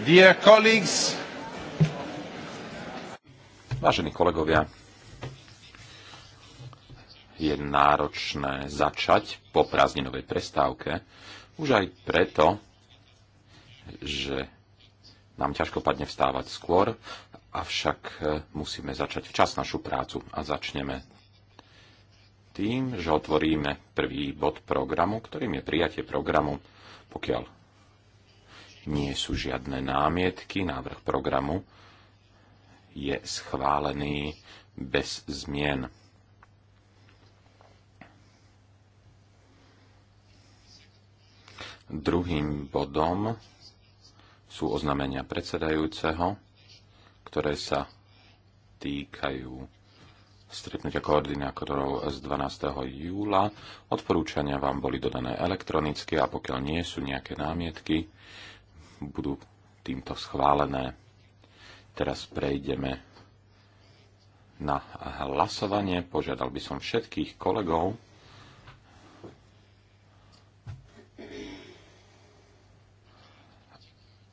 Dear colleagues, Vážení kolegovia, je náročné začať po prázdninovej prestávke, už aj preto, že nám ťažko padne vstávať skôr, avšak e, musíme začať včas našu prácu a začneme tým, že otvoríme prvý bod programu, ktorým je prijatie programu, pokiaľ nie sú žiadne námietky, návrh programu je schválený bez zmien. Druhým bodom sú oznamenia predsedajúceho, ktoré sa týkajú stretnutia koordinátorov z 12. júla. Odporúčania vám boli dodané elektronicky a pokiaľ nie sú nejaké námietky, budú týmto schválené. Teraz prejdeme na hlasovanie. Požiadal by som všetkých kolegov,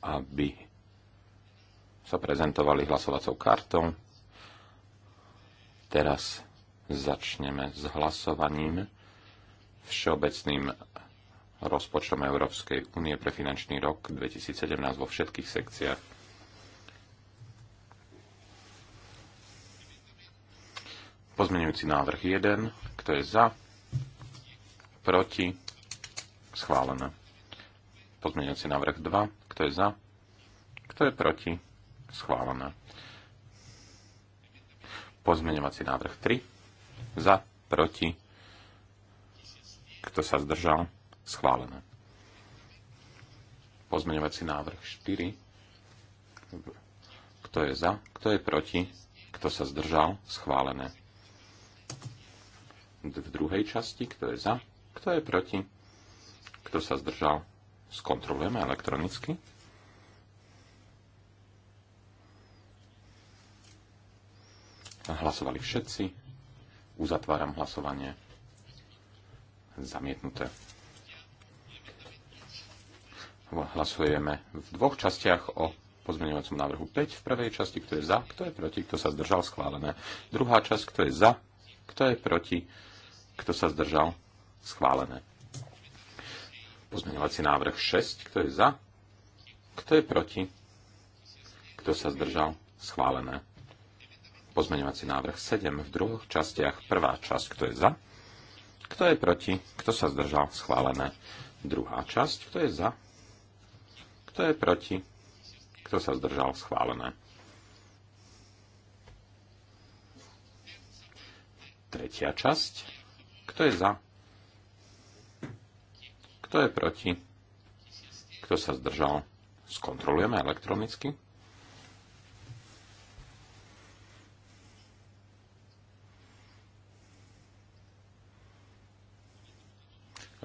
aby sa prezentovali hlasovacou kartou. Teraz začneme s hlasovaním všeobecným rozpočtom Európskej únie pre finančný rok 2017 vo všetkých sekciách. Pozmenujúci návrh 1. Kto je za? Proti? Schválené. Pozmenujúci návrh 2. Kto je za? Kto je proti? Schválené. Pozmeňovací návrh 3. Za, proti. Kto sa zdržal? Schválené. Pozmeňovací návrh 4. Kto je za? Kto je proti? Kto sa zdržal? Schválené. V druhej časti, kto je za? Kto je proti? Kto sa zdržal? Skontrolujeme elektronicky. Hlasovali všetci. Uzatváram hlasovanie. Zamietnuté. Hlasujeme v dvoch častiach o pozmeňovacom návrhu 5 v prvej časti, kto je za, kto je proti, kto sa zdržal, schválené. Druhá časť, kto je za, kto je proti, kto sa zdržal, schválené. Pozmeňovací návrh 6, kto je za, kto je proti, kto sa zdržal, schválené. Pozmeňovací návrh 7 v druhých častiach, prvá časť, kto je za, kto je proti, kto sa zdržal, schválené. Druhá časť, kto je za, kto je proti? Kto sa zdržal? Schválené. Tretia časť. Kto je za? Kto je proti? Kto sa zdržal? Skontrolujeme elektronicky.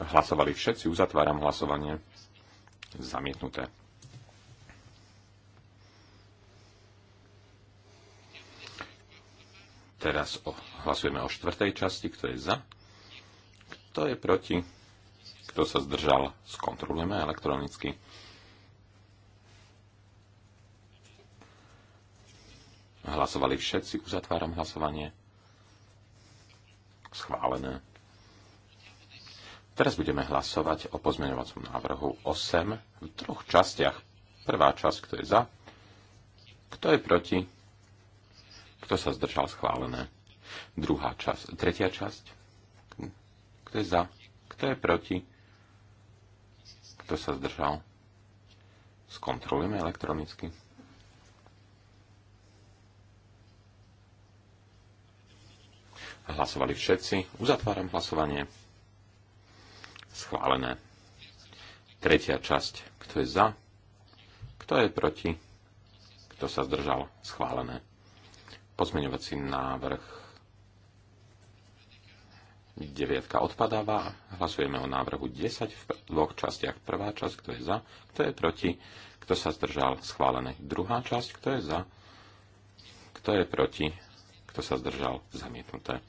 Hlasovali všetci, uzatváram hlasovanie. Zamietnuté. Teraz o, hlasujeme o štvrtej časti, kto je za, kto je proti, kto sa zdržal, skontrolujeme elektronicky. Hlasovali všetci, uzatváram hlasovanie. Schválené. Teraz budeme hlasovať o pozmeňovacom návrhu 8 v troch častiach. Prvá časť, kto je za, kto je proti, kto sa zdržal schválené? Druhá časť. Tretia časť. Kto je za? Kto je proti? Kto sa zdržal? Skontrolujeme elektronicky. Hlasovali všetci. Uzatváram hlasovanie. Schválené. Tretia časť. Kto je za? Kto je proti? Kto sa zdržal? Schválené. Pozmeňovací návrh 9 odpadáva. Hlasujeme o návrhu 10 v dvoch častiach. Prvá časť, kto je za, kto je proti, kto sa zdržal, schválené. Druhá časť, kto je za, kto je proti, kto sa zdržal, zamietnuté.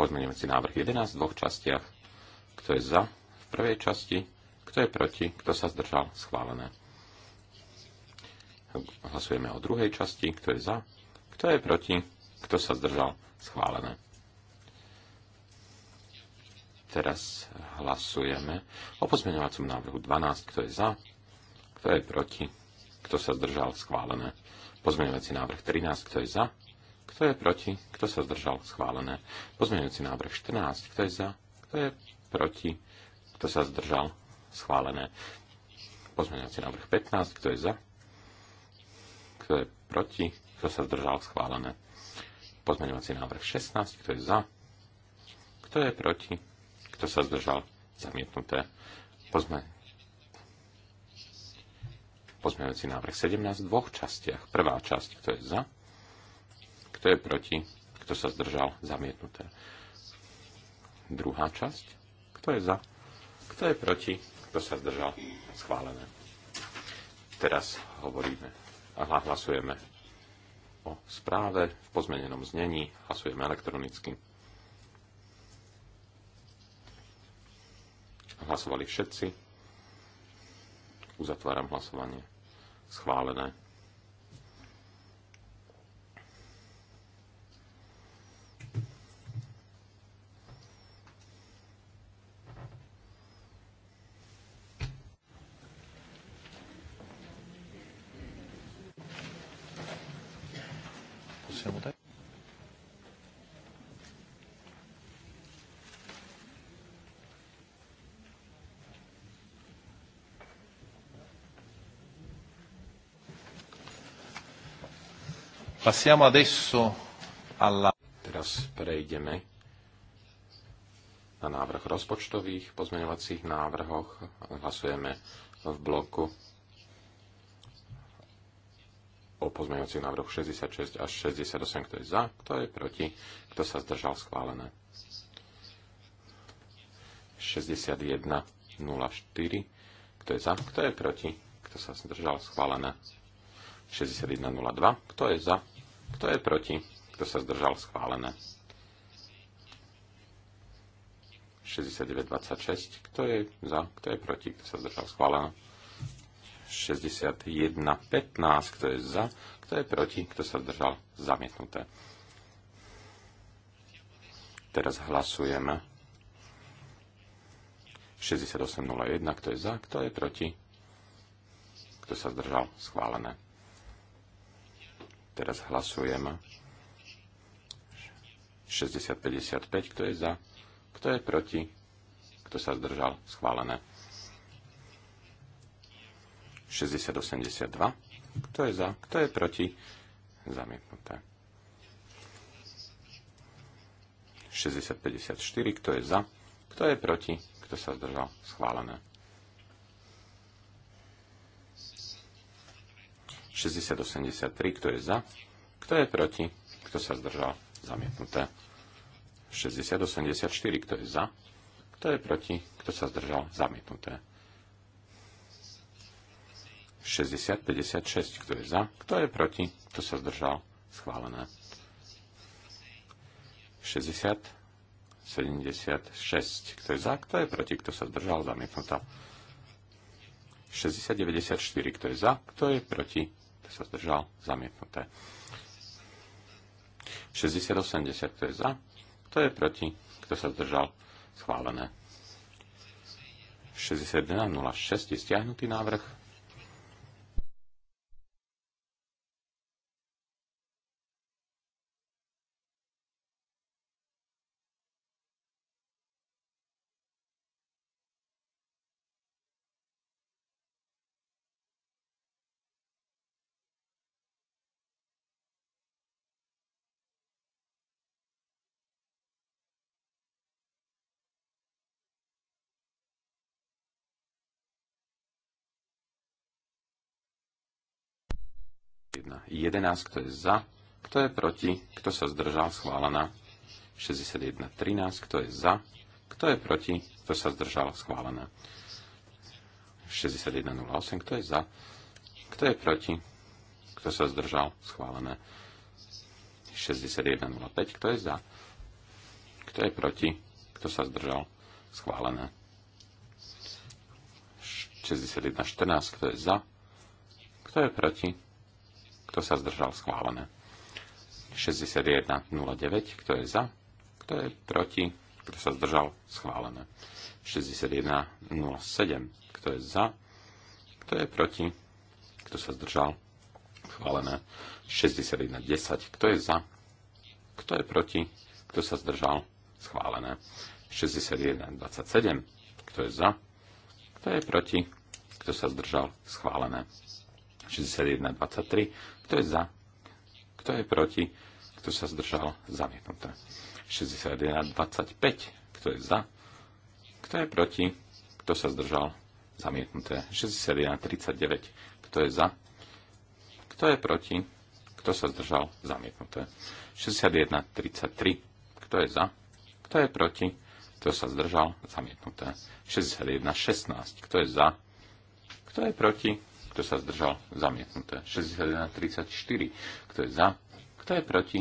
Pozmeňovací návrh 11 v dvoch častiach. Kto je za v prvej časti, kto je proti, kto sa zdržal, schválené. Hlasujeme o druhej časti, kto je za, kto je proti? Kto sa zdržal? Schválené. Teraz hlasujeme o pozmeňovacom návrhu 12. Kto je za? Kto je proti? Kto sa zdržal? Schválené. Pozmeňovací návrh 13. Kto je za? Kto je proti? Kto sa zdržal? Schválené. Pozmeňovací návrh 14. Kto je za? Kto je proti? Kto sa zdržal? Schválené. Pozmeňovací návrh 15. Kto je za? Kto je proti? kto sa zdržal, schválené. Pozmeňovací návrh 16, kto je za, kto je proti, kto sa zdržal, zamietnuté. Pozme... Pozmeňovací návrh 17 v dvoch častiach. Prvá časť, kto je za, kto je proti, kto sa zdržal, zamietnuté. Druhá časť, kto je za, kto je proti, kto sa zdržal, schválené. Teraz hovoríme a hlasujeme o správe v pozmenenom znení. Hlasujeme elektronicky. Hlasovali všetci. Uzatváram hlasovanie. Schválené. Passiamo adesso alla... Teraz prejdeme na návrh rozpočtových pozmeňovacích návrhoch. Hlasujeme v bloku o pozmeňovacích návrhoch 66 až 68, kto je za, kto je proti, kto sa zdržal schválené. 61.04, kto je za, kto je proti, kto sa zdržal schválené. 61.02, kto je za, kto je proti? Kto sa zdržal? Schválené. 69,26. Kto je za? Kto je proti? Kto sa zdržal? Schválené. 61,15. Kto je za? Kto je proti? Kto sa zdržal? Zamietnuté. Teraz hlasujeme. 68,01. Kto je za? Kto je proti? Kto sa zdržal? Schválené. Teraz hlasujem. 60-55, kto je za, kto je proti, kto sa zdržal, schválené. 60-82, kto je za, kto je proti, zamietnuté. 60-54, kto je za, kto je proti, kto sa zdržal, schválené. 6083, kto je za, kto je proti, kto sa zdržal, zamietnuté. 6084, kto je za, kto je proti, kto sa zdržal, zamietnuté. 6056, kto je za, kto je proti, kto sa zdržal, schválené. 60 76. Kto je za, kto je proti, kto sa zdržal, zamietnutá. 6094. Kto je za, kto je proti, sa zdržal, zamietnuté. 60-80, kto je za, kto je proti, kto sa zdržal, schválené. 61-06 je stiahnutý návrh, 11, kto je za, kto je proti, kto sa zdržal, schválená. 61, 13, kto je za, kto je proti, kto sa zdržal, schválená. 08, kto je za, kto je proti, kto sa zdržal, schválené. 61.05, kto je za, kto je proti, kto sa zdržal, schválené. 61.14, kto je za, kto je proti, kto sa zdržal? Schválené. 61.09. Kto je za? Kto je proti? Kto sa zdržal? Schválené. 61.07. Kto je za? Kto je proti? Kto sa zdržal? Schválené. 61.10. Kto je za? Kto je proti? Kto sa zdržal? Schválené. 61.27. Kto je za? Kto je proti? Kto sa zdržal? Schválené. 61.23. Kto je za? Kto je proti? Kto sa zdržal? Zamietnuté. 61, 25. Kto je za? Kto je proti? Kto sa zdržal? Zamietnuté. 61, 39. Kto je za? Kto je proti? Kto sa zdržal? Zamietnuté. 61, 33. Kto je za? Kto je proti? Kto sa zdržal? Zamietnuté. 61, 16. Kto je za? Kto je proti? Kto sa zdržal? Zamietnuté. 61.34. Kto je za? Kto je proti?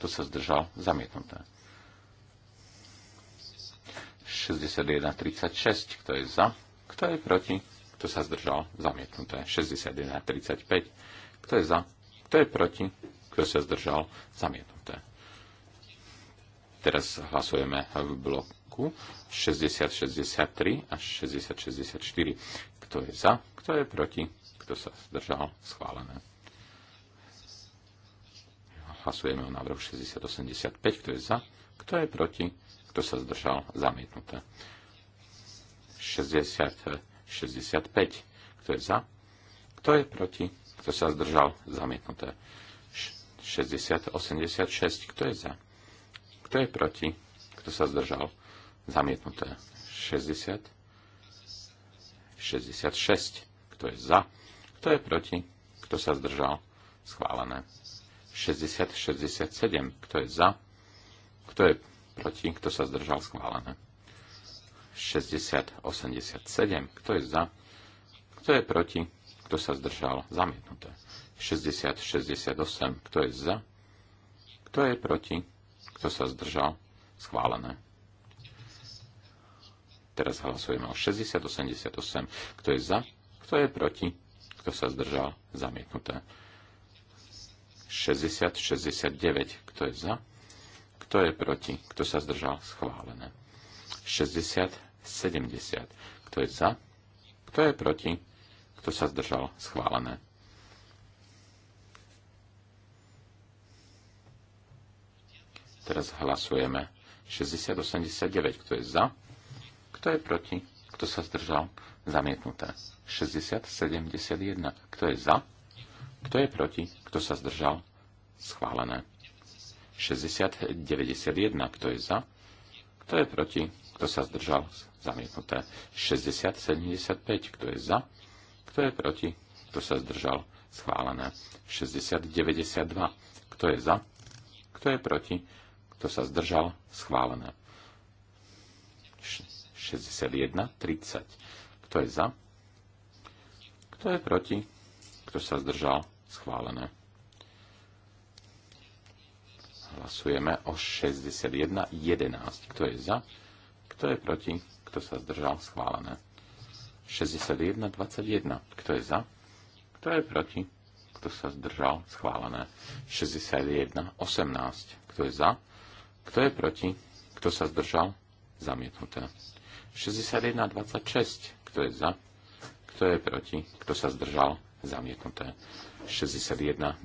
Kto sa zdržal? Zamietnuté. 61.36. Kto je za? Kto je proti? Kto sa zdržal? Zamietnuté. 61.35. Kto je za? Kto je proti? Kto sa zdržal? Zamietnuté. Teraz hlasujeme v bloku 60, a až 64. Kto je za? Kto je proti? kto sa zdržal, schválené. Hlasujeme o návrhu 6085, kto je za, kto je proti, kto sa zdržal, zamietnuté. 60, 65, kto je za, kto je proti, kto sa zdržal, zamietnuté. 60, 86, kto je za, kto je proti, kto sa zdržal, zamietnuté. 60, 66, kto je za, kto je proti? Kto sa zdržal? Schválené. 60, 67. Kto je za? Kto je proti? Kto sa zdržal? Schválené. 60, 87. Kto je za? Kto je proti? Kto sa zdržal? Zamietnuté. 60, 68. Kto je za? Kto je proti? Kto sa zdržal? Schválené. Teraz hlasujeme o 60, 88. Kto je za? Kto je proti? kto sa zdržal, zamietnuté. 60, 69, kto je za, kto je proti, kto sa zdržal, schválené. 60, 70, kto je za, kto je proti, kto sa zdržal, schválené. Teraz hlasujeme 6089, kto je za, kto je proti, kto sa zdržal, Zamietnuté. 60, 71. Kto je za? Kto je proti? Kto sa zdržal? Schválené. 60, 91. Kto je za? Kto je proti? Kto sa zdržal? Zamietnuté. 60, 75. Kto je za? Kto je proti? Kto sa zdržal? Schválené. 60, 92. Kto je za? Kto je proti? Kto sa zdržal? Schválené. 61, 30. Kto je za? Kto je proti? Kto sa zdržal? Schválené. Hlasujeme o 61.11. Kto je za? Kto je proti? Kto sa zdržal? Schválené. 61.21. Kto je za? Kto je proti? Kto sa zdržal? Schválené. 61.18. Kto je za? Kto je proti? Kto sa zdržal? Zamietnuté. 61.26 kto je za, kto je proti, kto sa zdržal, zamietnuté. 61, 28,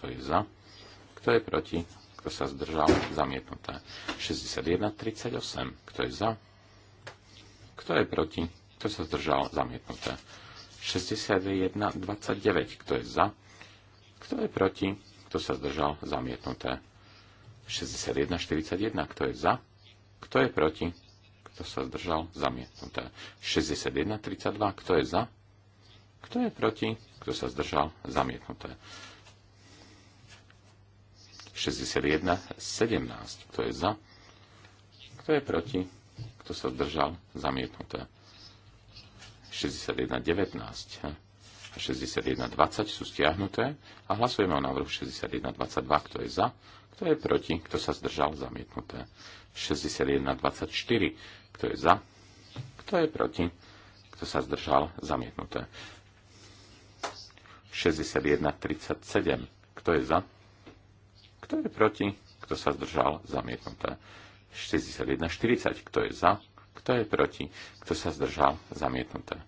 kto je za, kto je proti, kto sa zdržal, zamietnuté. 61, 38, kto je za, kto je proti, kto sa zdržal, zamietnuté. 61, 29, kto je za, kto je proti, kto sa zdržal, zamietnuté. 61, 41, kto je za, kto je proti, kto sa zdržal, zamietnuté. 61.32, kto je za, kto je proti, kto sa zdržal, zamietnuté. 61.17, kto je za, kto je proti, kto sa zdržal, zamietnuté. 61.19 a 61.20 sú stiahnuté a hlasujeme o návrhu 61.22, kto je za, kto je proti, kto sa zdržal, zamietnuté. 24. Kto je za? Kto je proti? Kto sa zdržal? Zamietnuté. 61.37. Kto je za? Kto je proti? Kto sa zdržal? Zamietnuté. 61.40. Kto je za? Kto je proti? Kto sa zdržal? Zamietnuté.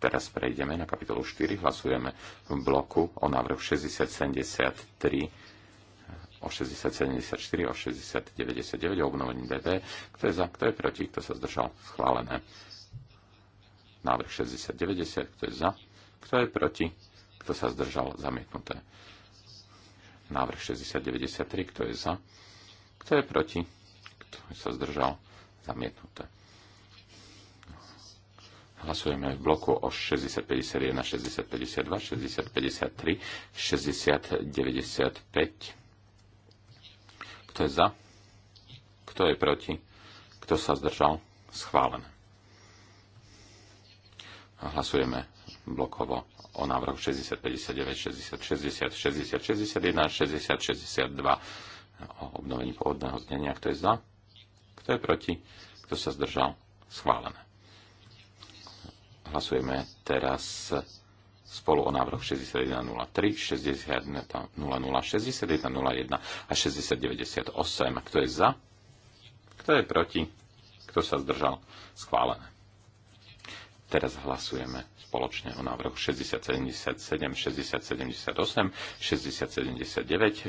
Teraz prejdeme na kapitolu 4. Hlasujeme v bloku o návrhu 6073 o 60-74, o 60-99, o obnovení DD. Kto je za, kto je proti, kto sa zdržal? Schválené. Návrh 60-90, kto je za, kto je proti, kto sa zdržal? Zamietnuté. Návrh 60-93, kto je za, kto je proti, kto sa zdržal? Zamietnuté. Hlasujeme v bloku o 6051, 6052, 6053, 6095. Kto je za? Kto je proti? Kto sa zdržal? Schválené. Hlasujeme blokovo o návrhu 60, 59, 60, 60, 60, 61, 60, 62 o obnovení pôvodného znenia. Kto je za? Kto je proti? Kto sa zdržal? Schválené. Hlasujeme teraz spolu o návrh 6103, 6100, 6101 a 6098. Kto je za? Kto je proti? Kto sa zdržal? Schválené. Teraz hlasujeme spoločne o návrhu 6077, 6078, 6079, 6097.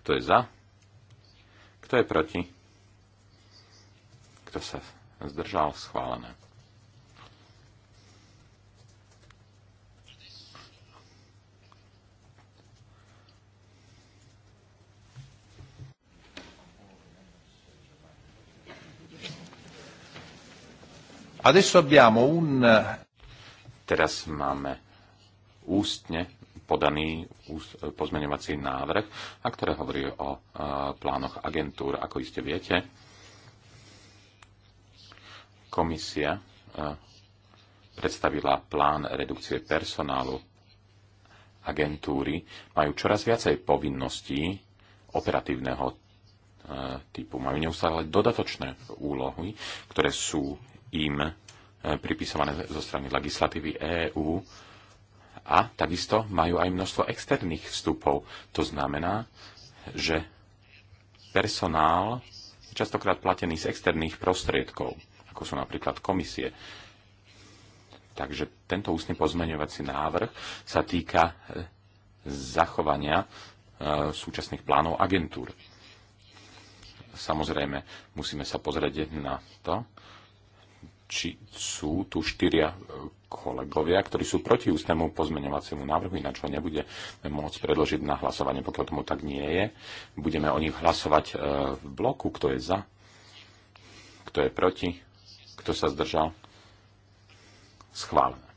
Kto je za? Kto je proti? Kto sa zdržal? Schválené. Adesso abbiamo un... Teraz máme ústne podaný pozmeňovací návrh, a ktoré hovorí o e, plánoch agentúr. Ako iste viete, komisia e, predstavila plán redukcie personálu agentúry, majú čoraz viacej povinností operatívneho e, typu. Majú neustále dodatočné úlohy, ktoré sú im e, pripisované zo strany legislatívy EÚ a takisto majú aj množstvo externých vstupov. To znamená, že personál je častokrát platený z externých prostriedkov, ako sú napríklad komisie. Takže tento ústne pozmeňovací návrh sa týka e, zachovania e, súčasných plánov agentúr. Samozrejme, musíme sa pozrieť na to, či sú tu štyria e, kolegovia, ktorí sú proti ústnemu pozmeňovaciemu návrhu, ináč ho nebude môcť predložiť na hlasovanie. Pokiaľ tomu tak nie je, budeme o nich hlasovať e, v bloku, kto je za, kto je proti, kto sa zdržal. Schválené.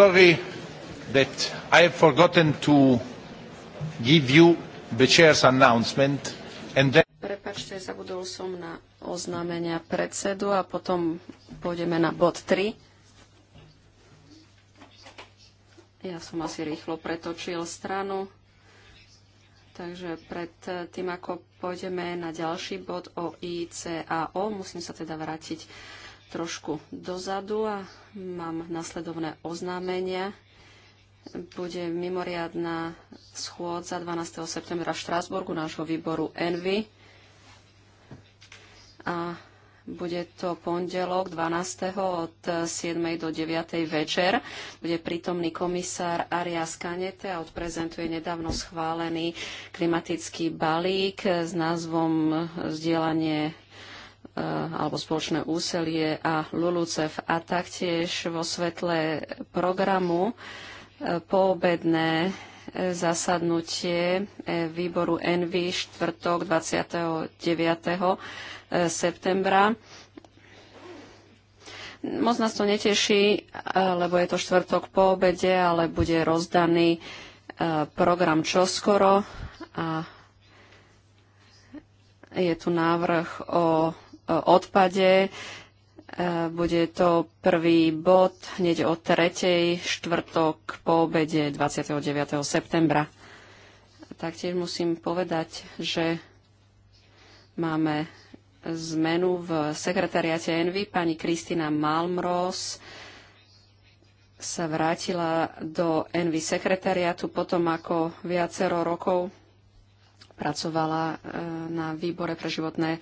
sorry that I have forgotten to give you the chair's announcement and then Prepačte, zabudol som na oznámenia predsedu a potom pôjdeme na bod 3. Ja som asi rýchlo pretočil stranu. Takže pred tým, ako pôjdeme na ďalší bod o ICAO, musím sa teda vrátiť trošku dozadu a mám nasledovné oznámenia. Bude mimoriadná schôdza 12. septembra v Štrásburgu nášho výboru Envy a bude to pondelok 12. od 7. do 9. večer. Bude prítomný komisár Arias Kanete a odprezentuje nedávno schválený klimatický balík s názvom Zdielanie Eh, alebo spoločné úselie a LULUCEF a taktiež vo svetle programu eh, poobedné eh, zasadnutie výboru ENVY štvrtok 29. septembra. Moc nás to neteší, lebo je to štvrtok po obede, ale bude rozdaný program čoskoro a je tu návrh o odpade. E, bude to prvý bod hneď o tretej štvrtok po obede 29. septembra. Taktiež musím povedať, že máme zmenu v sekretariate Envy. Pani Kristina Malmros sa vrátila do Envy sekretariatu potom, ako viacero rokov pracovala e, na výbore pre životné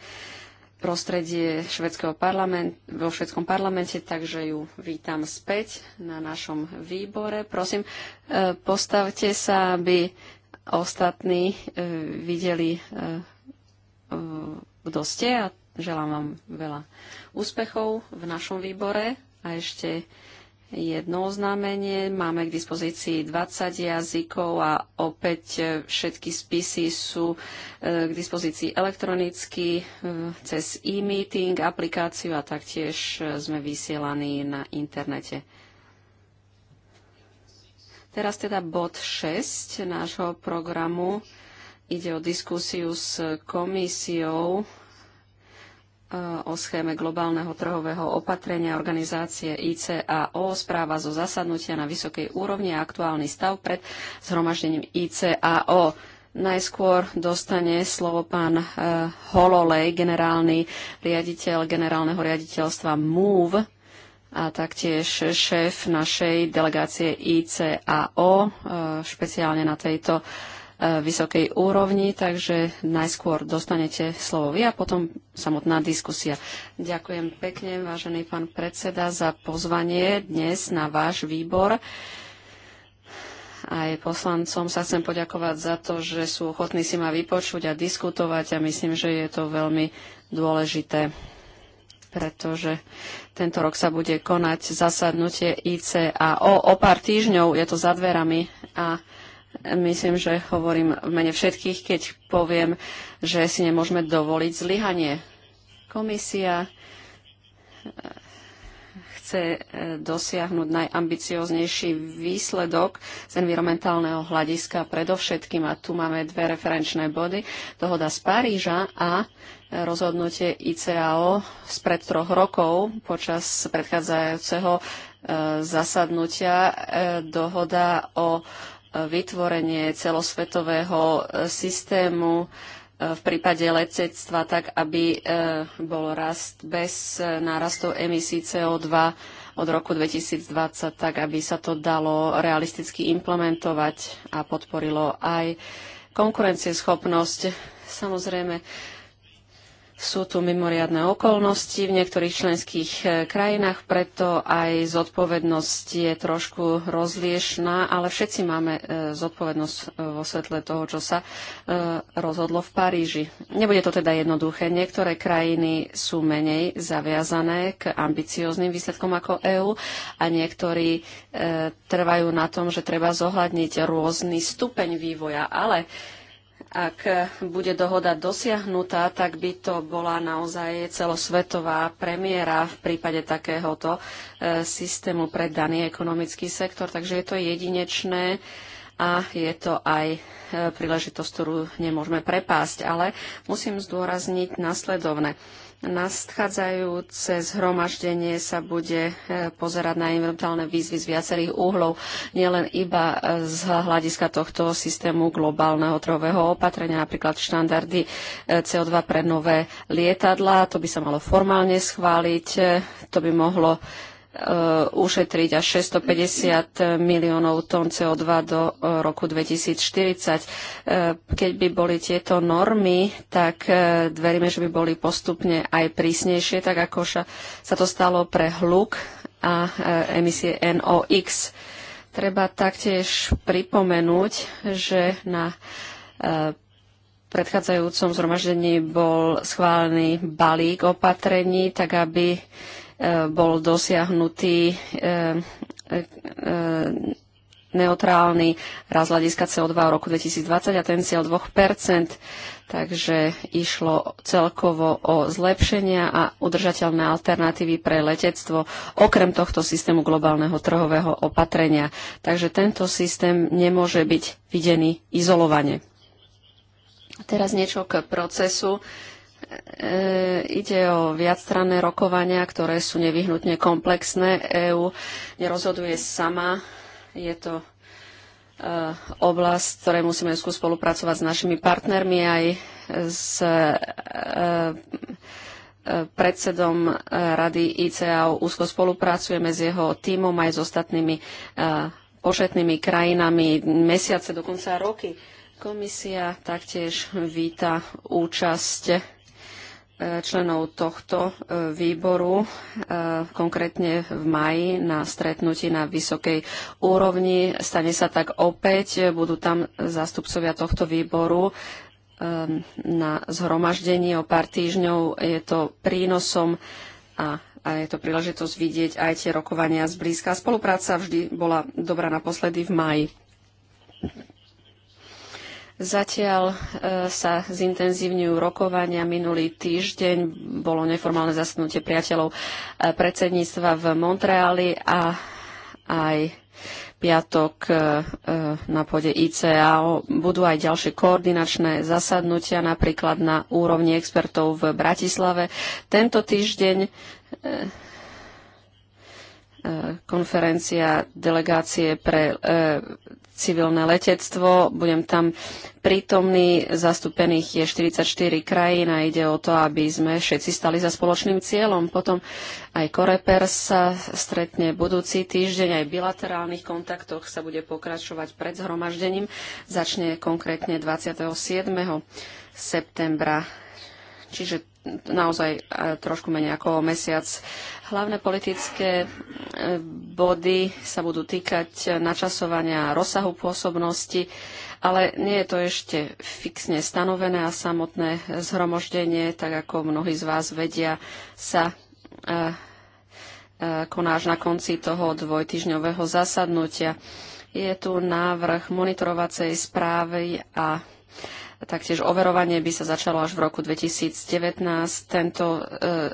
prostredie švedského parlament, vo švedskom parlamente, takže ju vítam späť na našom výbore. Prosím, e, postavte sa, aby ostatní e, videli, e, kto ste a želám vám veľa úspechov v našom výbore a ešte jedno oznámenie. Máme k dispozícii 20 jazykov a opäť e, všetky spisy sú e, k dispozícii elektronicky e, cez e-meeting, aplikáciu a taktiež sme vysielaní na internete. Teraz teda bod 6 nášho programu. Ide o diskusiu s komisiou o schéme globálneho trhového opatrenia organizácie ICAO, správa zo zasadnutia na vysokej úrovni a aktuálny stav pred zhromaždením ICAO. Najskôr dostane slovo pán eh, Hololej, generálny riaditeľ generálneho riaditeľstva MOVE a taktiež šéf našej delegácie ICAO, eh, špeciálne na tejto uh, vysokej úrovni, takže najskôr dostanete slovo vy a potom samotná diskusia. Ďakujem pekne, vážený pán predseda, za pozvanie dnes na váš výbor. Aj poslancom sa chcem poďakovať za to, že sú ochotní si ma vypočuť a diskutovať a myslím, že je to veľmi dôležité pretože tento rok sa bude konať zasadnutie ICAO. O pár týždňov je to za dverami a Myslím, že hovorím v mene všetkých, keď poviem, že si nemôžeme dovoliť zlyhanie. Komisia eh, chce eh, dosiahnuť najambicioznejší výsledok z environmentálneho hľadiska predovšetkým. A tu máme dve referenčné body. Dohoda z Paríža a eh, rozhodnutie ICAO spred troch rokov počas predchádzajúceho zasadnutia dohoda o vytvorenie celosvetového e, systému e, v prípade letectva tak, aby e, bol rast bez nárastov emisí CO2 od roku 2020, tak aby sa to dalo realisticky implementovať a podporilo aj konkurencieschopnosť. Samozrejme, sú tu mimoriadne okolnosti v niektorých členských e, krajinách, preto aj zodpovednosť je trošku rozliešná, ale všetci máme e, zodpovednosť e, vo svetle toho, čo sa rozhodlo v Paríži. Nebude to teda jednoduché. Niektoré krajiny sú menej zaviazané k ambicióznym výsledkom ako EÚ a niektorí trvajú na tom, že treba zohľadniť rôzny stupeň vývoja, ale ak bude dohoda dosiahnutá, tak by to bola naozaj celosvetová premiéra v prípade takéhoto e, systému pre daný ekonomický sektor. Takže je to jedinečné a je to aj e, príležitosť, ktorú nemôžeme prepásť. Ale musím zdôrazniť nasledovné. Nadchádzajúce zhromaždenie sa bude e, pozerať na eventuálne výzvy z viacerých úhlov, nielen iba e, z hľadiska tohto systému globálneho trhového opatrenia, napríklad štandardy e, CO2 pre nové lietadla. To by sa malo formálne schváliť, to by mohlo Uh, ušetriť až 650 miliónov tón CO2 do uh, roku 2040. Uh, keď by boli tieto normy, tak veríme, že by boli postupne aj prísnejšie, tak ako sa to stalo pre hluk a emisie NOx. Treba taktiež pripomenúť, že na predchádzajúcom zhromaždení bol schválený balík opatrení, tak aby bol dosiahnutý e, e, e, neutrálny raz hľadiska CO2 v roku 2020 a ten cieľ 2%. Takže išlo celkovo o zlepšenia a udržateľné alternatívy pre letectvo, okrem tohto systému globálneho trhového opatrenia. Takže tento systém nemôže byť videný izolovane. Teraz niečo k procesu. E, ide o viacstranné rokovania, ktoré sú nevyhnutne komplexné. EÚ nerozhoduje sama. Je to e, oblasť, ktorej musíme skúsiť spolupracovať s našimi partnermi aj s e, predsedom Rady ICAO. Úzko spolupracujeme s jeho tímom aj s ostatnými početnými krajinami mesiace, dokonca roky. Komisia taktiež víta účasť E, členov tohto e, výboru, e, konkrétne v maji na stretnutí na vysokej úrovni. Stane sa tak opäť, budú tam zástupcovia tohto výboru na zhromaždení o pár týždňov. Je to prínosom a, a je to príležitosť vidieť aj tie rokovania zblízka. Spolupráca vždy bola dobrá naposledy v maji. Zatiaľ e, sa zintenzívňujú rokovania. Minulý týždeň bolo neformálne zasnutie priateľov e, predsedníctva v Montreali a aj piatok e, na pôde ICAO. Budú aj ďalšie koordinačné zasadnutia, napríklad na úrovni expertov v Bratislave. Tento týždeň konferencia delegácie pre civilné letectvo. Budem tam prítomný, zastúpených je 44 krajín a ide o to, aby sme všetci stali za spoločným cieľom. Potom aj Koreper sa stretne budúci týždeň, aj v bilaterálnych kontaktoch sa bude pokračovať pred zhromaždením. Začne konkrétne 27. septembra, čiže naozaj e, trošku menej ako mesiac Hlavné politické e, body sa budú týkať načasovania rozsahu pôsobnosti, ale nie je to ešte fixne stanovené a samotné zhromoždenie, tak ako mnohí z vás vedia, sa e, e, koná až na konci toho dvojtyžňového zasadnutia. Je tu návrh monitorovacej správy a Taktiež overovanie by sa začalo až v roku 2019. Tento e,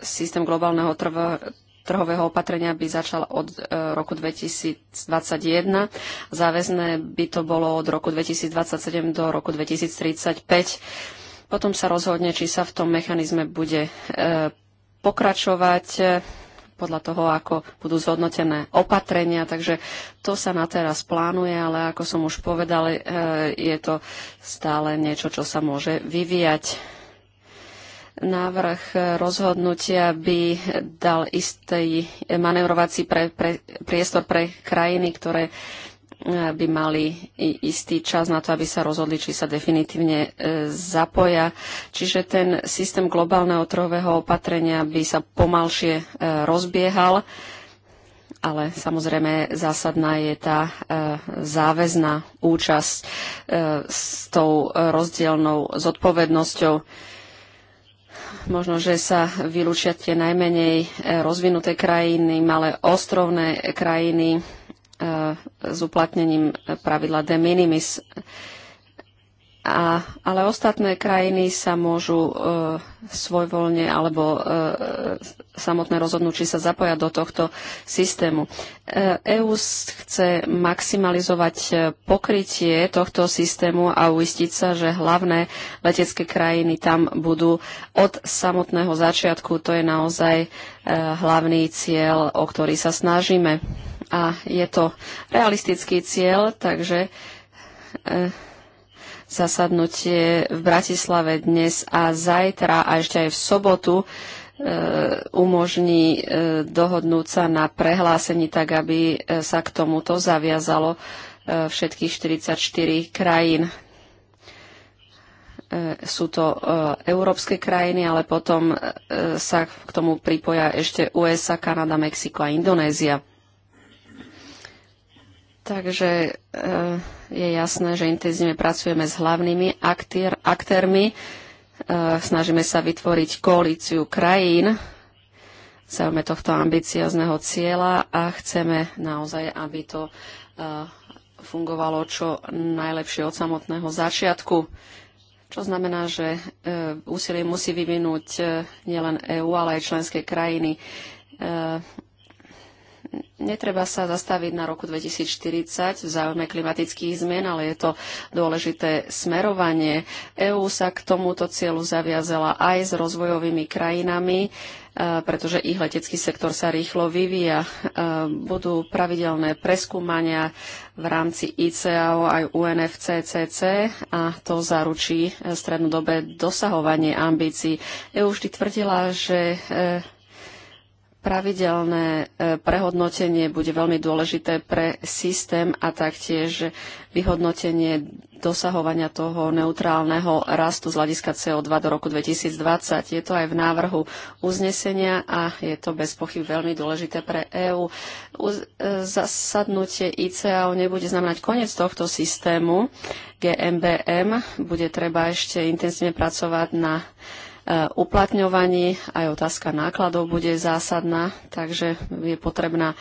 systém globálneho trva, trhového opatrenia by začal od e, roku 2021. Záväzné by to bolo od roku 2027 do roku 2035. Potom sa rozhodne, či sa v tom mechanizme bude e, pokračovať e, podľa toho, ako budú zhodnotené opatrenia. Takže to sa na teraz plánuje, ale ako som už povedal, je to stále niečo, čo sa môže vyvíjať Návrh rozhodnutia by dal istý manevrovací pre, pre, priestor pre krajiny, ktoré e, by mali istý čas na to, aby sa rozhodli, či sa definitívne e, zapoja. Čiže ten systém globálneho trhového opatrenia by sa pomalšie e, rozbiehal, ale samozrejme zásadná je tá záväzná účasť s tou rozdielnou zodpovednosťou Možno, že sa vylúčia tie najmenej e, rozvinuté krajiny, malé ostrovné krajiny e, s uplatnením e, pravidla de minimis. A, ale ostatné krajiny sa môžu e, svojvoľne alebo e, samotné rozhodnúť, či sa zapojať do tohto systému. EÚ e chce maximalizovať e, pokrytie tohto systému a uistiť sa, že hlavné letecké krajiny tam budú od samotného začiatku. To je naozaj e, hlavný cieľ, o ktorý sa snažíme. A je to realistický cieľ, takže. E, zasadnutie v Bratislave dnes a zajtra a ešte aj v sobotu e, umožní e, dohodnúť sa na prehlásení tak, aby e, sa k tomuto zaviazalo všetkých 44 krajín. Sú to európske krajiny, ale potom sa k tomu pripoja ešte USA, Kanada, Mexiko a Indonézia. Takže e, je jasné, že intenzívne pracujeme s hlavnými aktér, aktérmi. E, snažíme sa vytvoriť koalíciu krajín. Chceme tohto ambiciozného cieľa a chceme naozaj, aby to e, fungovalo čo najlepšie od samotného začiatku. Čo znamená, že úsilie musí vyvinúť nielen EÚ, ale aj členské krajiny netreba sa zastaviť na roku 2040 v záujme klimatických zmien, ale je to dôležité smerovanie. EÚ sa k tomuto cieľu zaviazala aj s rozvojovými krajinami, e, pretože ich letecký sektor sa rýchlo vyvíja. E, budú pravidelné preskúmania v rámci ICAO aj UNFCCC a to zaručí strednodobé dosahovanie ambícií. EU vždy tvrdila, že e, Pravidelné e, prehodnotenie bude veľmi dôležité pre systém a taktiež vyhodnotenie dosahovania toho neutrálneho rastu z hľadiska CO2 do roku 2020. Je to aj v návrhu uznesenia a je to bez pochyb veľmi dôležité pre EÚ. E, zasadnutie ICAO nebude znamenať koniec tohto systému. GMBM bude treba ešte intenzívne pracovať na Eh, uplatňovaní. Aj otázka nákladov bude zásadná, takže je potrebná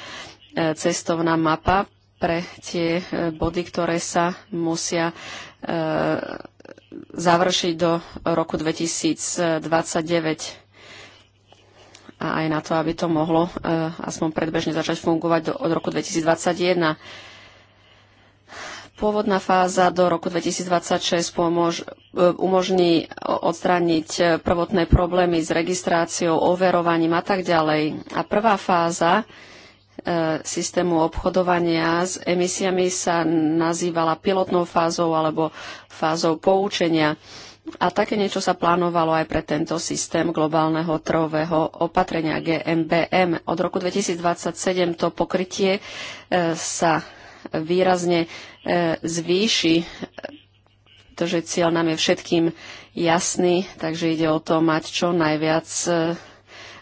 eh, cestovná mapa pre tie eh, body, ktoré sa musia završiť do roku 2029 a aj na to, aby to mohlo aspoň predbežne začať fungovať do, od roku 2021. Pôvodná fáza do roku 2026 pomož, e, umožní odstrániť e, prvotné problémy s registráciou, overovaním a tak ďalej. A prvá fáza e, systému obchodovania s emisiami sa nazývala pilotnou fázou alebo fázou poučenia. A také niečo sa plánovalo aj pre tento systém globálneho trhového opatrenia GMBM. Od roku 2027 to pokrytie sa výrazne e, zvýši. To, že cieľ nám je všetkým jasný, takže ide o to mať čo najviac e,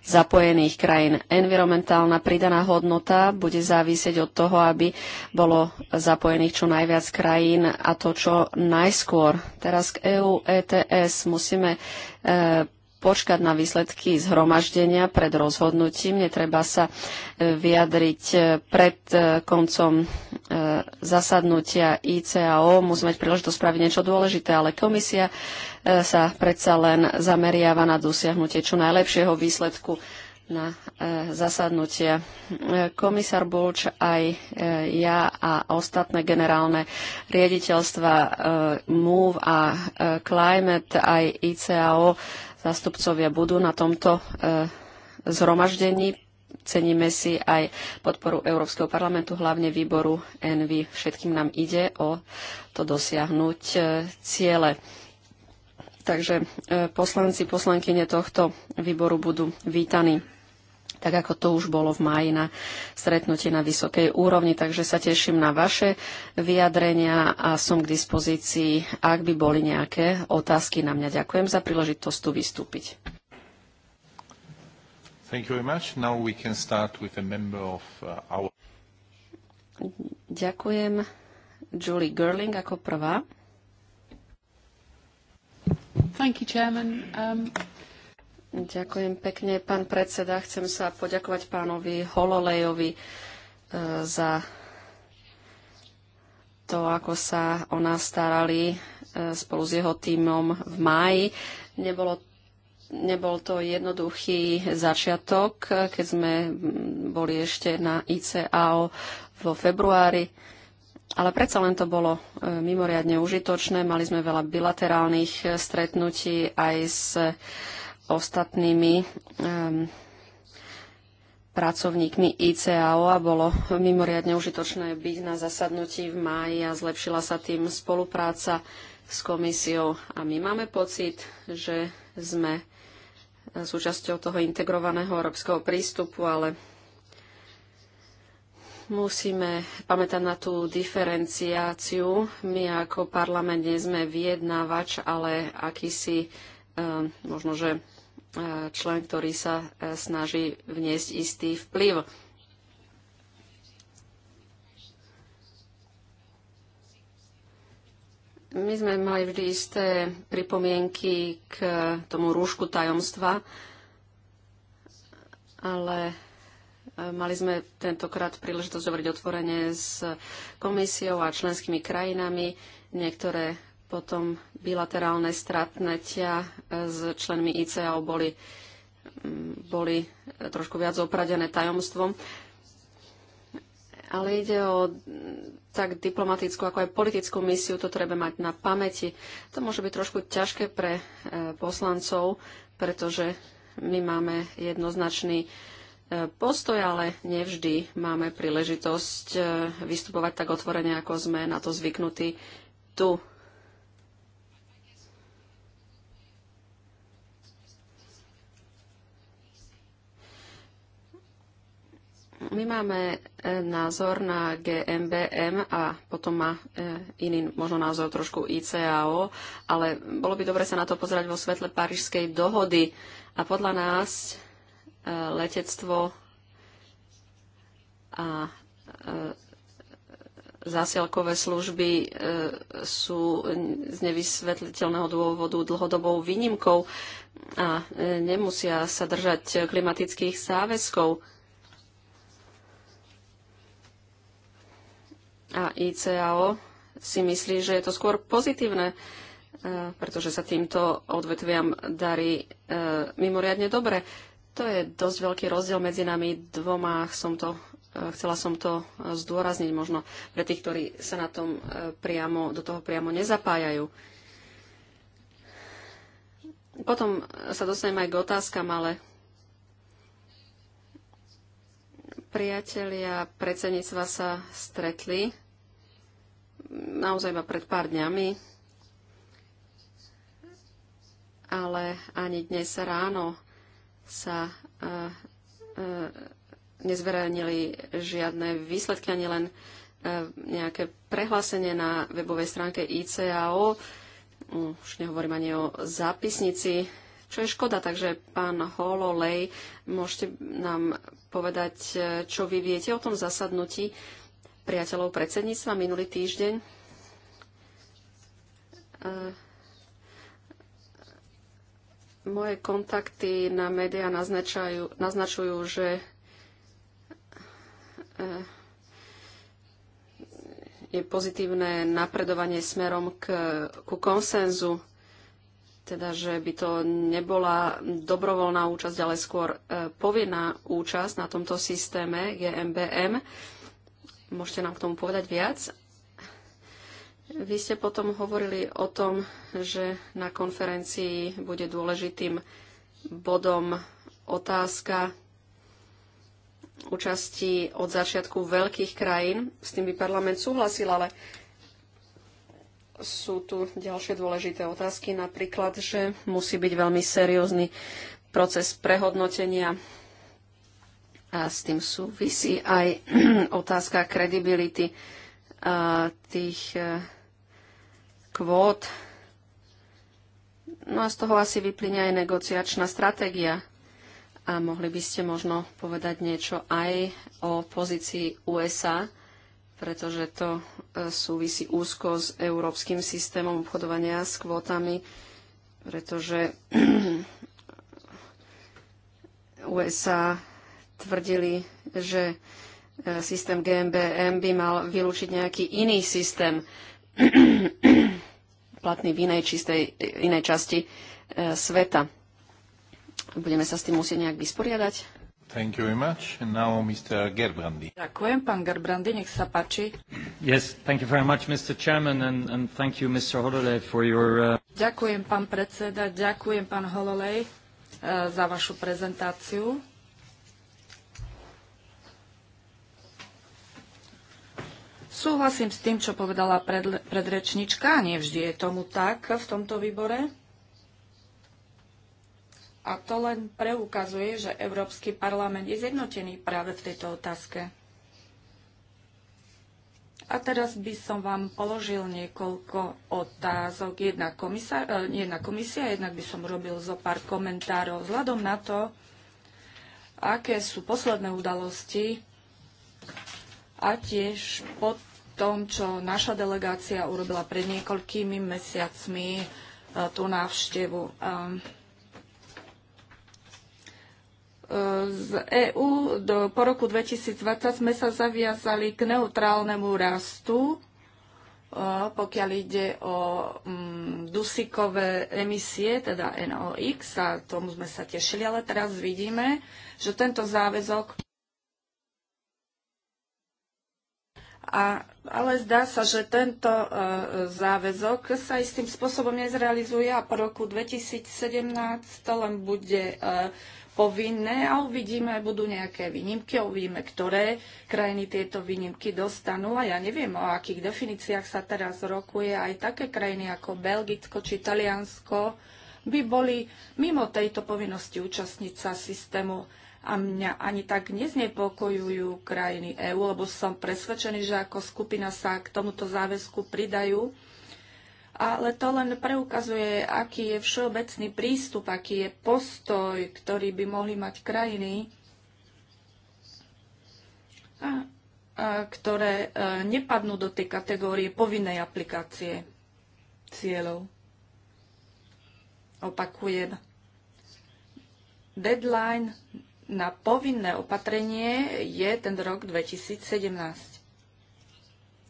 zapojených krajín. Environmentálna pridaná hodnota bude závisieť od toho, aby bolo zapojených čo najviac krajín a to čo najskôr. Teraz k EU ETS musíme e, počkať na výsledky zhromaždenia pred rozhodnutím. Netreba sa e, vyjadriť e, pred e, koncom zasadnutia ICAO. Musíme mať príležitosť spraviť niečo dôležité, ale komisia sa predsa len zameriava na dosiahnutie čo najlepšieho výsledku na zasadnutie. Komisár Bulč, aj ja a ostatné generálne riaditeľstva MOVE a Climate, aj ICAO zástupcovia budú na tomto e, zhromaždení. Ceníme si aj podporu Európskeho parlamentu, hlavne výboru ENVY. Všetkým nám ide o to dosiahnuť e, ciele. Takže e, poslanci, poslankyne tohto výboru budú vítaní tak ako to už bolo v máji na stretnutí na vysokej úrovni. Takže sa teším na vaše vyjadrenia a som k dispozícii, ak by boli nejaké otázky na mňa. Ďakujem za príležitosť tu vystúpiť. Uh, Ďakujem. Julie Gerling ako prvá. Thank you, Chairman. Um, Ďakujem pekne, pán predseda. Chcem sa poďakovať pánovi Hololejovi e, za to, ako sa o nás starali e, spolu s jeho tímom v máji. Nebolo, nebol to jednoduchý začiatok, keď sme boli ešte na ICAO vo februári, ale predsa len to bolo e, mimoriadne užitočné. Mali sme veľa bilaterálnych stretnutí aj s ostatnými um, pracovníkmi ICAO a bolo mimoriadne užitočné byť na zasadnutí v máji a zlepšila sa tým spolupráca s komisiou. A my máme pocit, že sme eh, súčasťou toho integrovaného európskeho prístupu, ale musíme pamätať na tú diferenciáciu. My ako parlament nie sme vyjednávač, ale akýsi ehm, možno, že člen, ktorý sa e, snaží vniesť istý vplyv. My sme mali vždy isté pripomienky k tomu rúšku tajomstva, ale e, mali sme tentokrát príležitosť hovoriť otvorene s komisiou a členskými krajinami. Niektoré potom bilaterálne stratnetia e, s členmi ICAO boli, mm, boli e, trošku viac opradené tajomstvom. Ale ide o tak diplomatickú, ako aj politickú misiu, to treba mať na pamäti. To môže byť trošku ťažké pre e, poslancov, pretože my máme jednoznačný postoj, ale nevždy máme príležitosť vystupovať tak otvorene, ako sme na to zvyknutí tu. My máme e, názor na GMBM a potom má e, iný možno názor trošku ICAO, ale bolo by dobre sa na to pozerať vo svetle Parížskej dohody. A podľa nás e, letectvo a zásielkové služby sú z nevysvetliteľného dôvodu dlhodobou výnimkou a nemusia sa držať klimatických záväzkov a ICAO si myslí, že je to skôr pozitívne, e, pretože sa týmto odvetviam darí e, mimoriadne dobre. To je dosť veľký rozdiel medzi nami dvoma. Som to, e, chcela som to zdôrazniť možno pre tých, ktorí sa na tom priamo, do toho priamo nezapájajú. Potom sa dostanem aj k otázkam, ale priatelia predsedníctva sa stretli naozaj iba pred pár dňami, ale ani dnes ráno sa uh, uh, nezverejnili žiadne výsledky, ani len uh, nejaké prehlásenie na webovej stránke ICAO. Mm, už nehovorím ani o zápisnici, čo je škoda. Takže, pán Hololej, môžete nám povedať, čo vy viete o tom zasadnutí priateľov predsedníctva minulý týždeň. E, moje kontakty na médiá naznačujú, naznačujú že e, je pozitívne napredovanie smerom k, ku konsenzu, teda že by to nebola dobrovoľná účasť, ale skôr e, povinná účasť na tomto systéme GMBM. Môžete nám k tomu povedať viac? Vy ste potom hovorili o tom, že na konferencii bude dôležitým bodom otázka účasti od začiatku veľkých krajín. S tým by parlament súhlasil, ale sú tu ďalšie dôležité otázky, napríklad, že musí byť veľmi seriózny proces prehodnotenia a s tým súvisí aj otázka kredibility tých e, kvót. No a z toho asi vyplyne aj negociačná stratégia. A mohli by ste možno povedať niečo aj o pozícii USA, pretože to e, súvisí úzko s európskym systémom obchodovania s kvótami, pretože USA tvrdili, že e, systém GMBM by mal vylúčiť nejaký iný systém platný v inej, čistej, inej časti e, sveta. Budeme sa s tým musieť nejak vysporiadať. Thank you very much. And now Mr. Gerbrandy. Ďakujem, pán Gerbrandy, nech sa páči. Yes, thank you very much, Mr. Chairman, and, and thank you, Mr. Hololej, for your... Uh... Ďakujem, pán predseda, ďakujem, pán Hololej, uh, za vašu prezentáciu. Súhlasím s tým, čo povedala predrečnička. Nevždy je tomu tak v tomto výbore. A to len preukazuje, že Európsky parlament je zjednotený práve v tejto otázke. A teraz by som vám položil niekoľko otázok. Jedna, komisa, e, jedna komisia, jednak by som robil zo pár komentárov vzhľadom na to, aké sú posledné udalosti a tiež pod tom, čo naša delegácia urobila pred niekoľkými mesiacmi e, tú návštevu. Ehm, e, z EÚ po roku 2020 sme sa zaviazali k neutrálnemu rastu, e, pokiaľ ide o mm, dusíkové emisie, teda NOx, a tomu sme sa tešili, ale teraz vidíme, že tento záväzok a, ale zdá sa, že tento e, záväzok sa istým spôsobom nezrealizuje a po roku 2017 to len bude e, povinné a uvidíme, budú nejaké výnimky, uvidíme, ktoré krajiny tieto výnimky dostanú a ja neviem, o akých definíciách sa teraz rokuje. Aj také krajiny ako Belgicko či Taliansko by boli mimo tejto povinnosti účastniť sa systému a mňa ani tak neznepokojujú krajiny EÚ, lebo som presvedčený, že ako skupina sa k tomuto záväzku pridajú. Ale to len preukazuje, aký je všeobecný prístup, aký je postoj, ktorý by mohli mať krajiny, a, a, ktoré a, e, nepadnú do tej kategórie povinnej aplikácie cieľov. Opakujem. Deadline na povinné opatrenie je ten rok 2017.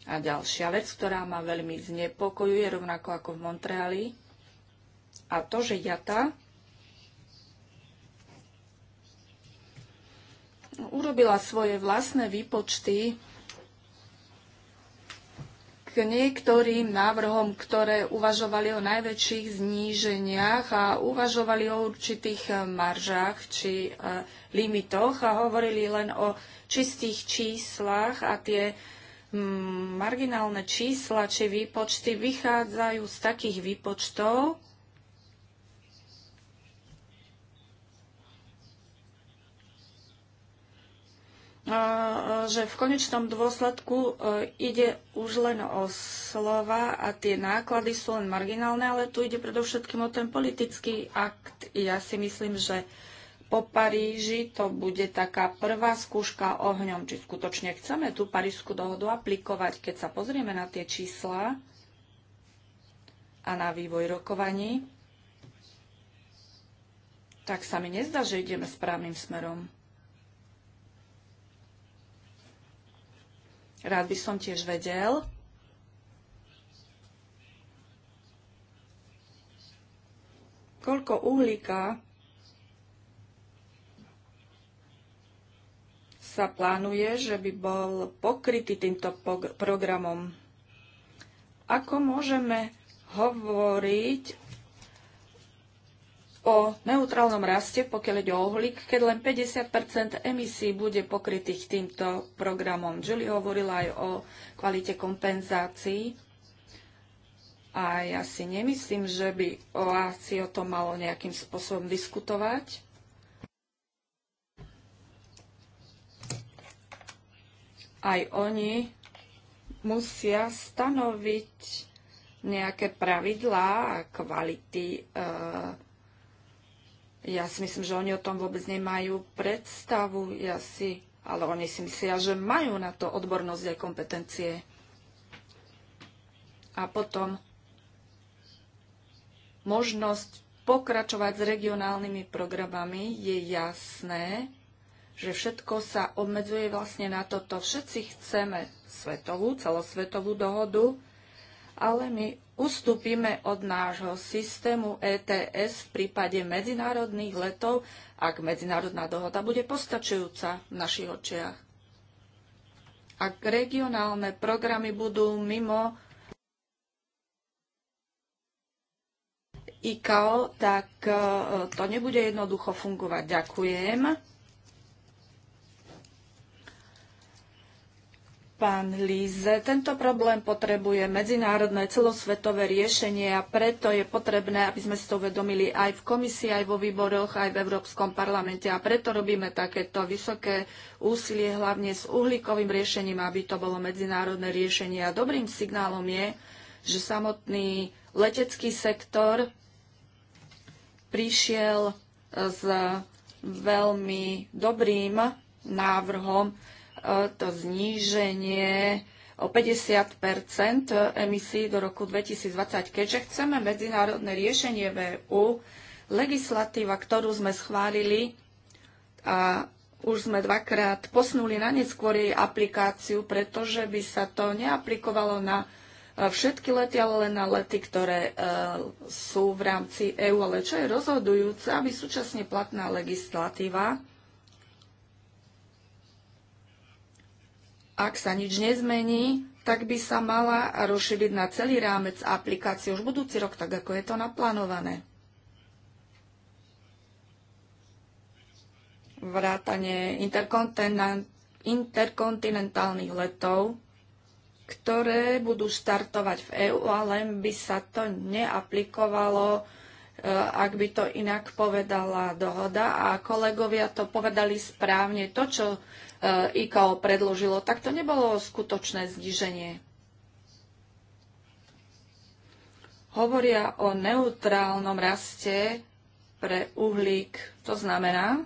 A ďalšia vec, ktorá ma veľmi znepokojuje, rovnako ako v Montreali, a to, že JATA urobila svoje vlastné výpočty k niektorým návrhom, ktoré uvažovali o najväčších zníženiach a uvažovali o určitých eh, maržách či eh, limitoch a hovorili len o čistých číslach a tie mm, marginálne čísla či výpočty vychádzajú z takých výpočtov, že v konečnom dôsledku e, ide už len o slova a tie náklady sú len marginálne, ale tu ide predovšetkým o ten politický akt. Ja si myslím, že po Paríži to bude taká prvá skúška ohňom, či skutočne chceme tú parížskú dohodu aplikovať. Keď sa pozrieme na tie čísla a na vývoj rokovaní, tak sa mi nezdá, že ideme správnym smerom. Rád by som tiež vedel, koľko uhlíka sa plánuje, že by bol pokrytý týmto programom. Ako môžeme hovoriť o neutrálnom raste, pokiaľ ide o uhlík, keď len 50 emisí bude pokrytých týmto programom. Julie hovorila aj o kvalite kompenzácií a ja si nemyslím, že by OASI o tom malo nejakým spôsobom diskutovať. Aj oni musia stanoviť nejaké pravidlá a kvality e, ja si myslím, že oni o tom vôbec nemajú predstavu, ja si, ale oni si myslia, že majú na to odbornosť aj kompetencie. A potom možnosť pokračovať s regionálnymi programami je jasné, že všetko sa obmedzuje vlastne na toto. Všetci chceme svetovú, celosvetovú dohodu, ale my ustúpime od nášho systému ETS v prípade medzinárodných letov, ak medzinárodná dohoda bude postačujúca v našich očiach. Ak regionálne programy budú mimo IKO, tak e, to nebude jednoducho fungovať. Ďakujem. pán Líze. Tento problém potrebuje medzinárodné celosvetové riešenie a preto je potrebné, aby sme si to uvedomili aj v komisii, aj vo výboroch, aj v Európskom parlamente. A preto robíme takéto vysoké úsilie, hlavne s uhlíkovým riešením, aby to bolo medzinárodné riešenie. A dobrým signálom je, že samotný letecký sektor prišiel s veľmi dobrým návrhom, E, to zníženie o 50 emisí do roku 2020. Keďže chceme medzinárodné riešenie VU, legislatíva, ktorú sme schválili a už sme dvakrát posnuli na neskôr jej aplikáciu, pretože by sa to neaplikovalo na e, všetky lety, ale len na lety, ktoré e, sú v rámci EÚ. Ale čo je rozhodujúce, aby súčasne platná legislatíva Ak sa nič nezmení, tak by sa mala rozšíriť na celý rámec aplikácie už budúci rok, tak ako je to naplánované. Vrátanie interkontinentálnych letov, ktoré budú štartovať v EÚ, ale by sa to neaplikovalo e, ak by to inak povedala dohoda. A kolegovia to povedali správne. To, čo E, ICAO predložilo, tak to nebolo skutočné zníženie. Hovoria o neutrálnom raste pre uhlík. To znamená,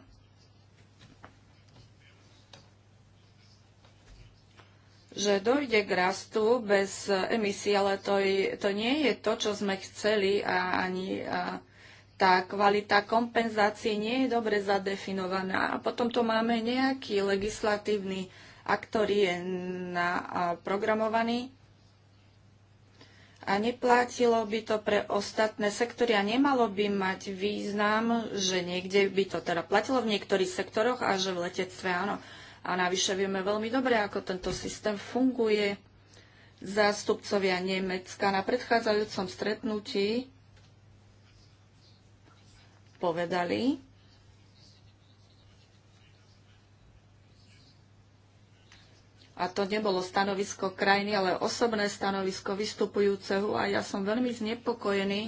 že dojde k rastu bez emisí, ale to, to nie je to, čo sme chceli a ani a, tá kvalita kompenzácie nie je dobre zadefinovaná. A potom to máme nejaký legislatívny akt, ktorý je naprogramovaný a neplatilo by to pre ostatné sektory a nemalo by mať význam, že niekde by to teda platilo v niektorých sektoroch a že v letectve áno. A navyše vieme veľmi dobre, ako tento systém funguje. Zástupcovia Nemecka na predchádzajúcom stretnutí povedali, a to nebolo stanovisko krajiny, ale osobné stanovisko vystupujúceho a ja som veľmi znepokojený,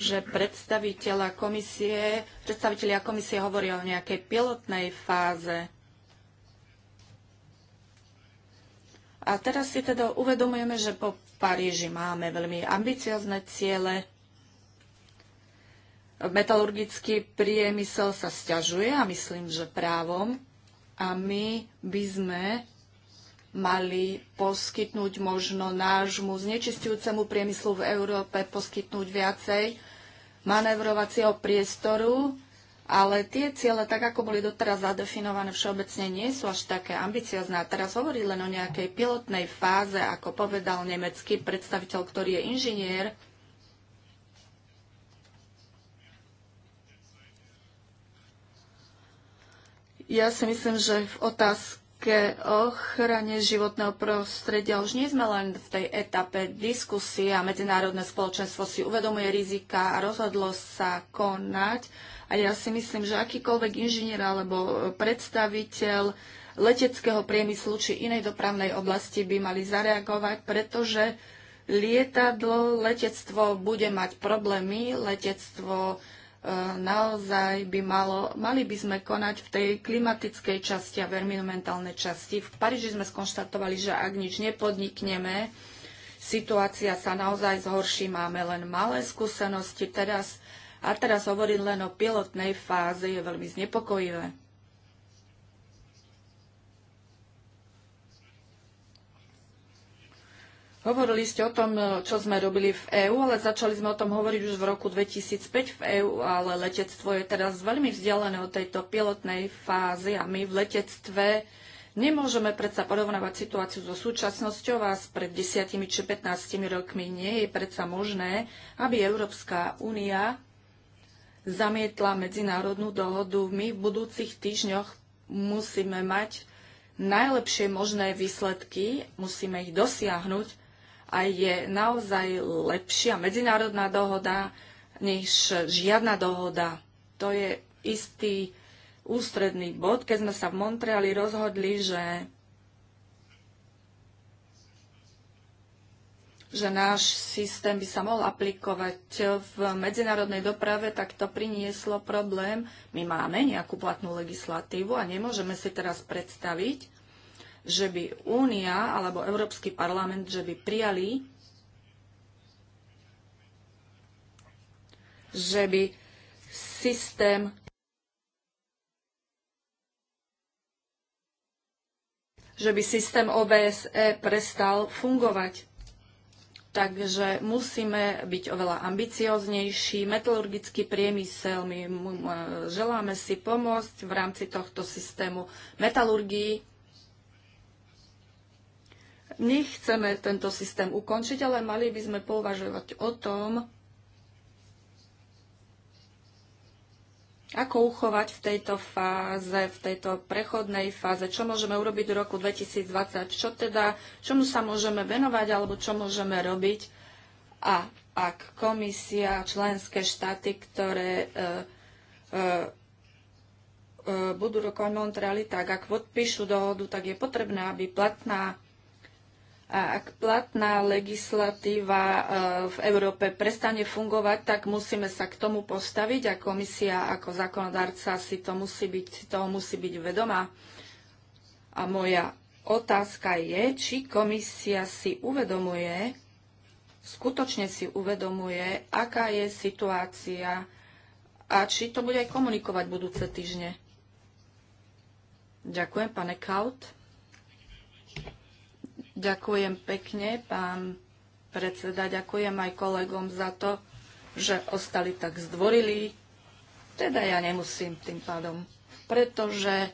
že predstaviteľa komisie, predstaviteľia komisie hovoria o nejakej pilotnej fáze. A teraz si teda uvedomujeme, že po Paríži máme veľmi ambiciozne ciele, metalurgický priemysel sa sťažuje a myslím, že právom. A my by sme mali poskytnúť možno nášmu znečistujúcemu priemyslu v Európe poskytnúť viacej manevrovacieho priestoru, ale tie ciele, tak ako boli doteraz zadefinované, všeobecne nie sú až také ambiciozné. A teraz hovorí len o nejakej pilotnej fáze, ako povedal nemecký predstaviteľ, ktorý je inžinier, Ja si myslím, že v otázke ochrane životného prostredia už nie sme len v tej etape diskusie a medzinárodné spoločenstvo si uvedomuje rizika a rozhodlo sa konať. A ja si myslím, že akýkoľvek inžinier alebo predstaviteľ leteckého priemyslu či inej dopravnej oblasti by mali zareagovať, pretože lietadlo, letectvo bude mať problémy, letectvo naozaj by malo, mali by sme konať v tej klimatickej časti a environmentálnej časti. V Paríži sme skonštatovali, že ak nič nepodnikneme, situácia sa naozaj zhorší, máme len malé skúsenosti teraz a teraz hovorím len o pilotnej fáze je veľmi znepokojivé. Hovorili ste o tom, e, čo sme robili v EÚ, ale začali sme o tom hovoriť už v roku 2005 v EÚ, ale letectvo je teraz veľmi vzdialené od tejto pilotnej fázy a my v letectve nemôžeme predsa porovnávať situáciu so súčasnosťou a s pred 10 či 15 rokmi nie je predsa možné, aby Európska únia zamietla medzinárodnú dohodu. My v budúcich týždňoch musíme mať najlepšie možné výsledky, musíme ich dosiahnuť a je naozaj lepšia medzinárodná dohoda než žiadna dohoda. To je istý ústredný bod, keď sme sa v Montreali rozhodli, že že náš systém by sa mohol aplikovať v medzinárodnej doprave, tak to prinieslo problém. My máme nejakú platnú legislatívu a nemôžeme si teraz predstaviť, že by Únia alebo Európsky parlament, že by prijali, že by systém že by systém OBSE prestal fungovať. Takže musíme byť oveľa ambicioznejší. Metalurgický priemysel, my želáme si pomôcť v rámci tohto systému metalurgii nechceme tento systém ukončiť, ale mali by sme považovať o tom, ako uchovať v tejto fáze, v tejto prechodnej fáze, čo môžeme urobiť v roku 2020, čo teda, čomu sa môžeme venovať alebo čo môžeme robiť. A ak komisia, členské štáty, ktoré e, e, e budú rokovať Montreali, tak ak podpíšu dohodu, tak je potrebné, aby platná a ak platná legislatíva e, v Európe prestane fungovať, tak musíme sa k tomu postaviť a komisia ako zákonodárca si to musí byť, toho musí byť vedomá. A moja otázka je, či komisia si uvedomuje, skutočne si uvedomuje, aká je situácia a či to bude aj komunikovať budúce týždne. Ďakujem, pane Kaut. Ďakujem pekne, pán predseda. Ďakujem aj kolegom za to, že ostali tak zdvorili. Teda ja nemusím tým pádom, pretože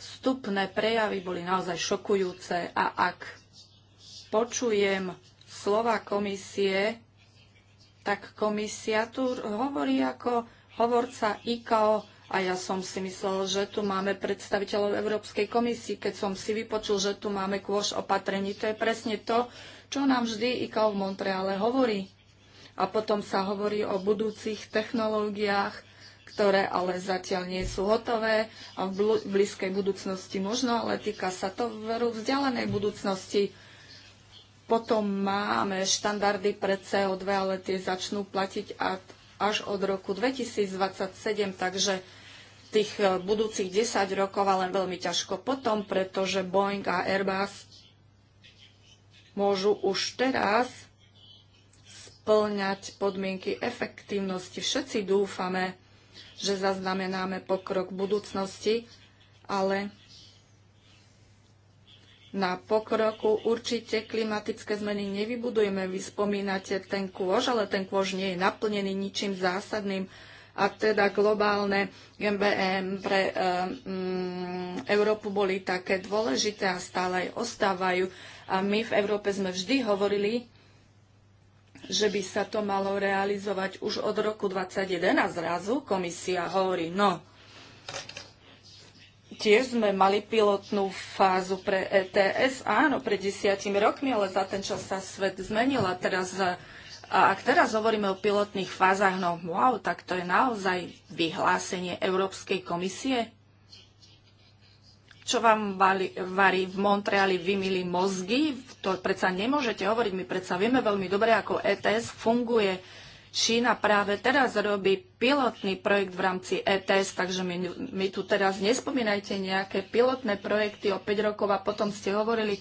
vstupné prejavy boli naozaj šokujúce a ak počujem slova komisie, tak komisia tu hovorí ako hovorca IKO a ja som si myslel, že tu máme predstaviteľov Európskej komisii. Keď som si vypočul, že tu máme kôž opatrení, to je presne to, čo nám vždy IKO v Montreale hovorí. A potom sa hovorí o budúcich technológiách, ktoré ale zatiaľ nie sú hotové a v blízkej budúcnosti možno, ale týka sa to veru vzdialenej budúcnosti. Potom máme štandardy pre CO2, ale tie začnú platiť až od roku 2027, takže tých eh, budúcich 10 rokov a len veľmi ťažko potom, pretože Boeing a Airbus môžu už teraz splňať podmienky efektívnosti. Všetci dúfame, že zaznamenáme pokrok v budúcnosti, ale na pokroku určite klimatické zmeny nevybudujeme. Vy spomínate ten kôž, ale ten kôž nie je naplnený ničím zásadným. A teda globálne GMBM pre um, Európu boli také dôležité a stále aj ostávajú, a my v Európe sme vždy hovorili, že by sa to malo realizovať už od roku 2021 a zrazu komisia hovorí, no, tiež sme mali pilotnú fázu pre ETS, áno, pred desiatimi rokmi, ale za ten čas sa svet zmenil a teraz a ak teraz hovoríme o pilotných fázach, no wow, tak to je naozaj vyhlásenie Európskej komisie? Čo vám vali, varí v Montreali vymili mozgy? To predsa nemôžete hovoriť, my predsa vieme veľmi dobre, ako ETS funguje. Čína práve teraz robí pilotný projekt v rámci ETS, takže my my tu teraz nespomínajte nejaké pilotné projekty o 5 rokov a potom ste hovorili,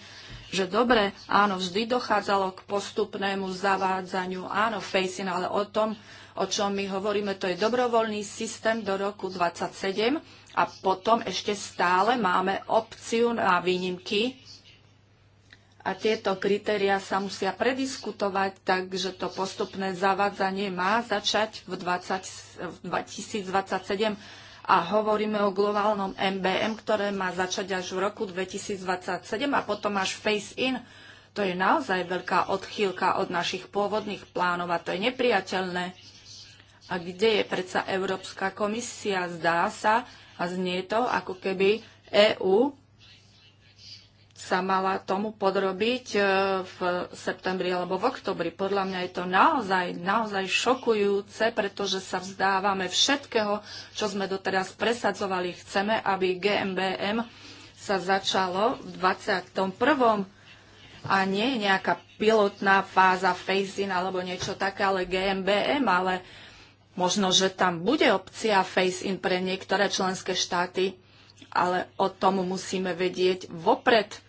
že dobre, áno, vždy dochádzalo k postupnému zavádzaniu, áno, facing, ale o tom, o čom my hovoríme, to je dobrovoľný systém do roku 27 a potom ešte stále máme opciu na výnimky a tieto kritéria sa musia prediskutovať, takže to postupné zavádzanie má začať v, 20, v 2027 a hovoríme o globálnom MBM, ktoré má začať až v roku 2027 a potom až face-in. To je naozaj veľká odchýlka od našich pôvodných plánov a to je nepriateľné. A kde je predsa Európska komisia? Zdá sa a znie to, ako keby EÚ sa mala tomu podrobiť e, v septembri alebo v oktobri. Podľa mňa je to naozaj, naozaj šokujúce, pretože sa vzdávame všetkého, čo sme doteraz presadzovali. Chceme, aby GMBM sa začalo v 21. a nie nejaká pilotná fáza facing in alebo niečo také, ale GMBM, ale možno, že tam bude opcia face in pre niektoré členské štáty, ale o tom musíme vedieť vopred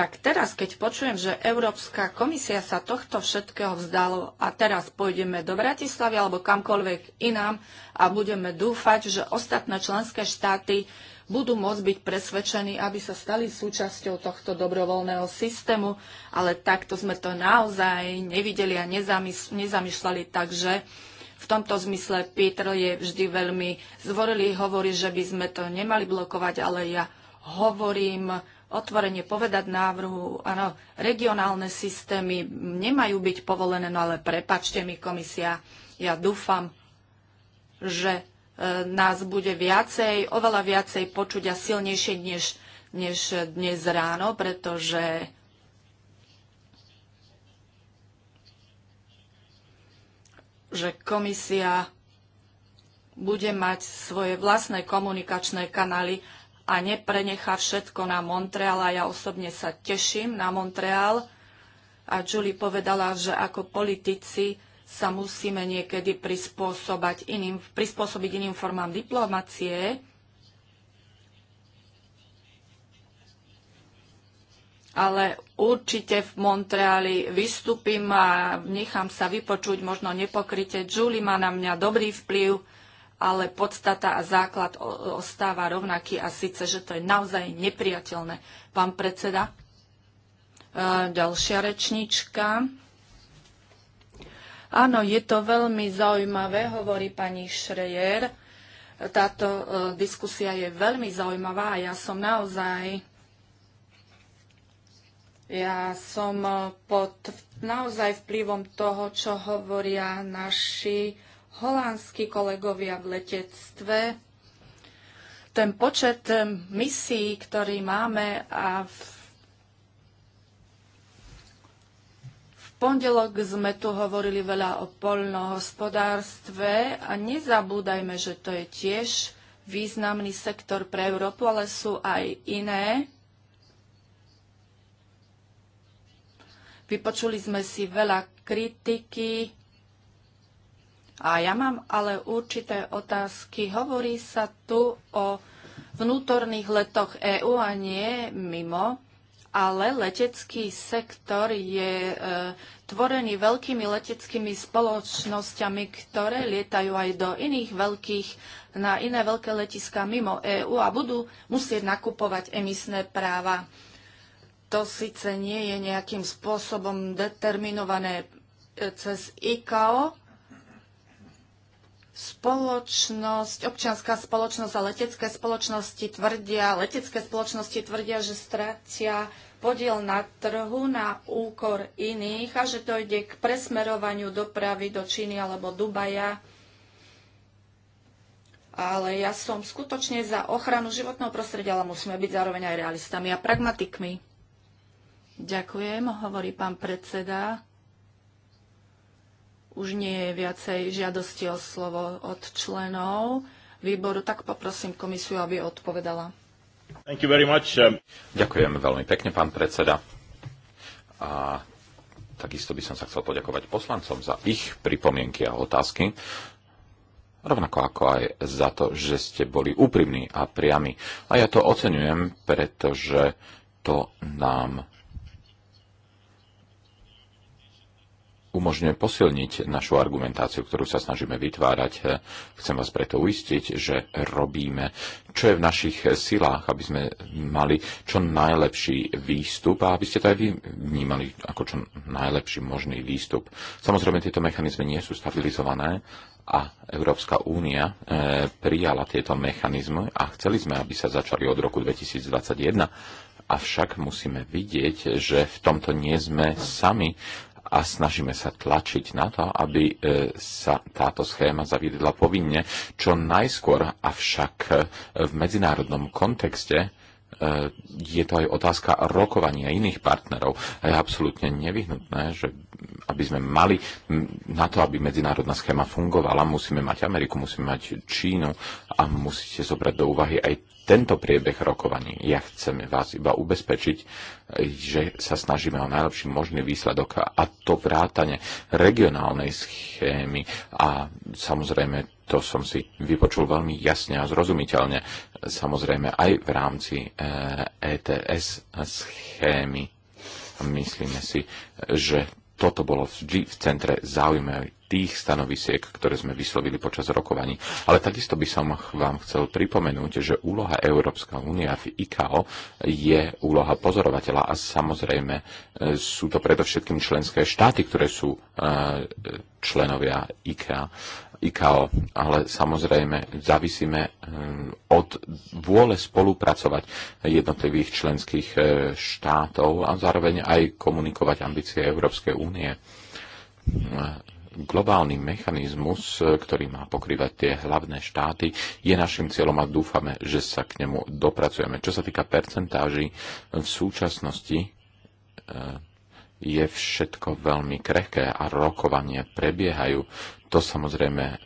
tak teraz, keď počujem, že Európska komisia sa tohto všetkého vzdalo a teraz pôjdeme do Bratislavy alebo kamkoľvek inám a budeme dúfať, že ostatné členské štáty budú môcť byť presvedčení, aby sa stali súčasťou tohto dobrovoľného systému, ale takto sme to naozaj nevideli a nezamýšľali, takže v tomto zmysle Peter je vždy veľmi zvorilý, hovorí, že by sme to nemali blokovať, ale ja hovorím otvorene povedať návrhu, áno, regionálne systémy nemajú byť povolené, no ale prepačte mi komisia, ja dúfam, že e, nás bude viacej, oveľa viacej počuť a silnejšie než, než dnes ráno, pretože že komisia bude mať svoje vlastné komunikačné kanály a neprenechá všetko na Montreal a ja osobne sa teším na Montreal. A Julie povedala, že ako politici sa musíme niekedy prispôsobiť iným, prispôsobiť iným formám diplomacie. Ale určite v Montreali vystúpim a nechám sa vypočuť, možno nepokryte. Julie má na mňa dobrý vplyv ale podstata a základ ostáva rovnaký a síce, že to je naozaj nepriateľné. Pán predseda, e, ďalšia rečnička. Áno, je to veľmi zaujímavé, hovorí pani Šrejer. Táto e, diskusia je veľmi zaujímavá a ja som naozaj ja som e, pod naozaj vplyvom toho, čo hovoria naši holandskí kolegovia v letectve. Ten počet eh, misií, ktorý máme a v, v pondelok sme tu hovorili veľa o poľnohospodárstve a nezabúdajme, že to je tiež významný sektor pre Európu, ale sú aj iné. Vypočuli sme si veľa kritiky a ja mám ale určité otázky. Hovorí sa tu o vnútorných letoch EÚ a nie mimo, ale letecký sektor je e, tvorený veľkými leteckými spoločnosťami, ktoré lietajú aj do iných veľkých, na iné veľké letiska mimo EÚ a budú musieť nakupovať emisné práva. To síce nie je nejakým spôsobom determinované e, cez ICAO, spoločnosť, občianská spoločnosť a letecké spoločnosti tvrdia, letecké spoločnosti tvrdia, že stratia podiel na trhu na úkor iných a že to ide k presmerovaniu dopravy do Číny alebo Dubaja. Ale ja som skutočne za ochranu životného prostredia, ale musíme byť zároveň aj realistami a pragmatikmi. Ďakujem, hovorí pán predseda už nie je viacej žiadosti o slovo od členov výboru, tak poprosím komisiu, aby odpovedala. Thank you very much. Um, Ďakujem veľmi pekne, pán predseda. A takisto by som sa chcel poďakovať poslancom za ich pripomienky a otázky, rovnako ako aj za to, že ste boli úprimní a priami. A ja to oceňujem, pretože to nám umožňuje posilniť našu argumentáciu, ktorú sa snažíme vytvárať. Chcem vás preto uistiť, že robíme, čo je v našich silách, aby sme mali čo najlepší výstup a aby ste to aj vy vnímali ako čo najlepší možný výstup. Samozrejme, tieto mechanizmy nie sú stabilizované, a Európska únia e, prijala tieto mechanizmy a chceli sme, aby sa začali od roku 2021. Avšak musíme vidieť, že v tomto nie sme sami, a snažíme sa tlačiť na to, aby e, sa táto schéma zaviedla povinne čo najskôr, avšak e, v medzinárodnom kontexte Eh, je to aj otázka rokovania iných partnerov. A je absolútne nevyhnutné, že aby sme mali na to, aby medzinárodná schéma fungovala, musíme mať Ameriku, musíme mať Čínu a musíte zobrať do úvahy aj tento priebeh rokovaní. Ja chcem vás iba ubezpečiť, že sa snažíme o najlepší možný výsledok a to vrátane regionálnej schémy a samozrejme to som si vypočul veľmi jasne a zrozumiteľne, samozrejme aj v rámci ETS eh, e schémy. Myslíme si, že toto bolo vždy v centre záujme tých stanovisiek, ktoré sme vyslovili počas rokovaní. Ale takisto by som vám chcel pripomenúť, že úloha Európska únia v ICAO je úloha pozorovateľa a samozrejme eh, sú to predovšetkým členské štáty, ktoré sú eh, členovia ICA ICAO, ale samozrejme závisíme hm, od vôle spolupracovať jednotlivých členských e, štátov a zároveň aj komunikovať ambície Európskej únie. Globálny mechanizmus, e, ktorý má pokrývať tie hlavné štáty, je našim cieľom a dúfame, že sa k nemu dopracujeme. Čo sa týka percentáží, v súčasnosti e, je všetko veľmi krehké a rokovania prebiehajú. To samozrejme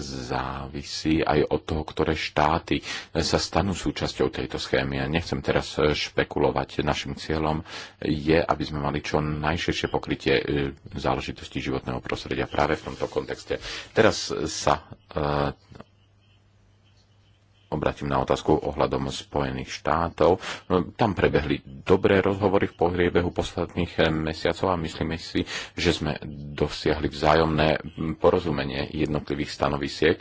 závisí aj od toho, ktoré štáty sa stanú súčasťou tejto schémy. Ja nechcem teraz e, špekulovať. Našim cieľom je, aby sme mali čo najširšie pokrytie e, záležitosti životného prostredia práve v tomto kontexte. Teraz sa e, obratím na otázku ohľadom Spojených štátov. Tam prebehli dobré rozhovory v pohriebehu posledných eh, mesiacov a myslíme si, že sme dosiahli vzájomné hm, porozumenie jednotlivých stanovisiek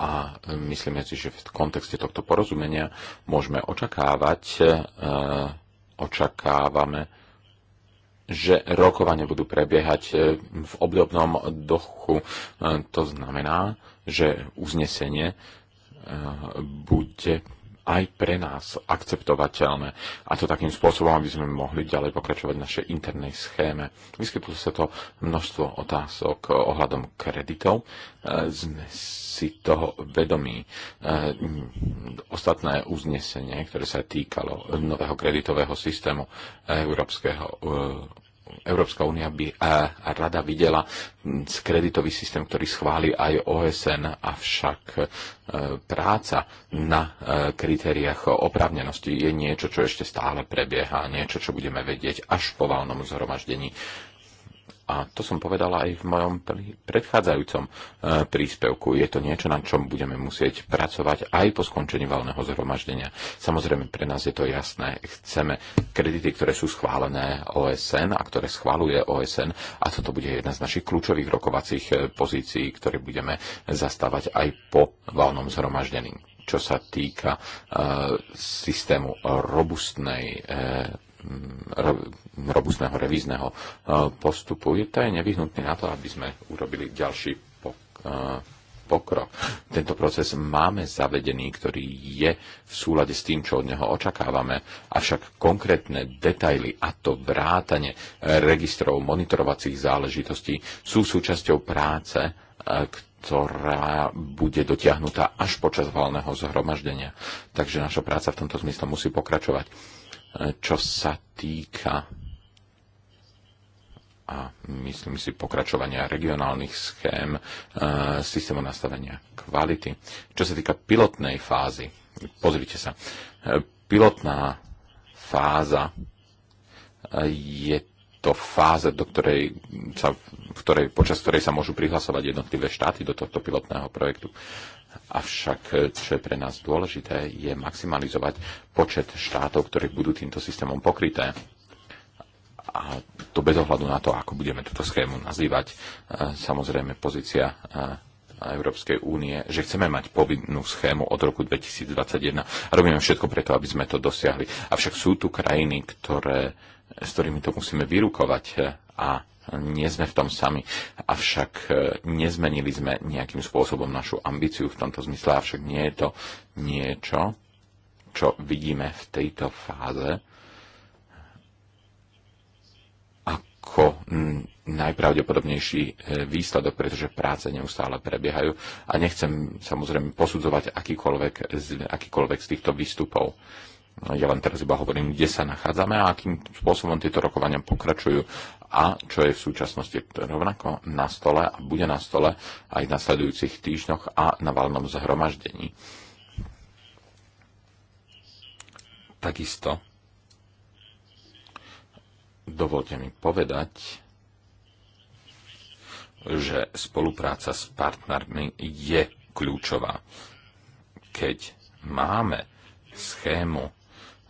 a eh, myslíme si, že v kontexte tohto porozumenia môžeme očakávať, eh, očakávame, že rokovania budú prebiehať v obdobnom dochu. To znamená, že uznesenie e, bude aj pre nás akceptovateľné. A to takým spôsobom, aby sme mohli ďalej pokračovať v našej internej schéme. Vyskytlo sa to množstvo otázok e, ohľadom kreditov. E, sme si toho vedomí. Ostatné uznesenie, ktoré sa týkalo nového kreditového systému Európskeho Európska únia by rada videla kreditový systém, ktorý schváli aj OSN, avšak e, práca na e, kritériách oprávnenosti je niečo, čo ešte stále prebieha, niečo, čo budeme vedieť až po valnom zhromaždení a to som povedala aj v mojom predchádzajúcom e, príspevku. Je to niečo, na čom budeme musieť pracovať aj po skončení valného zhromaždenia. Samozrejme, pre nás je to jasné. Chceme kredity, ktoré sú schválené OSN a ktoré schváluje OSN a toto bude jedna z našich kľúčových rokovacích e, pozícií, ktoré budeme zastávať aj po valnom zhromaždení čo sa týka e, systému robustnej e, Mm, robustného revízneho e, postupu. Je to aj nevyhnutné na to, aby sme urobili ďalší e, pokrok. Tento proces máme zavedený, ktorý je v súlade s tým, čo od neho očakávame, avšak konkrétne detaily a to vrátanie registrov monitorovacích záležitostí sú súčasťou práce, e, ktorá bude dotiahnutá až počas valného zhromaždenia. Takže naša práca v tomto zmysle musí pokračovať E, čo sa týka a myslím si pokračovania regionálnych schém, e, systému nastavenia kvality. Čo sa týka pilotnej fázy, pozrite sa, e, pilotná fáza je to fáza, do ktorej sa, v ktorej, počas ktorej sa môžu prihlasovať jednotlivé štáty do tohto pilotného projektu. Avšak, e, čo je pre nás dôležité, je maximalizovať počet štátov, ktoré budú týmto systémom pokryté. A to bez ohľadu na to, ako budeme túto schému nazývať. E, samozrejme, pozícia e, Európskej únie, že chceme mať povinnú schému od roku 2021 a robíme všetko preto, aby sme to dosiahli. Avšak sú tu krajiny, ktoré, s ktorými to musíme vyrukovať a nie sme v tom sami, avšak e, nezmenili sme nejakým spôsobom našu ambíciu v tomto zmysle, avšak nie je to niečo, čo vidíme v tejto fáze ako najpravdepodobnejší e, výsledok, pretože práce neustále prebiehajú a nechcem samozrejme posudzovať akýkoľvek z, akýkoľvek z týchto výstupov. Ja len teraz iba hovorím, kde sa nachádzame a akým spôsobom tieto rokovania pokračujú a čo je v súčasnosti rovnako na stole a bude na stole aj v nasledujúcich týždňoch a na valnom zhromaždení. Takisto dovolte mi povedať, že spolupráca s partnermi je kľúčová. Keď máme schému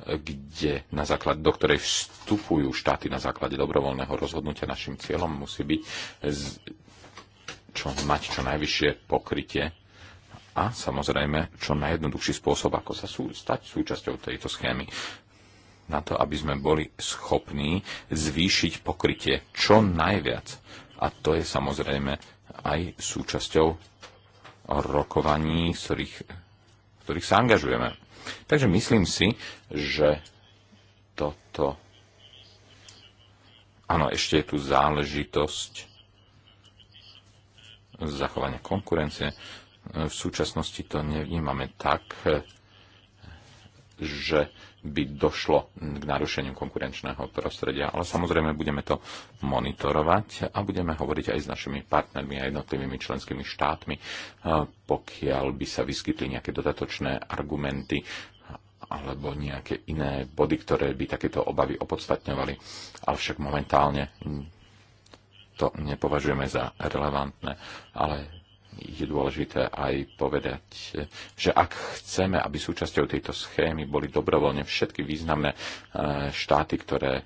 kde na základ, do ktorej vstupujú štáty na základe dobrovoľného rozhodnutia. Našim cieľom musí byť z, čo, mať čo najvyššie pokrytie a samozrejme čo najjednoduchší spôsob, ako sa sú, stať súčasťou tejto schémy na to, aby sme boli schopní zvýšiť pokrytie čo najviac. A to je samozrejme aj súčasťou rokovaní, z ktorých, v ktorých sa angažujeme. Takže myslím si, že toto... Áno, ešte je tu záležitosť zachovania konkurencie. V súčasnosti to nevnímame tak, že by došlo k narušeniu konkurenčného prostredia. Ale samozrejme budeme to monitorovať a budeme hovoriť aj s našimi partnermi a jednotlivými členskými štátmi, pokiaľ by sa vyskytli nejaké dodatočné argumenty alebo nejaké iné body, ktoré by takéto obavy opodstatňovali. Avšak momentálne to nepovažujeme za relevantné, ale je dôležité aj povedať, že ak chceme, aby súčasťou tejto schémy boli dobrovoľne všetky významné e, štáty, ktoré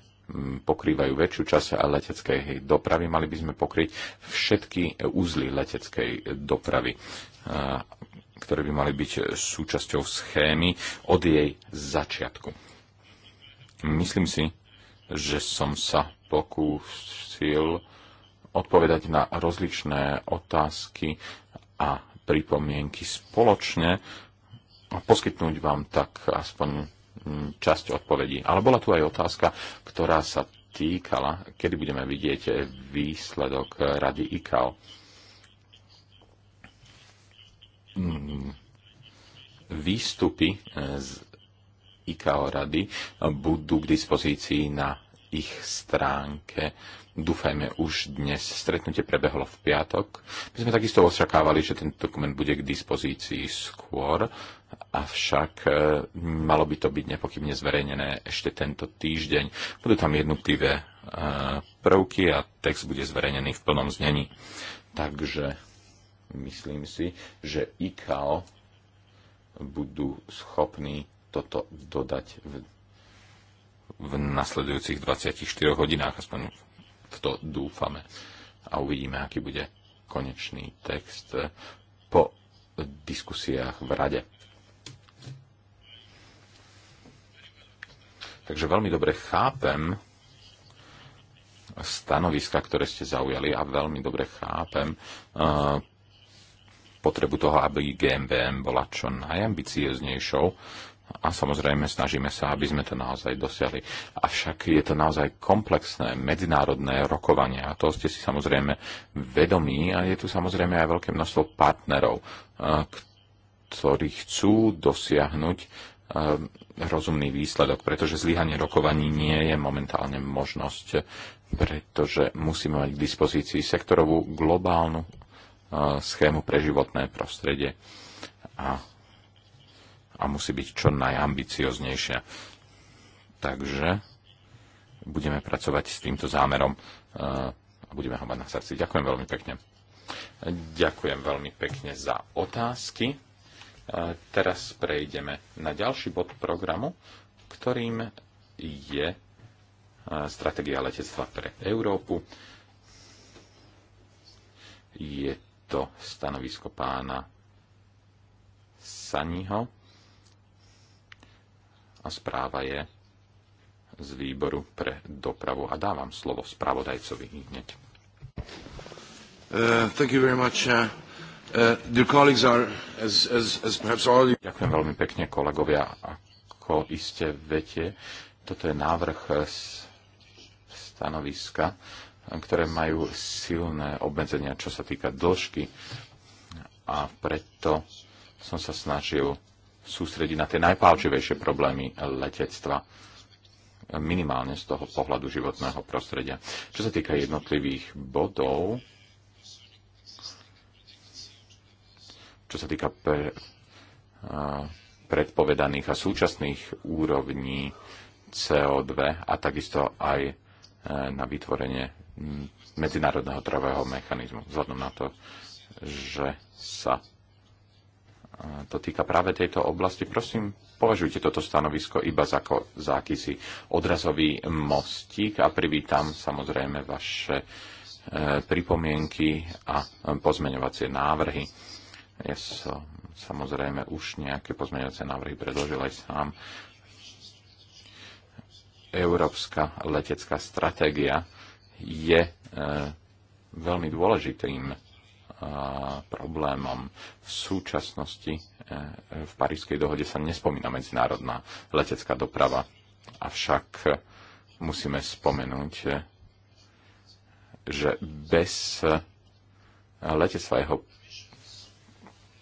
pokrývajú väčšiu časť leteckej dopravy, mali by sme pokryť všetky úzly leteckej dopravy, e, ktoré by mali byť súčasťou schémy od jej začiatku. Myslím si, že som sa pokúsil odpovedať na rozličné otázky a pripomienky spoločne a poskytnúť vám tak aspoň časť odpovedí. Ale bola tu aj otázka, ktorá sa týkala, kedy budeme vidieť výsledok rady IKAO. Výstupy z ICAO rady budú k dispozícii na ich stránke dúfajme už dnes. Stretnutie prebehlo v piatok. My sme takisto očakávali, že tento dokument bude k dispozícii skôr, avšak e, malo by to byť nepochybne zverejnené ešte tento týždeň. Budú tam jednotlivé e, prvky a text bude zverejnený v plnom znení. Takže myslím si, že IKAO budú schopní toto dodať v, v nasledujúcich 24 hodinách, aspoň v to dúfame a uvidíme, aký bude konečný text po diskusiách v rade. Takže veľmi dobre chápem stanoviska, ktoré ste zaujali a veľmi dobre chápem uh, potrebu toho, aby GMBM bola čo najambicioznejšou a samozrejme snažíme sa, aby sme to naozaj dosiahli. Avšak je to naozaj komplexné medzinárodné rokovanie a to ste si samozrejme vedomí a je tu samozrejme aj veľké množstvo partnerov, eh, ktorí chcú dosiahnuť eh, rozumný výsledok, pretože zlyhanie rokovaní nie je momentálne možnosť, pretože musíme mať k dispozícii sektorovú globálnu eh, schému pre životné prostredie. A a musí byť čo najambicioznejšia. Takže budeme pracovať s týmto zámerom eh, a budeme ho mať na srdci. Ďakujem veľmi pekne. Ďakujem veľmi pekne za otázky. Eh, teraz prejdeme na ďalší bod programu, ktorým je eh, stratégia letectva pre Európu. Je to stanovisko pána Saniho a správa je z výboru pre dopravu a dávam slovo spravodajcovi hneď. Uh, uh, uh, Ďakujem veľmi pekne, kolegovia. Ako iste viete, toto je návrh stanoviska, ktoré majú silné obmedzenia, čo sa týka dĺžky a preto som sa snažil sústredí na tie najpálčivejšie problémy letectva minimálne z toho pohľadu životného prostredia. Čo sa týka jednotlivých bodov, čo sa týka pre, a, predpovedaných a súčasných úrovní CO2 a takisto aj e, na vytvorenie medzinárodného trhového mechanizmu, vzhľadom na to, že sa to týka práve tejto oblasti, prosím, považujte toto stanovisko iba za, ko, za akýsi odrazový mostík a privítam samozrejme vaše e, pripomienky a pozmeňovacie návrhy. Ja som samozrejme už nejaké pozmeňovacie návrhy predložil aj sám. Európska letecká stratégia je e, veľmi dôležitým problémom. V súčasnosti e, v Parískej dohode sa nespomína medzinárodná letecká doprava, avšak musíme spomenúť, e, že bez letectva jeho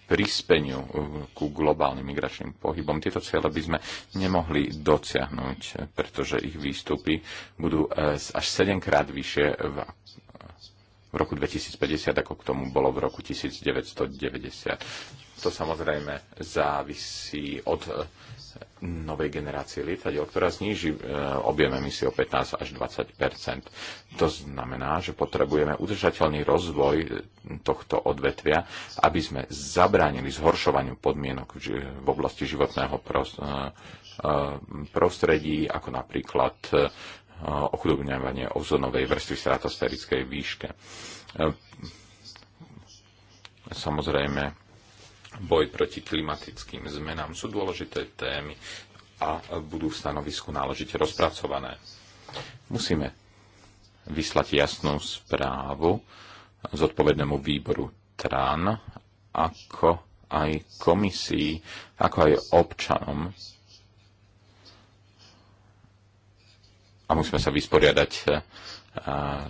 prispeniu e, ku globálnym migračným pohybom. Tieto cieľe by sme nemohli dosiahnuť, pretože ich výstupy budú až 7 krát vyššie v roku 2050, ako k tomu bolo v roku 1990. To samozrejme závisí od e, novej generácie lietadiel, ktorá zníži e, objem emisí o 15 až 20 To znamená, že potrebujeme udržateľný rozvoj e, tohto odvetvia, aby sme zabránili zhoršovaniu podmienok v oblasti životného prostredí, ako napríklad ochudobňovanie ozonovej vrstvy stratosferickej výške. E, samozrejme, boj proti klimatickým zmenám sú dôležité témy a budú v stanovisku náležite rozpracované. Musíme vyslať jasnú správu zodpovednému výboru TRAN, ako aj komisii, ako aj občanom a musíme sa vysporiadať e, e,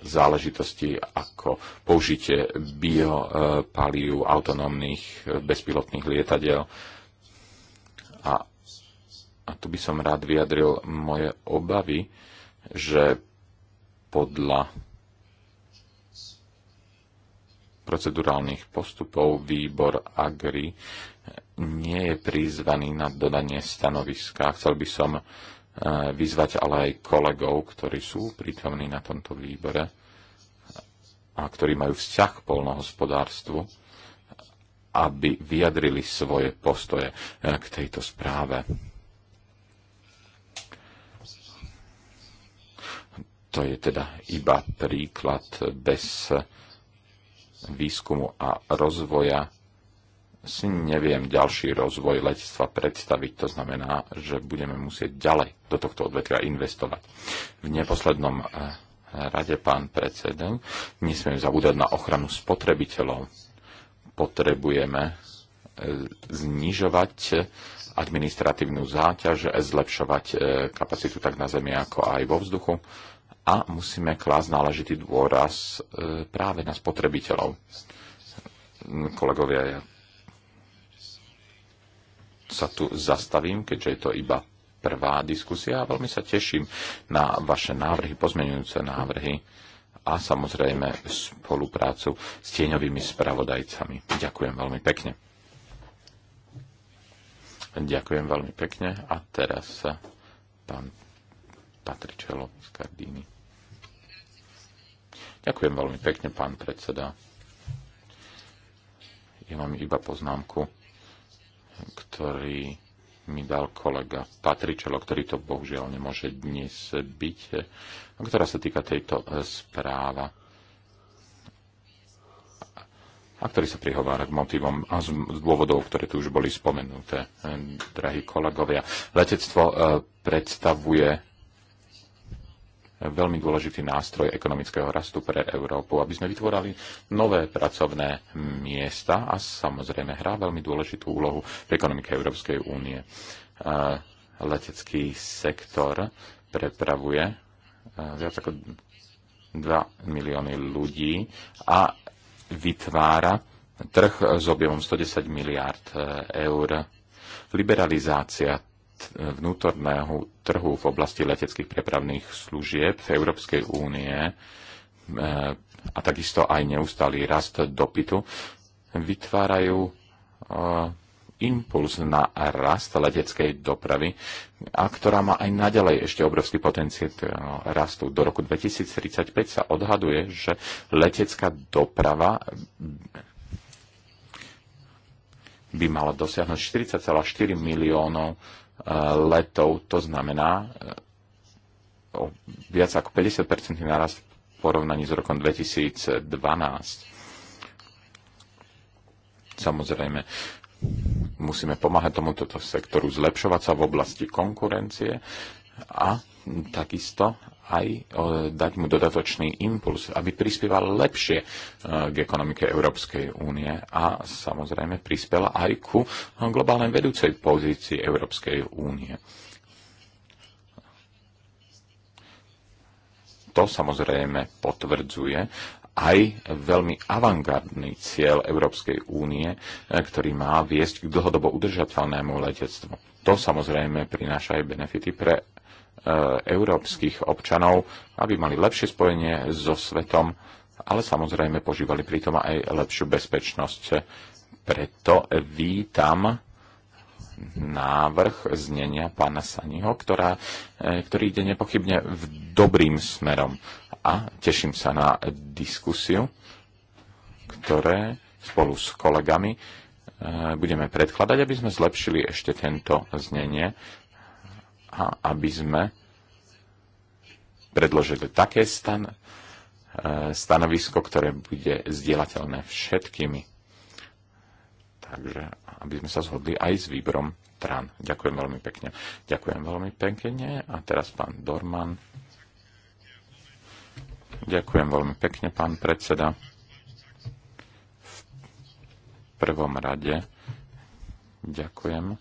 záležitosti ako použitie biopalív autonómnych e, bezpilotných lietadiel. A, a tu by som rád vyjadril moje obavy, že podľa procedurálnych postupov výbor AGRI nie je prizvaný na dodanie stanoviska. Chcel by som vyzvať ale aj kolegov, ktorí sú prítomní na tomto výbore a ktorí majú vzťah k polnohospodárstvu, aby vyjadrili svoje postoje e, k tejto správe. To je teda iba príklad bez výskumu a rozvoja si neviem ďalší rozvoj letectva predstaviť. To znamená, že budeme musieť ďalej do tohto odvetvia investovať. V neposlednom eh, rade, pán predseden, nesmieme zabúdať na ochranu spotrebiteľov. Potrebujeme eh, znižovať administratívnu záťaž, eh, zlepšovať kapacitu tak na zemi, ako aj vo vzduchu a musíme klásť náležitý dôraz práve na spotrebiteľov. Kolegovia, ja sa tu zastavím, keďže je to iba prvá diskusia a veľmi sa teším na vaše návrhy, pozmenujúce návrhy a samozrejme spoluprácu s tieňovými spravodajcami. Ďakujem veľmi pekne. Ďakujem veľmi pekne a teraz pán Patričelo z Gardíny. Ďakujem veľmi pekne, pán predseda. Ja mám iba poznámku ktorý mi dal kolega Patričelo, ktorý to bohužiaľ nemôže dnes byť, ktorá sa týka tejto e, správa a ktorý sa prihovára k motivom a z dôvodov, ktoré tu už boli spomenuté, e, drahí kolegovia. Letectvo e, predstavuje veľmi dôležitý nástroj ekonomického rastu pre Európu, aby sme vytvorali nové pracovné miesta a samozrejme hrá veľmi dôležitú úlohu v ekonomike Európskej únie. Letecký sektor prepravuje viac ako 2 milióny ľudí a vytvára trh s objemom 110 miliárd e, eur. Liberalizácia vnútorného trhu v oblasti leteckých prepravných služieb v Európskej únie eh, a takisto aj neustály rast dopytu vytvárajú eh, impuls na rast leteckej dopravy, a ktorá má aj naďalej ešte obrovský potenciál rastu. Do roku 2035 sa odhaduje, že letecká doprava by mala dosiahnuť 40,4 miliónov letov. To znamená eh, o viac ako 50% narast v porovnaní s rokom 2012. Samozrejme, musíme pomáhať tomuto sektoru zlepšovať sa v oblasti konkurencie a takisto aj e, dať mu dodatočný impuls, aby prispieval lepšie e, k ekonomike Európskej únie a samozrejme prispela aj ku e, globálnej vedúcej pozícii Európskej únie. To samozrejme potvrdzuje aj veľmi avangardný cieľ Európskej únie, ktorý má viesť k dlhodobo udržateľnému letectvu. To samozrejme prináša aj benefity pre Eh, európskych občanov, aby mali lepšie spojenie so svetom, ale samozrejme požívali pritom aj lepšiu bezpečnosť. Preto vítam návrh znenia pána Saniho, ktorá, eh, ktorý ide nepochybne v dobrým smerom. A teším sa na diskusiu, ktoré spolu s kolegami eh, budeme predkladať, aby sme zlepšili ešte tento znenie a aby sme predložili také stan, e, stanovisko, ktoré bude zdieľateľné všetkými. Takže, aby sme sa zhodli aj s výborom TRAN. Ďakujem veľmi pekne. Ďakujem veľmi pekne. A teraz pán Dorman. Ďakujem veľmi pekne, pán predseda. V prvom rade ďakujem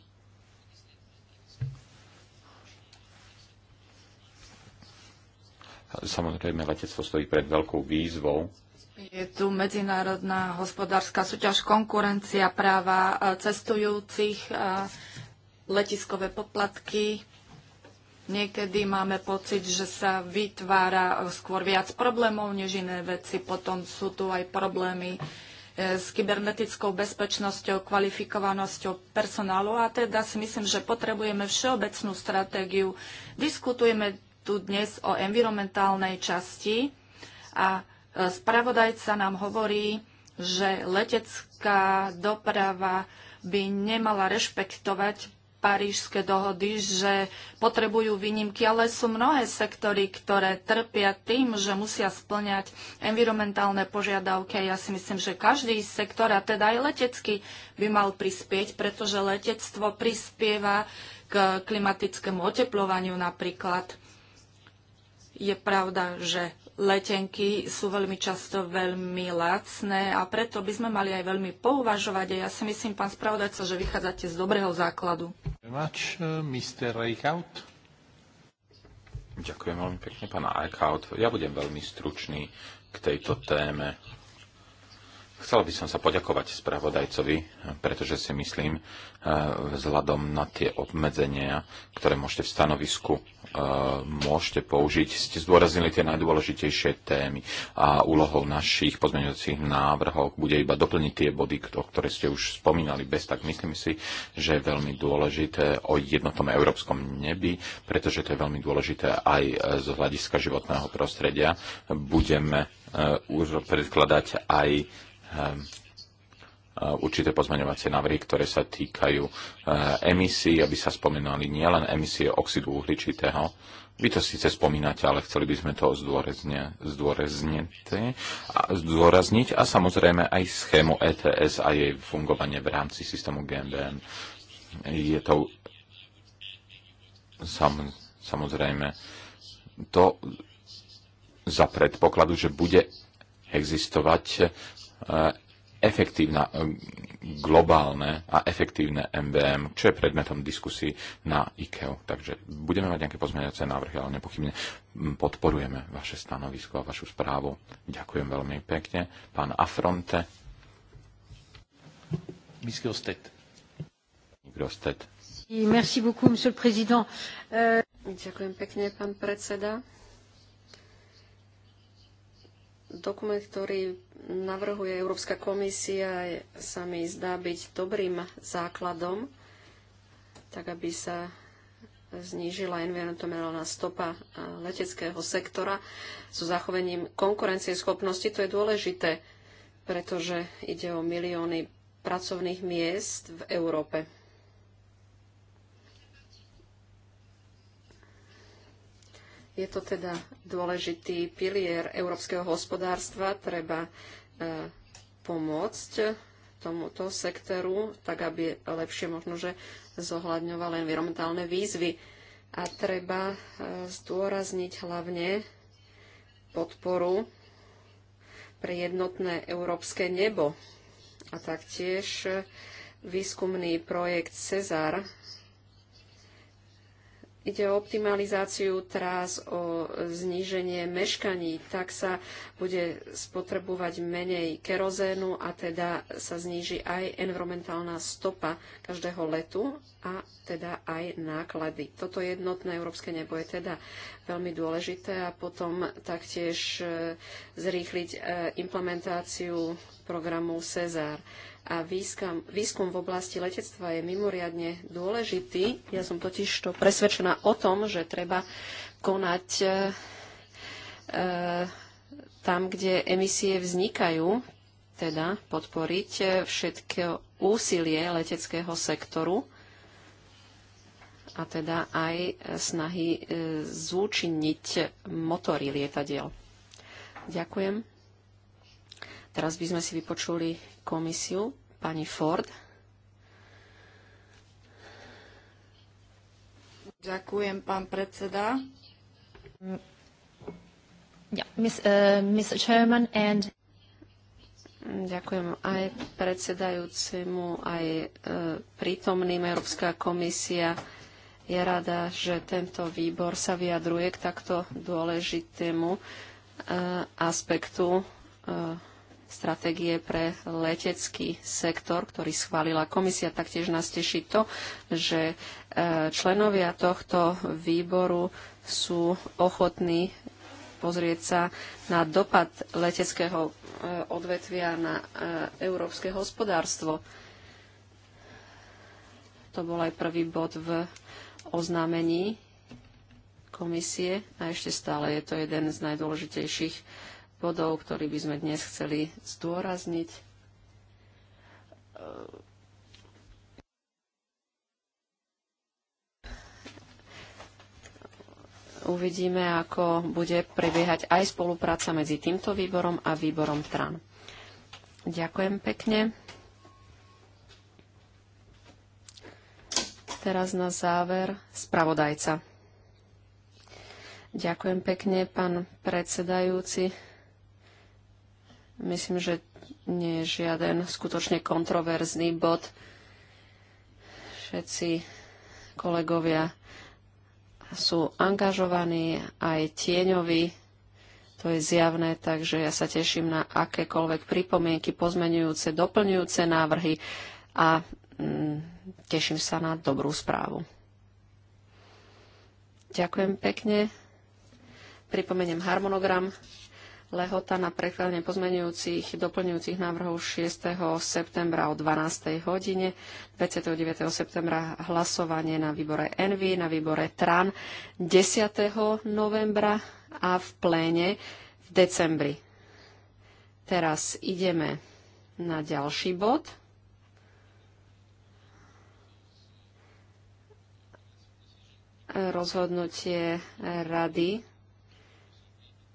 Samozrejme, letectvo stojí pred veľkou výzvou. Je tu medzinárodná hospodárska súťaž, konkurencia, práva e, cestujúcich, e, letiskové poplatky. Niekedy máme pocit, že sa vytvára e, skôr viac problémov než iné veci. Potom sú tu aj problémy s kybernetickou bezpečnosťou, kvalifikovanosťou personálu a teda si myslím, že potrebujeme všeobecnú stratégiu. Diskutujeme tu dnes o environmentálnej časti a e, spravodajca nám hovorí, že letecká doprava by nemala rešpektovať parížske dohody, že potrebujú výnimky, ale sú mnohé sektory, ktoré trpia tým, že musia splňať environmentálne požiadavky. Ja si myslím, že každý sektor, a teda aj letecký, by mal prispieť, pretože letectvo prispieva k klimatickému oteplovaniu napríklad. Je pravda, že letenky sú veľmi často veľmi lacné a preto by sme mali aj veľmi pouvažovať. A ja si myslím, pán spravodajca, že vychádzate z dobrého základu. Uh, Ďakujem veľmi pekne, pána Eichhout. Ja budem veľmi stručný k tejto téme. Chcel by som sa poďakovať spravodajcovi, pretože si myslím, uh, vzhľadom na tie obmedzenia, ktoré môžete v stanovisku môžete použiť. Ste zdôraznili tie najdôležitejšie témy a úlohou našich pozmeňujúcich návrhov bude iba doplniť tie body, o ktoré ste už spomínali. Bez tak myslím si, že je veľmi dôležité o jednotnom európskom nebi, pretože to je veľmi dôležité aj z hľadiska životného prostredia. Budeme eh, už predkladať aj eh, určité pozmeňovacie návrhy, ktoré sa týkajú e, emisí, aby sa spomenali nielen emisie oxidu uhličitého. Vy to síce spomínate, ale chceli by sme to zdôrazne, zdôrazne, zdôrazniť a samozrejme aj schému ETS a jej fungovanie v rámci systému GMBM. Je to sam, samozrejme to za predpokladu, že bude existovať e, efektívna e, globálne a efektívne MVM, čo je predmetom diskusí na IKEA. Takže budeme mať nejaké pozmeňujúce návrhy, ale nepochybne podporujeme vaše stanovisko a vašu správu. Ďakujem veľmi pekne. Pán Afronte. Euh, Ďakujem pekne, pán predseda. Dokument, ktorý navrhuje Európska komisia, sa mi zdá byť dobrým základom, tak aby sa znížila environmentálna stopa leteckého sektora so zachovením konkurencieschopnosti. To je dôležité, pretože ide o milióny pracovných miest v Európe. Je to teda dôležitý pilier európskeho hospodárstva. Treba e, pomôcť tomuto sektoru, tak aby lepšie možno, že zohľadňoval environmentálne výzvy. A treba e, zdôrazniť hlavne podporu pre jednotné európske nebo a taktiež e, výskumný projekt Cezar Ide o optimalizáciu trás, o zníženie meškaní, tak sa bude spotrebovať menej kerozénu a teda sa zníži aj environmentálna stopa každého letu a teda aj náklady. Toto jednotné európske nebo je teda veľmi dôležité a potom taktiež e, zrýchliť e, implementáciu programu CESAR a výskum, výskum v oblasti letectva je mimoriadne dôležitý. Ja som totiž to presvedčená o tom, že treba konať e, e tam, kde emisie vznikajú, teda podporiť e, všetky úsilie leteckého sektoru a teda aj snahy e, zúčinniť motory lietadiel. Ďakujem. Teraz by sme si vypočuli komisiu pani Ford. Ďakujem, pán predseda. Yeah, miss, uh, Chairman and... Ďakujem aj predsedajúcemu, aj eh, prítomným. Európska komisia je rada, že tento výbor sa vyjadruje k takto dôležitému eh, aspektu e, stratégie pre letecký sektor, ktorý schválila komisia. Taktiež nás teší to, že e, členovia tohto výboru sú ochotní pozrieť sa na dopad leteckého e, odvetvia na e, európske hospodárstvo. To bol aj prvý bod v oznámení komisie a ešte stále je to jeden z najdôležitejších bodov, ktorý by sme dnes chceli zdôrazniť. Uvidíme, ako bude prebiehať aj spolupráca medzi týmto výborom a výborom TRAN. Ďakujem pekne. teraz na záver spravodajca. Ďakujem pekne, pán predsedajúci. Myslím, že nie je žiaden skutočne kontroverzný bod. Všetci kolegovia sú angažovaní, aj tieňoví. To je zjavné, takže ja sa teším na akékoľvek pripomienky, pozmenujúce, doplňujúce návrhy a mm, teším sa na dobrú správu. Ďakujem pekne. Pripomeniem harmonogram. Lehota na prekladanie pozmenujúcich doplňujúcich návrhov 6. septembra o 12. hodine, 29. septembra hlasovanie na výbore Envy, na výbore TRAN 10. novembra a v pléne v decembri. Teraz ideme na ďalší bod. Rozhodnutie rady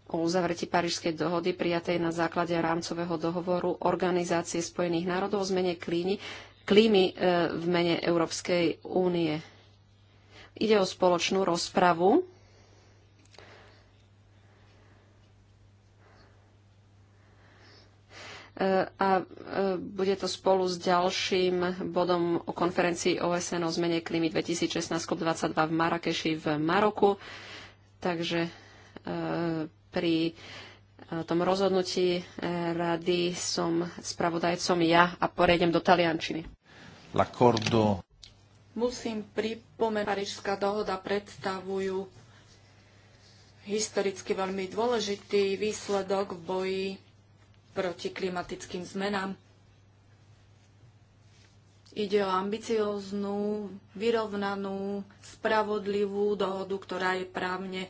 o uzavretí Parížskej dohody prijatej na základe rámcového dohovoru Organizácie spojených národov o zmene klíny, klímy e, v mene Európskej únie. Ide o spoločnú rozpravu. E, a e, bude to spolu s ďalším bodom o konferencii OSN o zmene klímy 2016-22 v Marakeši v Maroku. Takže pri e, tom rozhodnutí e, rady som spravodajcom ja a porejdem do taliančiny. L'accordo. Musím pripomenúť, Parížská dohoda predstavujú historicky veľmi dôležitý výsledok v boji proti klimatickým zmenám. Ide o ambicióznu, vyrovnanú, spravodlivú dohodu, ktorá je právne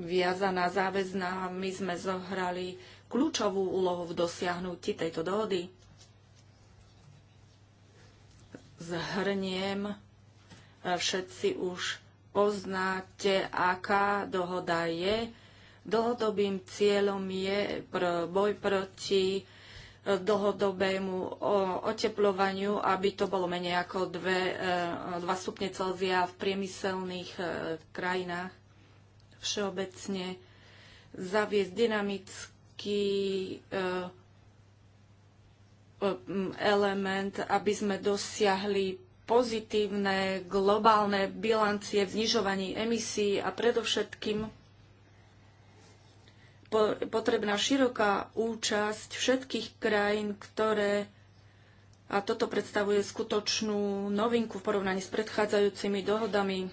viazaná, záväzná. My sme zohrali kľúčovú úlohu v dosiahnutí tejto dohody. Zhrniem, e, všetci už poznáte, aká dohoda je. Dlhodobým cieľom je pr- boj proti e, dlhodobému oteplovaniu, aby to bolo menej ako 2 e, stupne Celzia v priemyselných krajinách všeobecne zaviesť dynamický eh, element, aby sme dosiahli pozitívne globálne bilancie v znižovaní emisí a predovšetkým potrebná široká účasť všetkých krajín, ktoré a toto predstavuje skutočnú novinku v porovnaní s predchádzajúcimi dohodami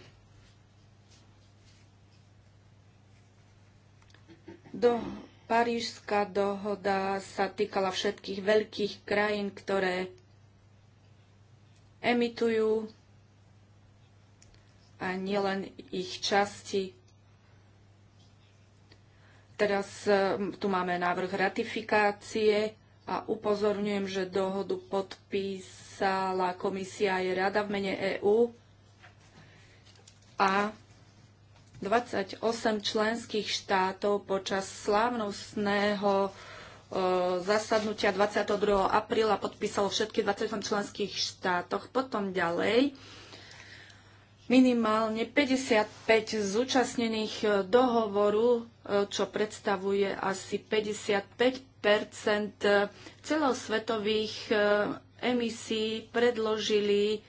Do, Parížská dohoda sa týkala všetkých veľkých krajín, ktoré emitujú a nielen ich časti. Teraz tu máme návrh ratifikácie a upozorňujem, že dohodu podpísala komisia aj rada v mene EÚ a 28 členských štátov počas slávnostného e, zasadnutia 22. apríla podpísalo všetky 28 členských štátoch. Potom ďalej minimálne 55 zúčastnených e, dohovoru, e, čo predstavuje asi 55 celosvetových emisí predložili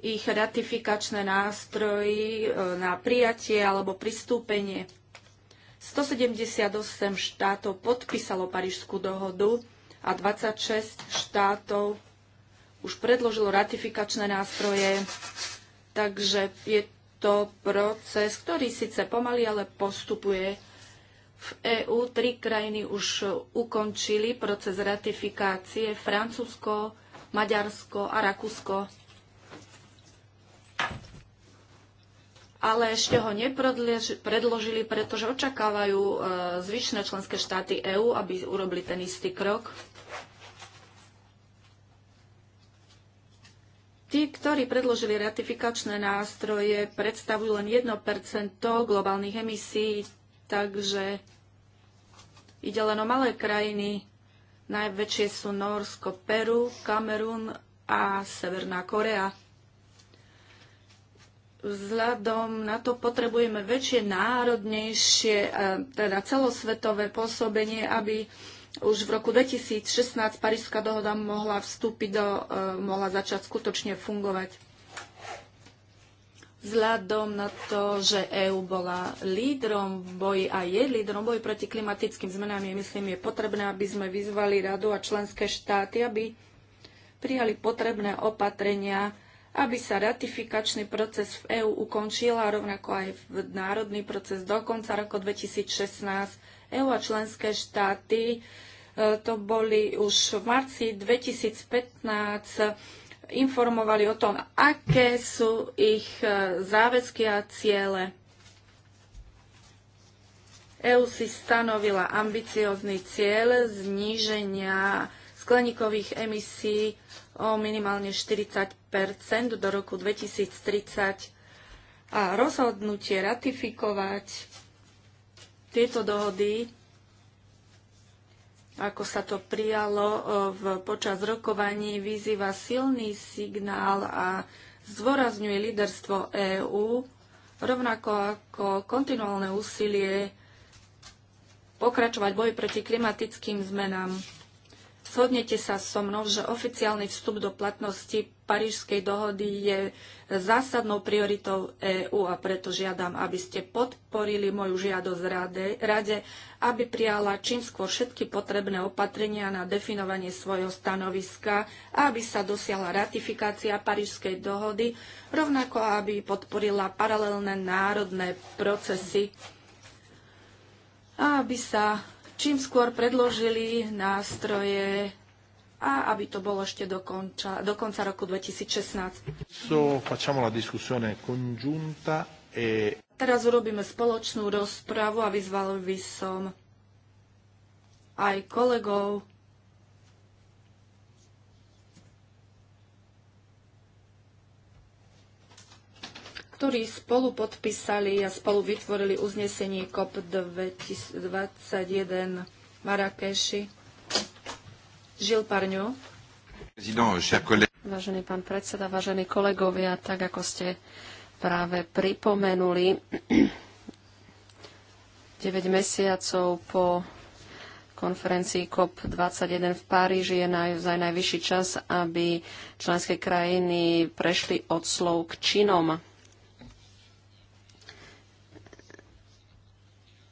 ich ratifikačné nástroji e, na prijatie alebo pristúpenie. 178 štátov podpísalo Parížskú dohodu a 26 štátov už predložilo ratifikačné nástroje, takže je to proces, ktorý síce pomaly, ale postupuje. V EÚ tri krajiny už ukončili proces ratifikácie Francúzsko, Maďarsko a Rakúsko. ale ešte ho nepredložili, pretože očakávajú e, zvyšné členské štáty EÚ, aby urobili ten istý krok. Tí, ktorí predložili ratifikačné nástroje, predstavujú len 1 globálnych emisí, takže ide len o malé krajiny. Najväčšie sú Norsko, Peru, Kamerun a Severná Korea vzhľadom na to potrebujeme väčšie, národnejšie, e, teda celosvetové pôsobenie, aby už v roku 2016 Parížská dohoda mohla vstúpiť do, e, mohla začať skutočne fungovať. Vzhľadom na to, že EÚ bola lídrom v boji a je lídrom boji proti klimatickým zmenám, je, myslím, je potrebné, aby sme vyzvali radu a členské štáty, aby prijali potrebné opatrenia, aby sa ratifikačný proces v EÚ ukončil a rovnako aj v národný proces do konca roku 2016. EÚ a členské štáty e, to boli už v marci 2015 informovali o tom, aké sú ich e, záväzky a ciele. EÚ si stanovila ambiciózny cieľ zníženia skleníkových emisí o minimálne 40 do roku 2030 a rozhodnutie ratifikovať tieto dohody, ako sa to prijalo e, v, počas rokovaní, vyzýva silný signál a zdôrazňuje líderstvo EÚ, rovnako ako kontinuálne úsilie pokračovať boji proti klimatickým zmenám. Shodnete sa so mnou, že oficiálny vstup do platnosti Parížskej dohody je zásadnou prioritou EÚ a preto žiadam, aby ste podporili moju žiadosť rade, rade, aby prijala čím skôr všetky potrebné opatrenia na definovanie svojho stanoviska a aby sa dosiahla ratifikácia Parížskej dohody, rovnako aby podporila paralelné národné procesy a aby sa čím skôr predložili nástroje a aby to bolo ešte do konca, do konca roku 2016. E- Teraz urobíme spoločnú rozpravu a vyzval by som aj kolegov, ktorí spolu podpísali a spolu vytvorili uznesenie COP21 Marrakeši. Žil Parňu. Vážený pán predseda, vážení kolegovia, tak ako ste práve pripomenuli, 9 mesiacov po konferencii COP21 v Paríži je naozaj najvyšší čas, aby členské krajiny prešli od slov k činom.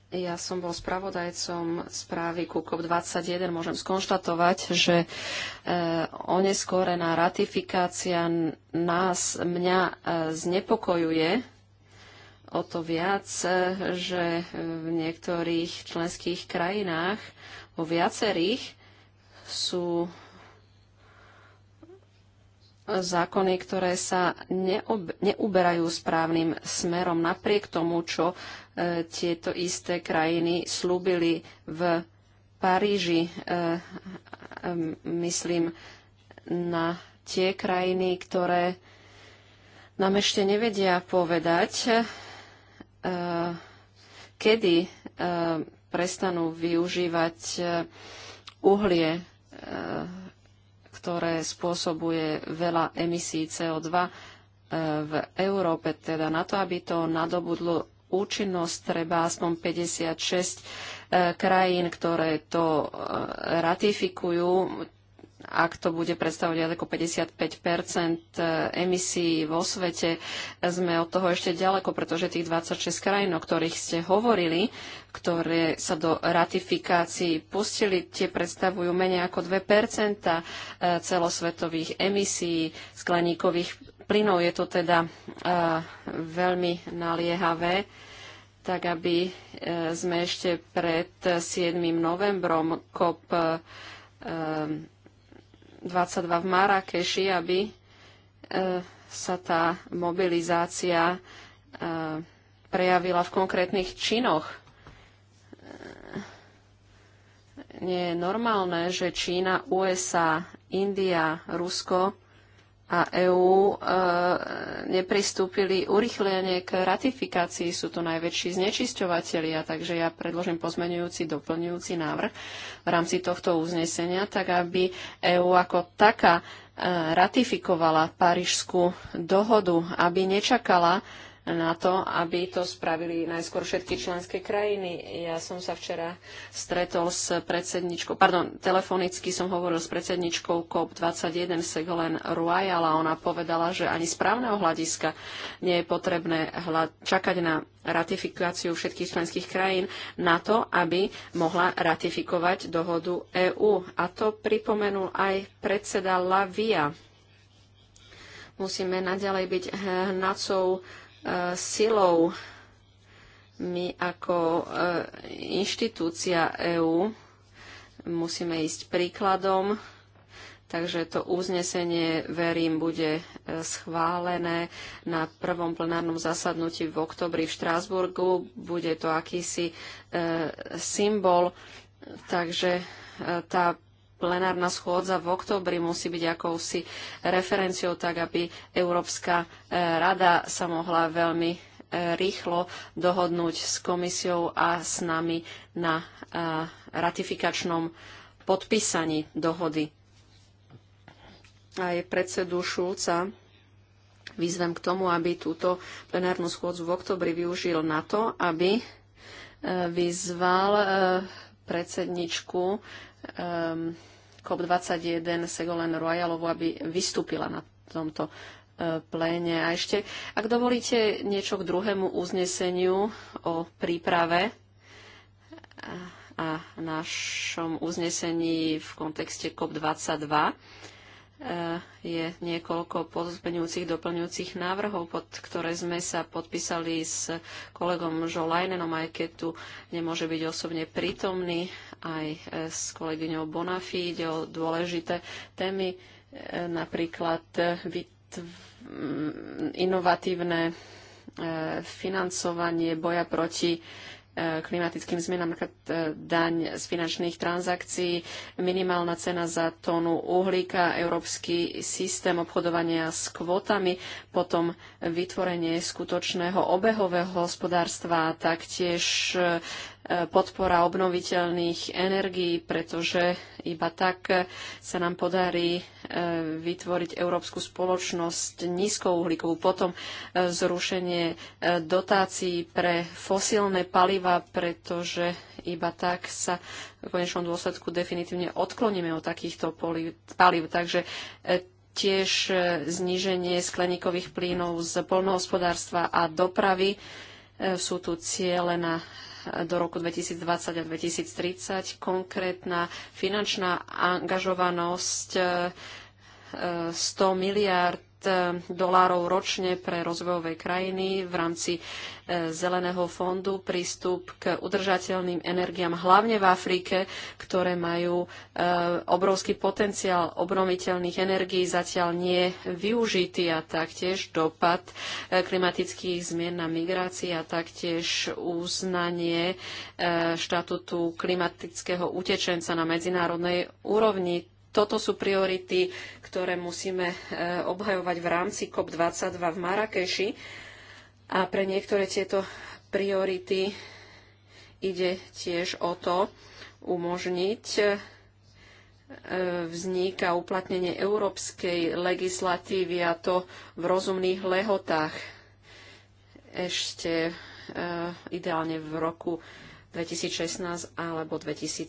Ja som bol spravodajcom správy KUKOP 21. Môžem skonštatovať, že e, oneskorená ratifikácia nás, mňa e, znepokojuje o to viac, e, že v niektorých členských krajinách, vo viacerých, sú zákony, ktoré sa neuberajú správnym smerom napriek tomu, čo E, tieto isté krajiny slúbili v Paríži, e, myslím, na tie krajiny, ktoré nám ešte nevedia povedať, e, kedy prestanú využívať uhlie, ktoré spôsobuje veľa emisí CO2 v Európe, teda na to, aby to nadobudlo účinnosť. Treba aspoň 56 e, krajín, ktoré to e, ratifikujú. Ak to bude predstavovať ako 55 e, emisí vo svete, sme od toho ešte ďaleko, pretože tých 26 krajín, o ktorých ste hovorili, ktoré sa do ratifikácií pustili, tie predstavujú menej ako 2 celosvetových emisí skleníkových plynov. Je to teda eh, veľmi naliehavé, tak aby eh, sme ešte pred 7. novembrom COP 22 eh, v Marrakeši, aby sa tá mobilizácia prejavila v konkrétnych činoch. Nie je normálne, že Čína, USA, India, Rusko a EÚ e, nepristúpili urychlenie k ratifikácii. Sú to najväčší znečisťovateľia, takže ja predložím pozmenujúci, doplňujúci návrh v rámci tohto uznesenia, tak aby EÚ ako taká e, ratifikovala Parížskú dohodu, aby nečakala na to, aby to spravili najskôr všetky členské krajiny. Ja som sa včera stretol s predsedničkou, pardon, telefonicky som hovoril s predsedničkou COP21 Segolen Ruajal a ona povedala, že ani správneho hľadiska nie je potrebné čakať na ratifikáciu všetkých členských krajín na to, aby mohla ratifikovať dohodu EÚ. A to pripomenul aj predseda Lavia. Musíme naďalej byť hnacou silou. My ako e, inštitúcia EÚ musíme ísť príkladom, takže to uznesenie, verím, bude e, schválené na prvom plenárnom zasadnutí v oktobri v Štrásburgu. Bude to akýsi e, symbol, takže tá plenárna schôdza v oktobri musí byť akousi referenciou, tak aby Európska e, rada sa mohla veľmi e, rýchlo dohodnúť s komisiou a s nami na e, ratifikačnom podpísaní dohody. Aj predsedu Šulca výzvem k tomu, aby túto plenárnu schôdzu v oktobri využil na to, aby vyzval predsedničku um, COP21 Segolen Royalovu, aby vystúpila na tomto uh, pléne. A ešte, ak dovolíte niečo k druhému uzneseniu o príprave a, našom uznesení v kontexte COP22, e, je niekoľko pozmeňujúcich, doplňujúcich návrhov, pod ktoré sme sa podpísali s kolegom Žolajnenom, aj keď tu nemôže byť osobne prítomný aj e, s kolegyňou Bonafí. Ide o dôležité témy, e, napríklad e, mm, inovatívne financovanie boja proti klimatickým zmenám, napríklad daň z finančných transakcií, minimálna cena za tónu uhlíka, európsky systém obchodovania s kvotami, potom vytvorenie skutočného obehového hospodárstva taktiež podpora obnoviteľných energií, pretože iba tak sa nám podarí e, vytvoriť európsku spoločnosť nízkouhlíkovú. Potom e, zrušenie e, dotácií pre fosílne paliva, pretože iba tak sa v konečnom dôsledku definitívne odkloníme od takýchto paliv. Takže tiež zníženie skleníkových plynov z polnohospodárstva a dopravy. Sú tu ciele na do roku 2020 a 2030, konkrétna finančná angažovanosť 100 e, e, miliard Eh, dolárov ročne pre rozvojové krajiny v rámci eh, Zeleného fondu prístup k udržateľným energiám, hlavne v Afrike, ktoré majú eh, obrovský potenciál obnoviteľných energií, zatiaľ nie využitý a taktiež dopad klimatických zmien na migrácii a taktiež uznanie štatutu klimatického utečenca na medzinárodnej úrovni toto sú priority, ktoré musíme e, obhajovať v rámci COP22 v Marrakeši. A pre niektoré tieto priority ide tiež o to umožniť e, vznik a uplatnenie európskej legislatívy a to v rozumných lehotách ešte e, ideálne v roku 2016 alebo 2017.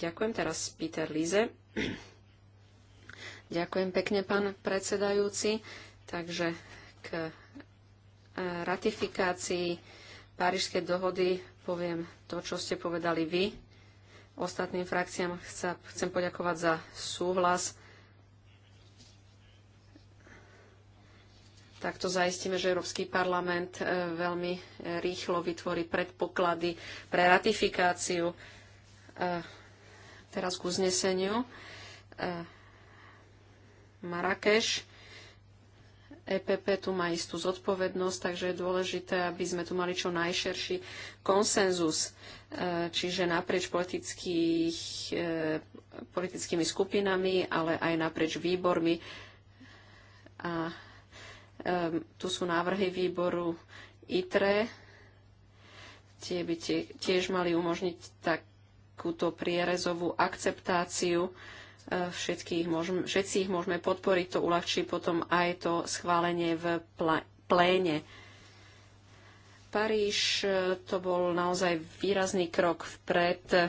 Ďakujem teraz Peter Líze. Ďakujem pekne, pán predsedajúci. Takže k e, ratifikácii Parížskej dohody poviem to, čo ste povedali vy. Ostatným frakciám chcem poďakovať za súhlas Takto zaistíme, že Európsky parlament e, veľmi e, rýchlo vytvorí predpoklady pre ratifikáciu. E, teraz k uzneseniu. Marrakeš. EPP tu má istú zodpovednosť, takže je dôležité, aby sme tu mali čo najširší konsenzus, čiže naprieč politickými skupinami, ale aj naprieč výbormi. A Ehm, tu sú návrhy výboru ITRE. Tie by tiež mali umožniť takúto prierezovú akceptáciu. Ehm, Všetkých všetci ich môžeme podporiť, to uľahčí potom aj to schválenie v pléne. Paríž e, to bol naozaj výrazný krok vpred. E,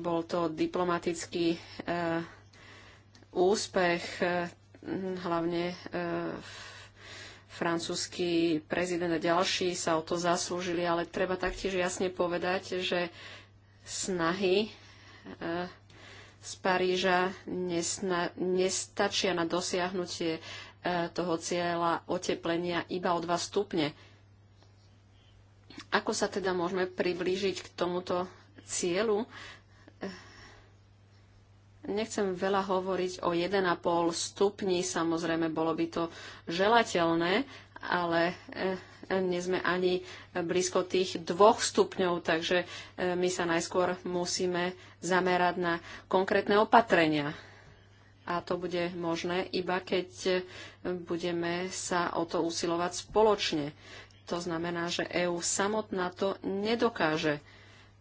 bol to diplomatický e, úspech, Mm, hlavne e, francúzsky prezident a ďalší sa o to zaslúžili, ale treba taktiež jasne povedať, že snahy e, z Paríža nesna, nestačia na dosiahnutie e, toho cieľa oteplenia iba o 2 stupne. Ako sa teda môžeme priblížiť k tomuto cieľu? Nechcem veľa hovoriť o 1,5 stupni, samozrejme bolo by to želateľné, ale eh, eh, nie sme ani blízko tých dvoch stupňov, takže eh, my sa najskôr musíme zamerať na konkrétne opatrenia. A to bude možné, iba keď budeme sa o to usilovať spoločne. To znamená, že EÚ samotná to nedokáže.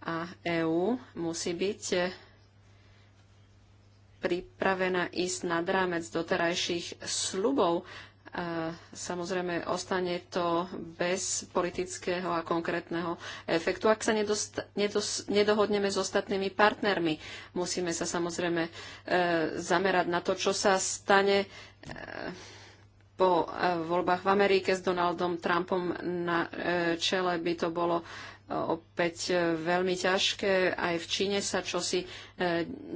A EÚ musí byť pripravená ísť nad rámec doterajších slubov. E, samozrejme, ostane to bez politického a konkrétneho efektu, ak sa nedohodneme s ostatnými partnermi. Musíme sa samozrejme e, zamerať na to, čo sa stane e, po voľbách v Amerike s Donaldom Trumpom na čele by to bolo opäť veľmi ťažké. Aj v Číne sa čosi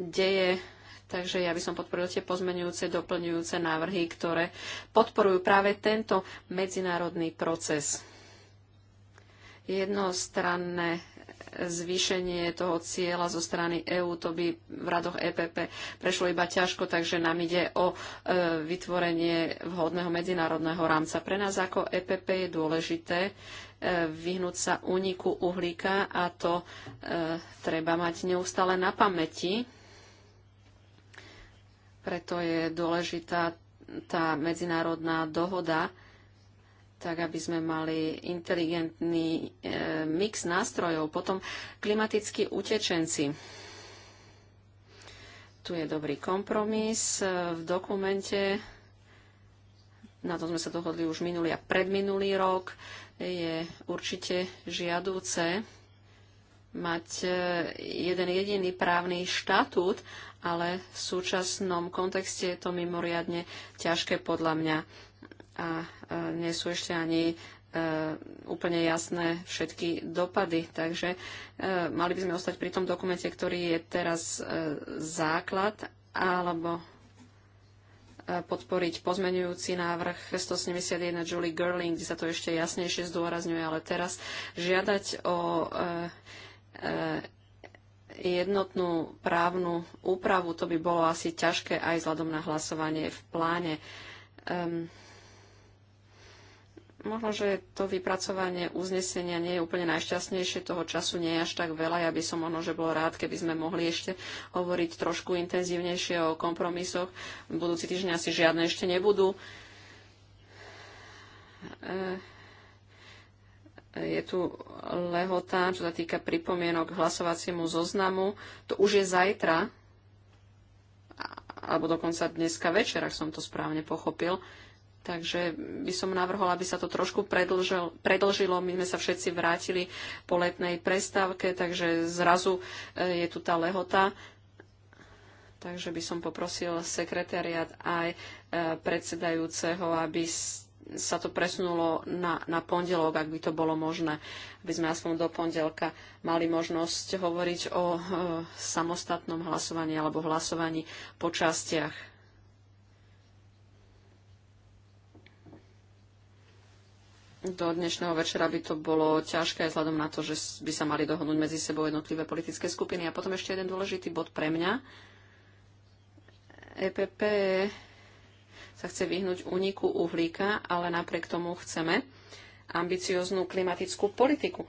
deje Takže ja by som podporil tie pozmenujúce, doplňujúce návrhy, ktoré podporujú práve tento medzinárodný proces. Jednostranné zvýšenie toho cieľa zo strany EÚ, to by v radoch EPP prešlo iba ťažko, takže nám ide o e, vytvorenie vhodného medzinárodného rámca. Pre nás ako EPP je dôležité e, vyhnúť sa úniku uhlíka a to e, treba mať neustále na pamäti. Preto je dôležitá tá medzinárodná dohoda, tak aby sme mali inteligentný e, mix nástrojov. Potom klimatickí utečenci. Tu je dobrý kompromis e, v dokumente. Na to sme sa dohodli už minulý a predminulý rok. Je určite žiadúce mať e, jeden jediný právny štatút ale v súčasnom kontexte je to mimoriadne ťažké podľa mňa a e, nie sú ešte ani e, úplne jasné všetky dopady. Takže e, mali by sme ostať pri tom dokumente, ktorý je teraz základ, alebo podporiť pozmenujúci návrh 171 Julie Girling, kde sa to ešte jasnejšie zdôrazňuje, ale teraz žiadať o jednotnú právnu úpravu, to by bolo asi ťažké aj vzhľadom na hlasovanie v pláne. Um, možno, že to vypracovanie uznesenia nie je úplne najšťastnejšie, toho času nie je až tak veľa. Ja by som možno, že bol rád, keby sme mohli ešte hovoriť trošku intenzívnejšie o kompromisoch. Budúci týždeň asi žiadne ešte nebudú. Ehm, je tu lehota, čo sa týka pripomienok k hlasovaciemu zoznamu. To už je zajtra, alebo dokonca dneska večer, ak som to správne pochopil. Takže by som navrhol, aby sa to trošku predlžil, predlžilo. My sme sa všetci vrátili po letnej prestávke, takže zrazu eh, je tu tá lehota. Takže by som poprosil sekretariat aj eh, predsedajúceho, aby sa to presunulo na, na pondelok, ak by to bolo možné, aby sme aspoň do pondelka mali možnosť hovoriť o e, samostatnom hlasovaní alebo hlasovaní po častiach. do dnešného večera by to bolo ťažké vzhľadom na to, že by sa mali dohodnúť medzi sebou jednotlivé politické skupiny. A potom ešte jeden dôležitý bod pre mňa. EPP sa chce vyhnúť úniku uhlíka, ale napriek tomu chceme ambicioznú klimatickú politiku.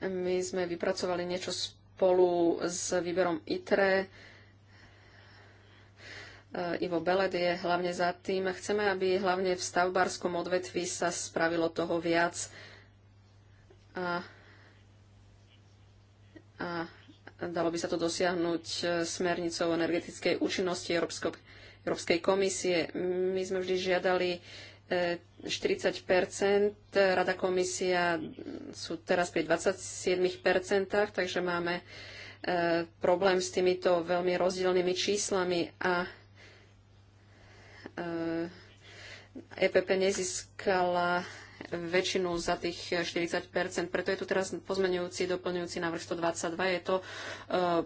My sme vypracovali niečo spolu s výberom ITRE. E, Ivo Beled je hlavne za tým. Chceme, aby hlavne v stavbárskom odvetví sa spravilo toho viac. A, a Dalo by sa to dosiahnuť e, smernicou energetickej účinnosti Európsko, Európskej komisie. My sme vždy žiadali 40 e, Rada komisia sú teraz pri 27 takže máme e, problém s týmito veľmi rozdielnymi číslami a EPP nezískala väčšinu za tých 40 Preto je tu teraz pozmenujúci, doplňujúci návrh 122. Je to e,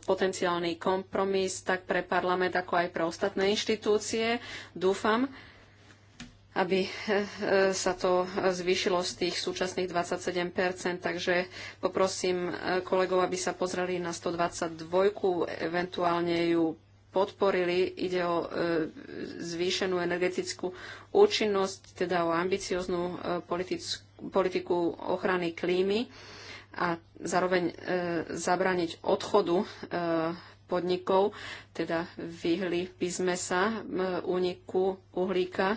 potenciálny kompromis tak pre parlament, ako aj pre ostatné inštitúcie. Dúfam, aby e, e, sa to zvýšilo z tých súčasných 27 Takže poprosím e, kolegov, aby sa pozreli na 122, eventuálne ju podporili. Ide o e, zvýšenú energetickú účinnosť, teda o ambicioznú e, politiku ochrany klímy a zároveň e, zabrániť odchodu podnikov, teda vyhli by sme sa úniku uhlíka.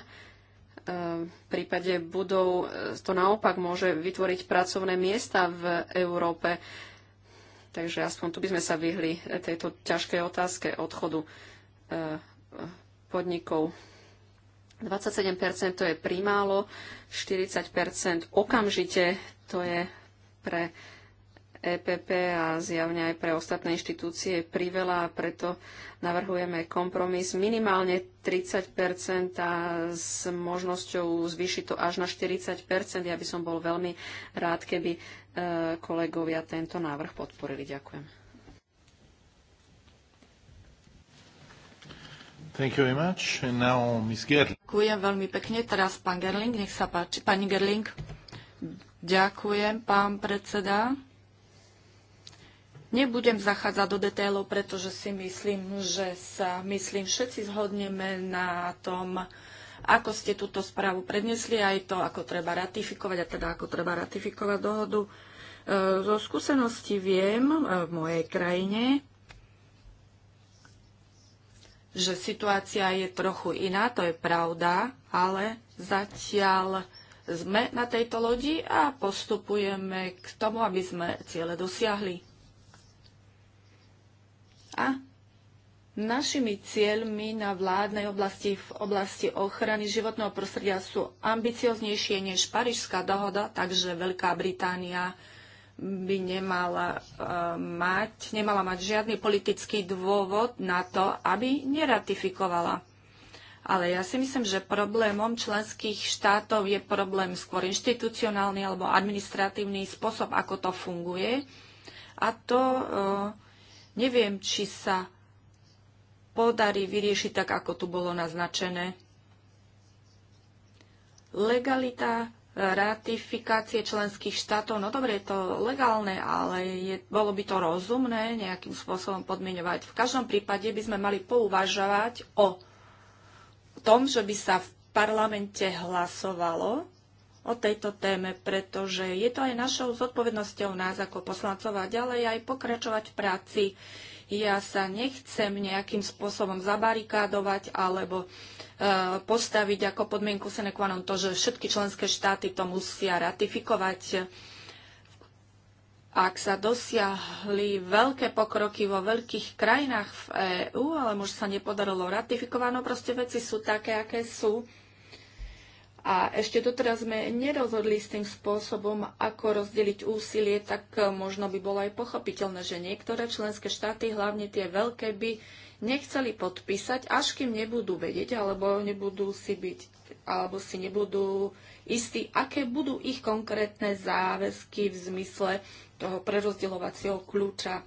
V prípade budov to naopak môže vytvoriť pracovné miesta v Európe. Takže aspoň tu by sme sa vyhli eh, tejto ťažkej otázke odchodu eh, podnikov. 27% to je primálo, 40% okamžite to je pre EPP a zjavne aj pre ostatné inštitúcie priveľa a preto navrhujeme kompromis minimálne 30 a s možnosťou zvýšiť to až na 40 Ja by som bol veľmi rád, keby kolegovia tento návrh podporili. Ďakujem. Thank you very much. And now Ms. Gerling. Ďakujem veľmi pekne. Teraz pán Gerling, nech sa páči. Pani Gerling, ďakujem, pán predseda. Nebudem zachádzať do detailov, pretože si myslím, že sa myslím všetci zhodneme na tom, ako ste túto správu prednesli, aj to, ako treba ratifikovať, a teda ako treba ratifikovať dohodu. Zo skúsenosti viem e, v mojej krajine, že situácia je trochu iná, to je pravda, ale zatiaľ sme na tejto lodi a postupujeme k tomu, aby sme ciele dosiahli. A našimi cieľmi na vládnej oblasti v oblasti ochrany životného prostredia sú ambicioznejšie než Parížská dohoda, takže Veľká Británia by nemala eh, mať, nemala mať žiadny politický dôvod na to, aby neratifikovala. Ale ja si myslím, že problémom členských štátov je problém skôr inštitucionálny alebo administratívny spôsob, ako to funguje. A to eh, neviem, či sa podarí vyriešiť tak, ako tu bolo naznačené. Legalita ratifikácie členských štátov. No dobre, je to legálne, ale je, bolo by to rozumné nejakým spôsobom podmienovať. V každom prípade by sme mali pouvažovať o tom, že by sa v parlamente hlasovalo o tejto téme, pretože je to aj našou zodpovednosťou nás ako poslancov a ďalej aj pokračovať v práci. Ja sa nechcem nejakým spôsobom zabarikádovať alebo Eh, postaviť ako podmienku sine qua non to, že všetky členské štáty to musia ratifikovať. Ak sa dosiahli veľké pokroky vo veľkých krajinách v EÚ, ale už sa nepodarilo ratifikovať, no proste veci sú také, aké sú. A ešte doteraz sme nerozhodli s tým spôsobom, ako rozdeliť úsilie, tak možno by bolo aj pochopiteľné, že niektoré členské štáty, hlavne tie veľké, by nechceli podpísať, až kým nebudú vedieť, alebo nebudú si byť, alebo si nebudú istí, aké budú ich konkrétne záväzky v zmysle toho prerozdeľovacieho kľúča.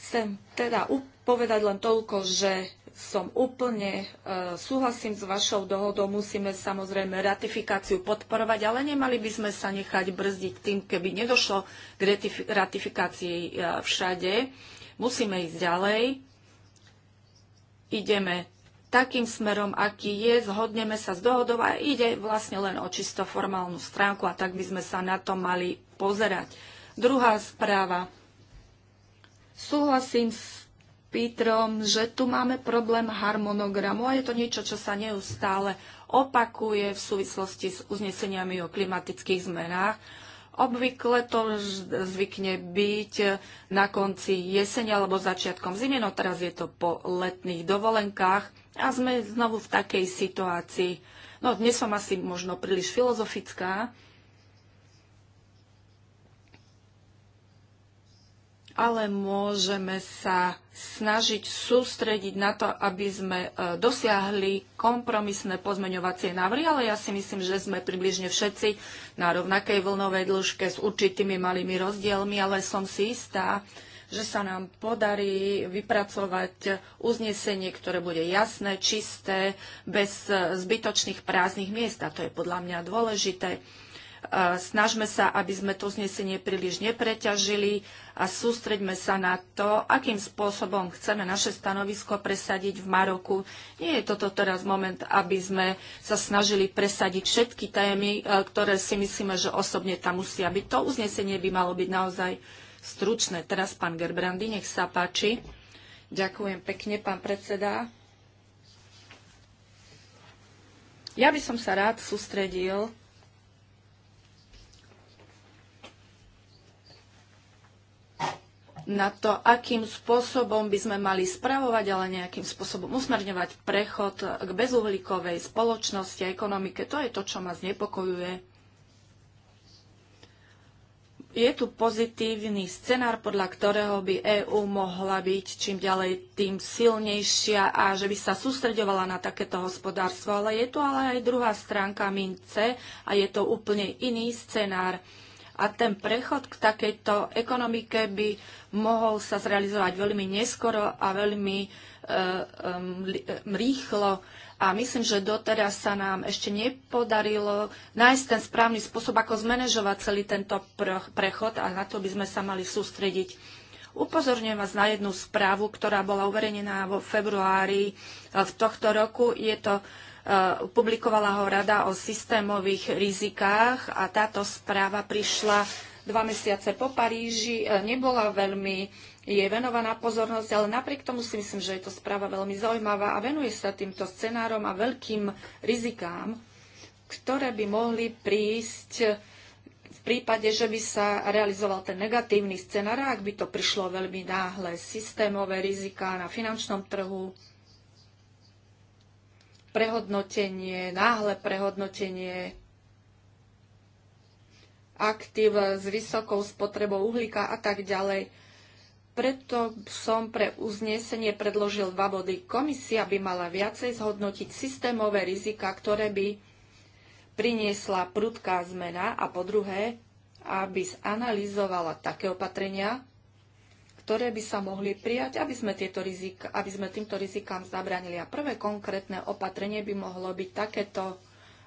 Chcem teda povedať len toľko, že som úplne e, súhlasím s vašou dohodou. Musíme samozrejme ratifikáciu podporovať, ale nemali by sme sa nechať brzdiť tým, keby nedošlo k ratifikácii e, všade. Musíme ísť ďalej. Ideme takým smerom, aký je, zhodneme sa s dohodou a ide vlastne len o čisto formálnu stránku a tak by sme sa na to mali pozerať. Druhá správa. Súhlasím s Pítrom, že tu máme problém harmonogramu a je to niečo, čo sa neustále opakuje v súvislosti s uzneseniami o klimatických zmenách Obvykle to zvykne byť na konci jesene alebo začiatkom zimy, no teraz je to po letných dovolenkách a sme znovu v takej situácii. No dnes som asi možno príliš filozofická, ale môžeme sa snažiť sústrediť na to, aby sme e, dosiahli kompromisné pozmeňovacie návrhy, ale ja si myslím, že sme približne všetci na rovnakej vlnovej dĺžke s určitými malými rozdielmi, ale som si istá, že sa nám podarí vypracovať uznesenie, ktoré bude jasné, čisté, bez e, zbytočných prázdnych miest. A to je podľa mňa dôležité Snažme sa, aby sme to znesenie príliš nepreťažili a sústreďme sa na to, akým spôsobom chceme naše stanovisko presadiť v Maroku. Nie je toto teraz moment, aby sme sa snažili presadiť všetky témy, e, ktoré si myslíme, že osobne tam musia byť. To uznesenie by malo byť naozaj stručné. Teraz pán Gerbrandy, nech sa páči. Ďakujem pekne, pán predseda. Ja by som sa rád sústredil na to, akým spôsobom by sme mali spravovať, ale nejakým spôsobom usmerňovať prechod k bezuhlíkovej spoločnosti a ekonomike. To je to, čo ma znepokojuje. Je tu pozitívny scenár, podľa ktorého by EÚ mohla byť čím ďalej tým silnejšia a že by sa sústreďovala na takéto hospodárstvo, ale je tu ale aj druhá stránka mince a je to úplne iný scenár a ten prechod k takejto ekonomike by mohol sa zrealizovať veľmi neskoro a veľmi e, e rýchlo. A myslím, že doteraz sa nám ešte nepodarilo nájsť ten správny spôsob, ako zmanéžovať celý tento prechod a na to by sme sa mali sústrediť. Upozorňujem vás na jednu správu, ktorá bola uverejnená vo februári e, v tohto roku. Je to Eh, publikovala ho Rada o systémových rizikách a táto správa prišla dva mesiace po Paríži. Eh, nebola veľmi je venovaná pozornosť, ale napriek tomu si myslím, že je to správa veľmi zaujímavá a venuje sa týmto scenárom a veľkým rizikám, ktoré by mohli prísť v prípade, že by sa realizoval ten negatívny scenár, ak by to prišlo veľmi náhle, systémové rizika na finančnom trhu, prehodnotenie, náhle prehodnotenie aktív s vysokou spotrebou uhlíka a tak ďalej. Preto som pre uznesenie predložil dva body. Komisia by mala viacej zhodnotiť systémové rizika, ktoré by priniesla prudká zmena a po druhé, aby zanalizovala také opatrenia, ktoré by sa mohli prijať, aby sme, tieto rizik, aby sme týmto rizikám zabránili. A prvé konkrétne opatrenie by mohlo byť takéto.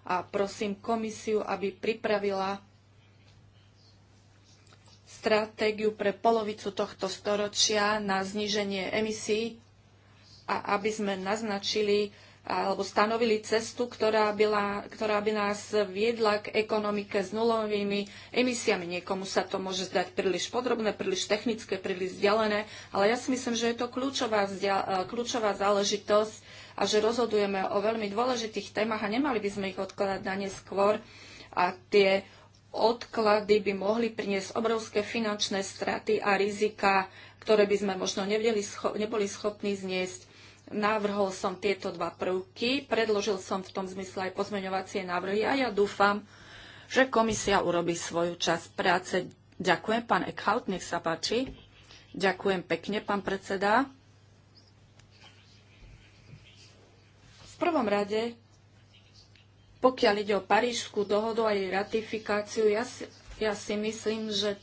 A prosím komisiu, aby pripravila stratégiu pre polovicu tohto storočia na zníženie emisí a aby sme naznačili alebo stanovili cestu, ktorá, byla, ktorá by nás viedla k ekonomike s nulovými emisiami. Niekomu sa to môže zdať príliš podrobné, príliš technické, príliš vzdialené, ale ja si myslím, že je to kľúčová, e, kľúčová záležitosť a že rozhodujeme o veľmi dôležitých témach a nemali by sme ich odkladať na neskôr a tie odklady by mohli priniesť obrovské finančné straty a rizika, ktoré by sme možno neboli schopní zniesť. Navrhol som tieto dva prvky, predložil som v tom zmysle aj pozmeňovacie návrhy a ja dúfam, že komisia urobí svoju časť práce. Ďakujem, pán Eckhout, nech sa páči. Ďakujem pekne, pán predseda. V prvom rade, pokiaľ ide o Parížskú dohodu a jej ratifikáciu, ja si, ja si myslím, že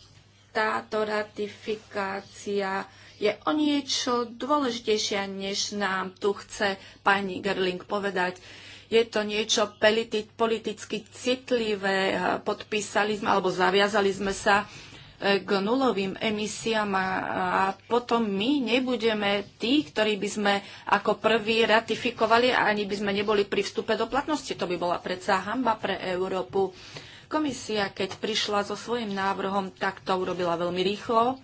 táto ratifikácia je o niečo dôležitejšia, než nám tu chce pani Gerling povedať. Je to niečo politicky citlivé. Eh, podpísali sme alebo zaviazali sme sa eh, k nulovým emisiám a, potom my nebudeme tí, ktorí by sme ako prví ratifikovali a ani by sme neboli pri vstupe do platnosti. To by bola predsa hamba pre Európu. Komisia, keď prišla so svojím návrhom, tak to urobila veľmi rýchlo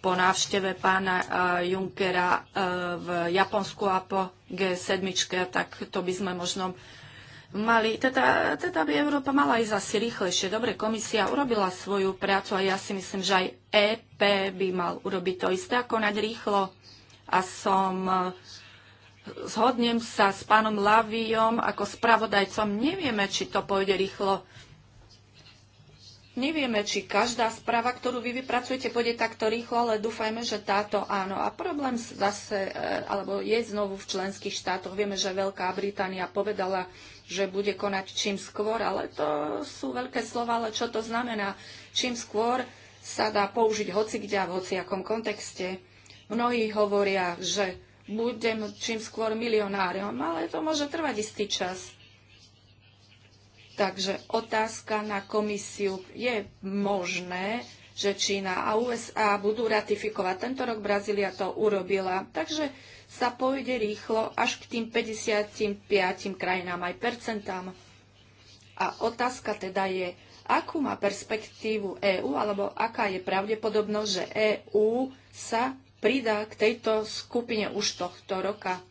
po návšteve pána e, Junkera e, v Japonsku a po G7, tak to by sme možno mali, teda, teda by Európa mala ísť asi rýchlejšie. Dobre, komisia urobila svoju prácu a ja si myslím, že aj EP by mal urobiť to isté a konať rýchlo. A som e, zhodnem sa s pánom Laviom ako spravodajcom. Nevieme, či to pôjde rýchlo. Nevieme, či každá správa, ktorú vy vypracujete, pôjde takto rýchlo, ale dúfajme, že táto áno. A problém zase, e, alebo je znovu v členských štátoch. Vieme, že Veľká Británia povedala, že bude konať čím skôr, ale to sú veľké slova, ale čo to znamená? Čím skôr sa dá použiť hoci kde a v hociakom kontexte. Mnohí hovoria, že budem čím skôr milionárom, ale to môže trvať istý čas. Takže otázka na komisiu. Je možné, že Čína a USA budú ratifikovať. Tento rok Brazília to urobila. Takže sa pôjde rýchlo až k tým 55 krajinám aj percentám. A otázka teda je, akú má perspektívu EÚ, alebo aká je pravdepodobnosť, že EÚ sa pridá k tejto skupine už tohto roka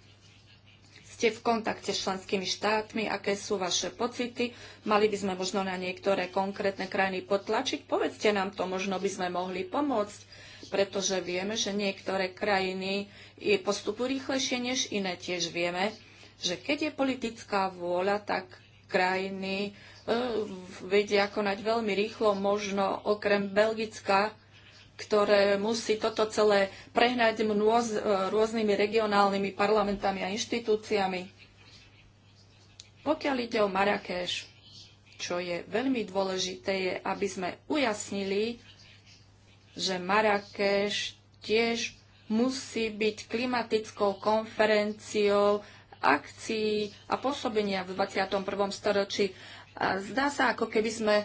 ste v kontakte s členskými štátmi, aké sú vaše pocity. Mali by sme možno na niektoré konkrétne krajiny potlačiť. Povedzte nám to, možno by sme mohli pomôcť, pretože vieme, že niektoré krajiny postupujú rýchlejšie než iné. Tiež vieme, že keď je politická vôľa, tak krajiny e, vedia konať veľmi rýchlo, možno okrem Belgická, ktoré musí toto celé prehnať mnôz, e, rôznymi regionálnymi parlamentami a inštitúciami. Pokiaľ ide o Marrakeš, čo je veľmi dôležité, je, aby sme ujasnili, že Marrakeš tiež musí byť klimatickou konferenciou akcií a pôsobenia v 21. storočí. A zdá sa, ako keby sme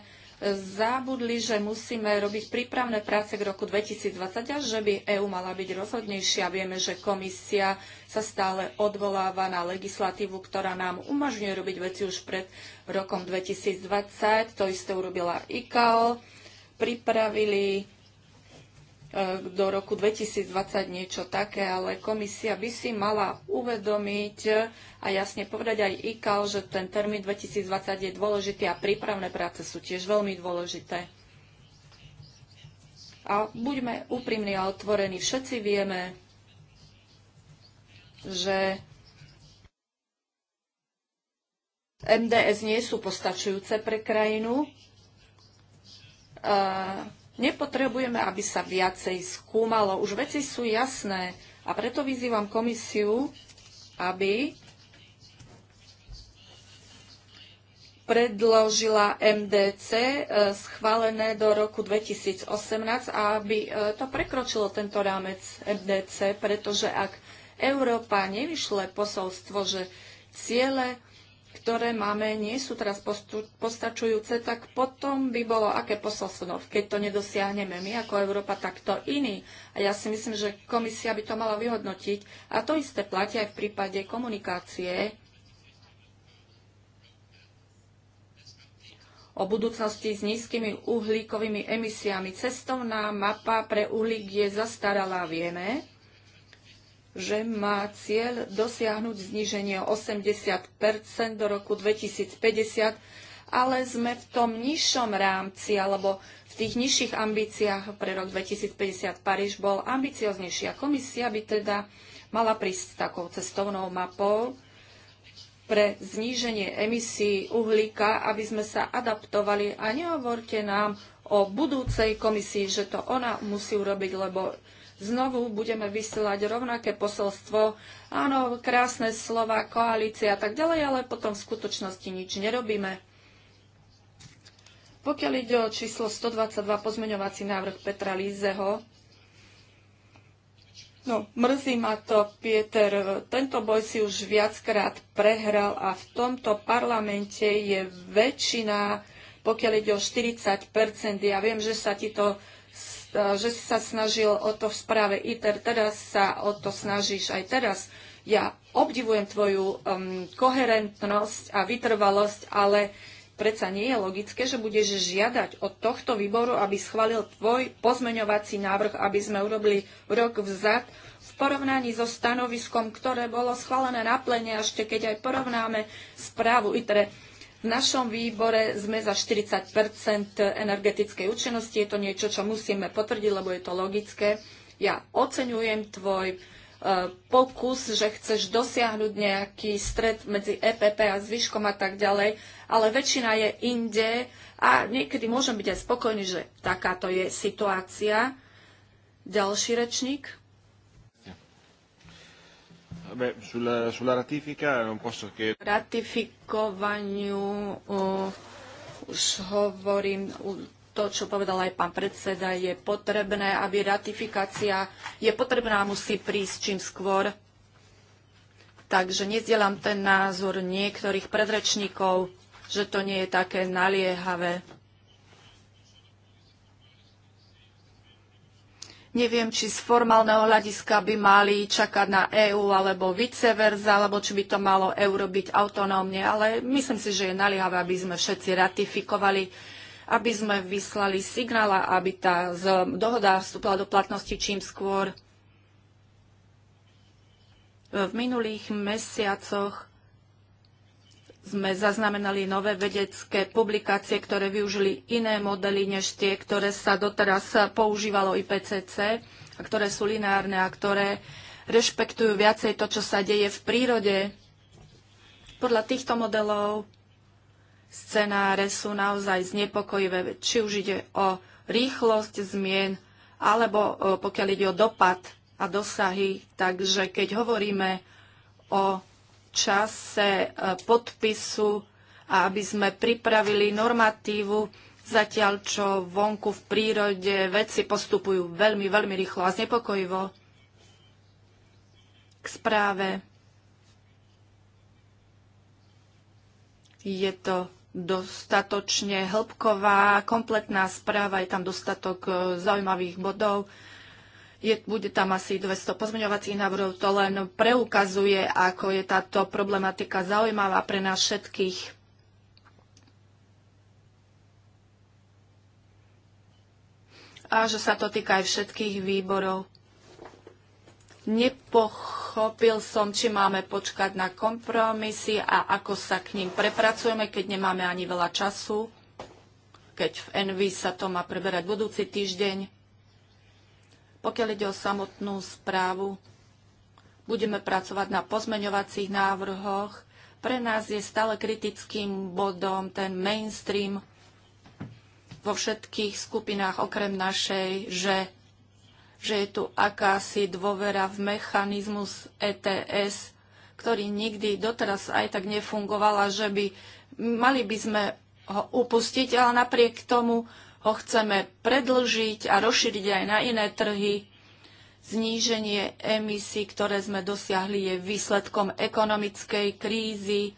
zabudli, že musíme robiť prípravné práce k roku 2020 a že by EÚ mala byť rozhodnejšia. Vieme, že komisia sa stále odvoláva na legislatívu, ktorá nám umožňuje robiť veci už pred rokom 2020. To isté urobila ICAO. Pripravili E, do roku 2020 niečo také, ale komisia by si mala uvedomiť a jasne povedať aj IKAL, že ten termín 2020 je dôležitý a prípravné práce sú tiež veľmi dôležité. A buďme úprimní a otvorení. Všetci vieme, že MDS nie sú postačujúce pre krajinu. E, Nepotrebujeme, aby sa viacej skúmalo. Už veci sú jasné a preto vyzývam komisiu, aby predložila MDC e, schválené do roku 2018 a aby e, to prekročilo tento rámec MDC, pretože ak Európa nevyšle posolstvo, že ciele ktoré máme, nie sú teraz postačujúce, tak potom by bolo aké posolstvo, no, keď to nedosiahneme my ako Európa, tak to iný. A ja si myslím, že komisia by to mala vyhodnotiť. A to isté platí aj v prípade komunikácie o budúcnosti s nízkymi uhlíkovými emisiami. Cestovná mapa pre uhlík je zastaralá, vieme že má cieľ dosiahnuť zníženie 80 do roku 2050, ale sme v tom nižšom rámci alebo v tých nižších ambíciách pre rok 2050. Paríž bol ambicioznejší a komisia by teda mala prísť s takou cestovnou mapou pre zníženie emisí uhlíka, aby sme sa adaptovali a nehovorte nám o budúcej komisii, že to ona musí urobiť, lebo znovu budeme vysielať rovnaké posolstvo, áno, krásne slova, koalícia a tak ďalej, ale potom v skutočnosti nič nerobíme. Pokiaľ ide o číslo 122 pozmeňovací návrh Petra Lízeho, No, mrzí ma to, Pieter. Tento boj si už viackrát prehral a v tomto parlamente je väčšina, pokiaľ ide o 40 Ja viem, že sa ti to E, že si sa snažil o to v správe ITER, teraz sa o to snažíš aj teraz. Ja obdivujem tvoju um, koherentnosť a vytrvalosť, ale predsa nie je logické, že budeš žiadať od tohto výboru, aby schválil tvoj pozmeňovací návrh, aby sme urobili rok vzad v porovnaní so stanoviskom, ktoré bolo schválené na plene, ešte keď aj porovnáme správu ITRE v našom výbore sme za 40 energetickej účinnosti. Je to niečo, čo musíme potvrdiť, lebo je to logické. Ja oceňujem tvoj e, pokus, že chceš dosiahnuť nejaký stred medzi EPP a zvyškom a tak ďalej, ale väčšina je inde a niekedy môžem byť aj spokojný, že takáto je situácia. Ďalší rečník. Beh, sulla, sulla ratifica non posso che... Ratifikovaniu uh, už hovorím, to, čo povedal aj pán predseda, je potrebné, aby ratifikácia je potrebná, musí prísť čím skôr. Takže nezdielam ten názor niektorých predrečníkov, že to nie je také naliehavé. Neviem, či z formálneho hľadiska by mali čakať na EÚ alebo vice versa, alebo či by to malo EÚ robiť autonómne, ale myslím si, že je naliehavé, aby sme všetci ratifikovali, aby sme vyslali signál, aby tá dohoda vstúpila do platnosti čím skôr. V minulých mesiacoch sme zaznamenali nové vedecké publikácie, ktoré využili iné modely než tie, ktoré sa doteraz používalo IPCC a ktoré sú lineárne a ktoré rešpektujú viacej to, čo sa deje v prírode. Podľa týchto modelov scenáre sú naozaj znepokojivé, či už ide o rýchlosť zmien, alebo e, pokiaľ ide o dopad a dosahy. Takže keď hovoríme o čase e, podpisu a aby sme pripravili normatívu, zatiaľ čo vonku v prírode veci postupujú veľmi, veľmi rýchlo a znepokojivo k správe. Je to dostatočne hĺbková, kompletná správa, je tam dostatok e, zaujímavých bodov je, bude tam asi 200 pozmeňovacích návrhov. To len preukazuje, ako je táto problematika zaujímavá pre nás všetkých. A že sa to týka aj všetkých výborov. Nepochopil som, či máme počkať na kompromisy a ako sa k ním prepracujeme, keď nemáme ani veľa času, keď v NV sa to má preberať budúci týždeň. Pokiaľ ide o samotnú správu, budeme pracovať na pozmeňovacích návrhoch. Pre nás je stále kritickým bodom ten mainstream vo všetkých skupinách okrem našej, že, že je tu akási dôvera v mechanizmus ETS, ktorý nikdy doteraz aj tak nefungovala, že by mali by sme ho upustiť, ale napriek tomu ho chceme predlžiť a rozšíriť aj na iné trhy. Zníženie emisí, ktoré sme dosiahli, je výsledkom ekonomickej krízy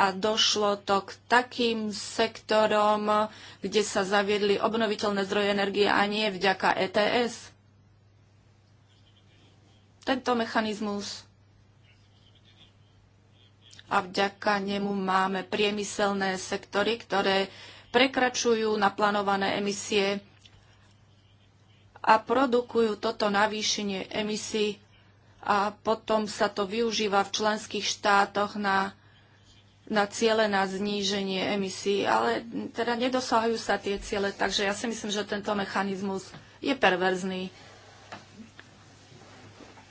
a došlo to k takým sektorom, kde sa zaviedli obnoviteľné zdroje energie a nie vďaka ETS. Tento mechanizmus a vďaka nemu máme priemyselné sektory, ktoré prekračujú naplánované emisie a produkujú toto navýšenie emisí a potom sa to využíva v členských štátoch na, na ciele na zníženie emisí, ale teda nedosahujú sa tie ciele, takže ja si myslím, že tento mechanizmus je perverzný.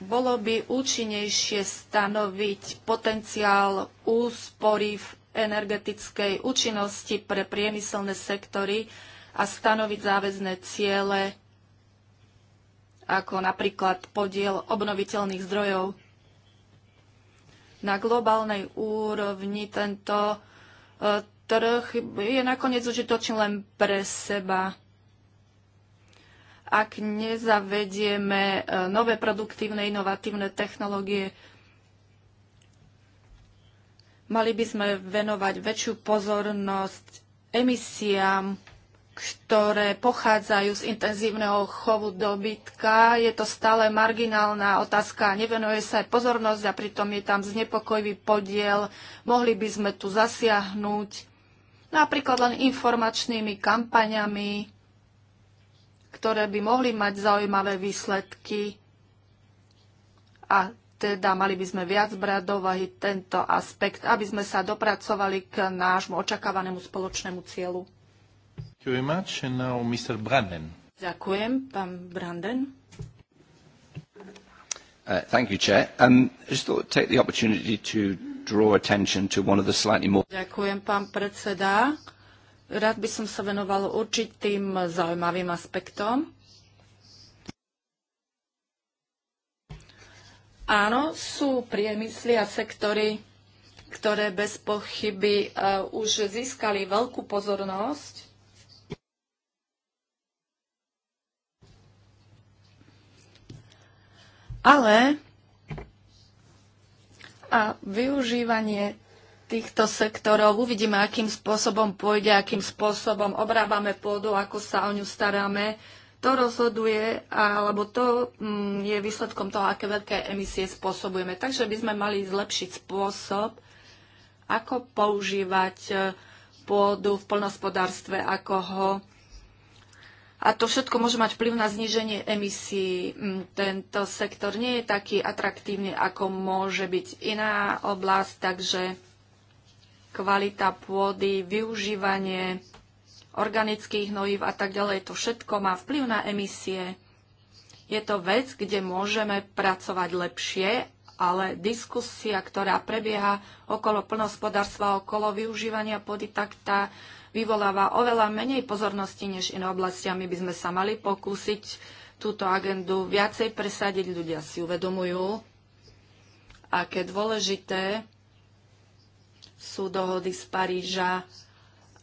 Bolo by účinnejšie stanoviť potenciál úspory v energetickej účinnosti pre priemyselné sektory a stanoviť záväzné ciele, ako napríklad podiel obnoviteľných zdrojov. Na globálnej úrovni tento e, trh je nakoniec užitočný len pre seba. Ak nezavedieme e, nové produktívne inovatívne technológie, Mali by sme venovať väčšiu pozornosť emisiám, ktoré pochádzajú z intenzívneho chovu dobytka. Je to stále marginálna otázka, nevenuje sa aj pozornosť a pritom je tam znepokojivý podiel. Mohli by sme tu zasiahnuť napríklad len informačnými kampaňami, ktoré by mohli mať zaujímavé výsledky. A teda mali by sme viac brať do vahy tento aspekt, aby sme sa dopracovali k nášmu očakávanému spoločnému cieľu. Ďakujem, pán Branden. Uh, um, Ďakujem, pán predseda. Rád by som sa venoval určitým zaujímavým aspektom. Áno, sú priemysly a sektory, ktoré bez pochyby e, už získali veľkú pozornosť. Ale a využívanie týchto sektorov. Uvidíme, akým spôsobom pôjde, akým spôsobom obrábame pôdu, ako sa o ňu staráme. To rozhoduje, alebo to mm, je výsledkom toho, aké veľké emisie spôsobujeme. Takže by sme mali zlepšiť spôsob, ako používať e, pôdu v plnospodárstve, ako ho a to všetko môže mať vplyv na zníženie emisí. Mm, tento sektor nie je taký atraktívny, ako môže byť iná oblasť, takže kvalita pôdy, využívanie organických hnojív a tak ďalej. To všetko má vplyv na emisie. Je to vec, kde môžeme pracovať lepšie, ale diskusia, ktorá prebieha okolo plnohospodárstva, okolo využívania pôdy, tak tá vyvoláva oveľa menej pozornosti než iné oblasti a my by sme sa mali pokúsiť túto agendu viacej presadiť. Ľudia si uvedomujú, aké dôležité sú dohody z Paríža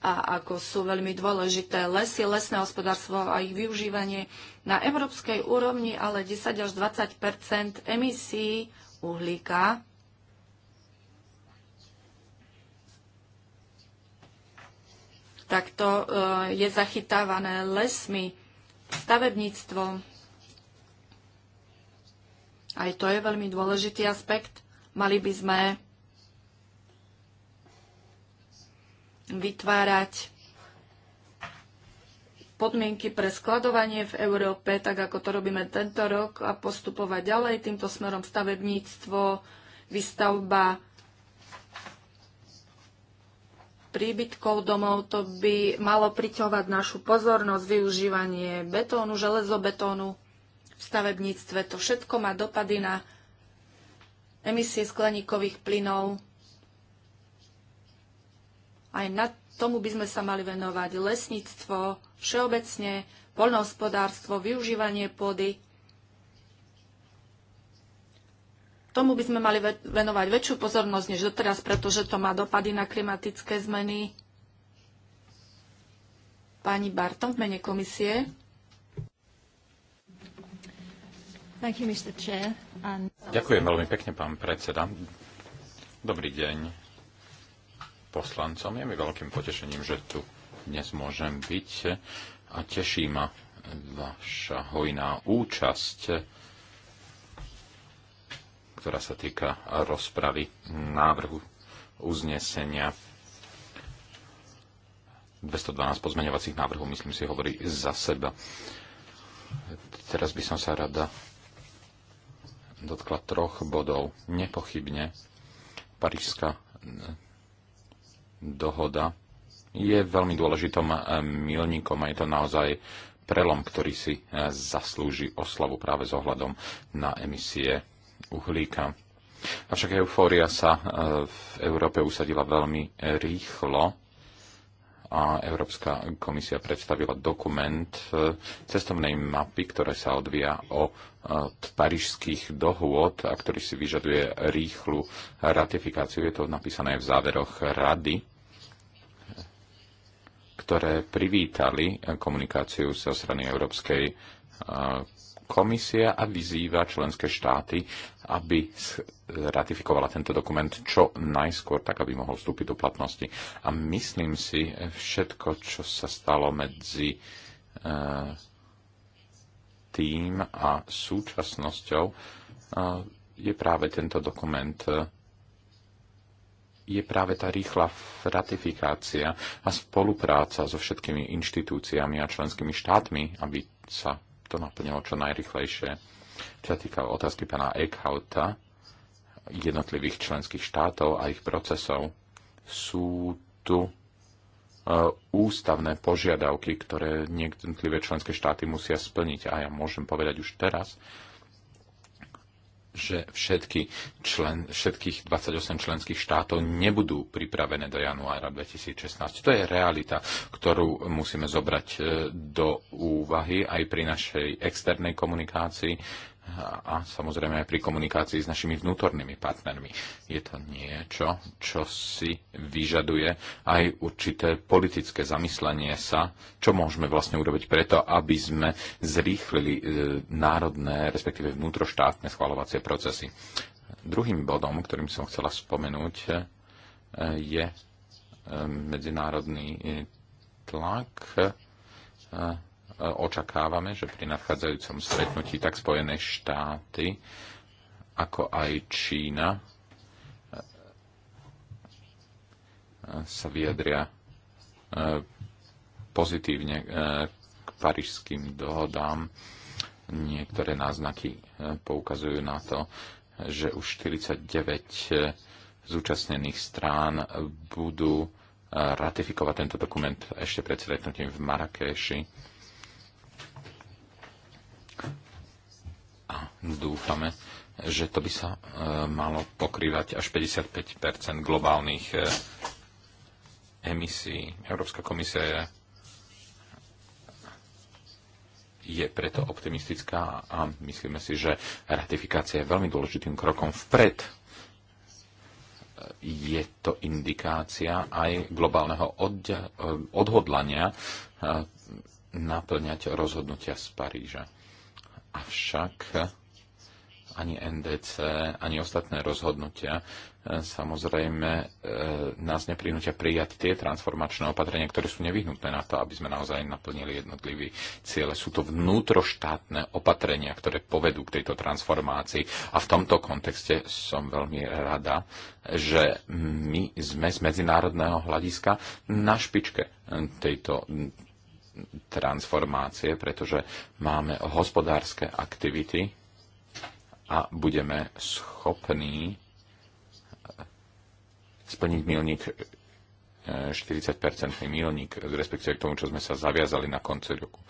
a ako sú veľmi dôležité lesy, lesné hospodárstvo a ich využívanie na európskej úrovni, ale 10 až 20 emisí uhlíka. Takto e, je zachytávané lesmi, stavebníctvom. Aj to je veľmi dôležitý aspekt. Mali by sme vytvárať podmienky pre skladovanie v Európe, tak ako to robíme tento rok a postupovať ďalej týmto smerom stavebníctvo, výstavba príbytkov domov, to by malo priťovať našu pozornosť, využívanie betónu, železobetónu v stavebníctve. To všetko má dopady na emisie skleníkových plynov aj na tomu by sme sa mali venovať. Lesníctvo, všeobecne, poľnohospodárstvo, využívanie pôdy. Tomu by sme mali venovať väčšiu pozornosť než doteraz, pretože to má dopady na klimatické zmeny. Pani Barton v mene komisie. Ďakujem veľmi pekne, pán predseda. Dobrý deň poslancom. Je mi veľkým potešením, že tu dnes môžem byť a teší ma vaša hojná účasť, ktorá sa týka rozpravy návrhu uznesenia 212 pozmeňovacích návrhov, myslím si, hovorí za seba. Teraz by som sa rada dotkla troch bodov. Nepochybne Parížská dohoda je veľmi dôležitým eh, milníkom a je to naozaj prelom, ktorý si eh, zaslúži oslavu práve s ohľadom na emisie uhlíka. Avšak eufória sa eh, v Európe usadila veľmi rýchlo a Európska komisia predstavila dokument cestovnej mapy, ktoré sa odvíja od parížských dohôd a ktorý si vyžaduje rýchlu ratifikáciu. Je to napísané v záveroch rady ktoré privítali komunikáciu zo strany Európskej komisie a vyzýva členské štáty, aby ratifikovala tento dokument čo najskôr, tak aby mohol vstúpiť do platnosti. A myslím si, všetko, čo sa stalo medzi e, tým a súčasnosťou, e, je práve tento dokument e, je práve tá rýchla ratifikácia a spolupráca so všetkými inštitúciami a členskými štátmi, aby sa to naplnilo čo najrychlejšie. Čo sa týka otázky pána Eckhouta, jednotlivých členských štátov a ich procesov, sú tu e, ústavné požiadavky, ktoré jednotlivé členské štáty musia splniť. A ja môžem povedať už teraz, že všetky člen, všetkých 28 členských štátov nebudú pripravené do januára 2016. To je realita, ktorú musíme zobrať e, do úvahy aj pri našej externej komunikácii a samozrejme aj pri komunikácii s našimi vnútornými partnermi. Je to niečo, čo si vyžaduje aj určité politické zamyslenie sa, čo môžeme vlastne urobiť preto, aby sme zrýchlili e, národné, respektíve vnútroštátne schvalovacie procesy. Druhým bodom, ktorým som chcela spomenúť, e, je e, medzinárodný tlak očakávame, že pri nadchádzajúcom stretnutí tak Spojené štáty, ako aj Čína sa vyjadria e, pozitívne e, k parížským dohodám. Niektoré náznaky e, poukazujú na to, že už 49 zúčastnených strán budú ratifikovať tento dokument ešte pred stretnutím v Marrakeši a dúfame, že to by sa e, malo pokrývať až 55 globálnych e, emisí. Európska komisia je, je preto optimistická a myslíme si, že ratifikácia je veľmi dôležitým krokom vpred. E, je to indikácia aj globálneho odhodlania naplňať rozhodnutia z Paríža Avšak ani NDC, ani ostatné rozhodnutia e, samozrejme e, nás neprinútia prijať tie transformačné opatrenia, ktoré sú nevyhnutné na to, aby sme naozaj naplnili jednotlivý cieľ. Sú to vnútroštátne opatrenia, ktoré povedú k tejto transformácii. A v tomto kontexte som veľmi rada, že my sme z medzinárodného hľadiska na špičke tejto transformácie, pretože máme hospodárske aktivity a budeme schopní splniť milník 40-percentný e, milník, respektíve k tomu, čo sme sa zaviazali na konci roku,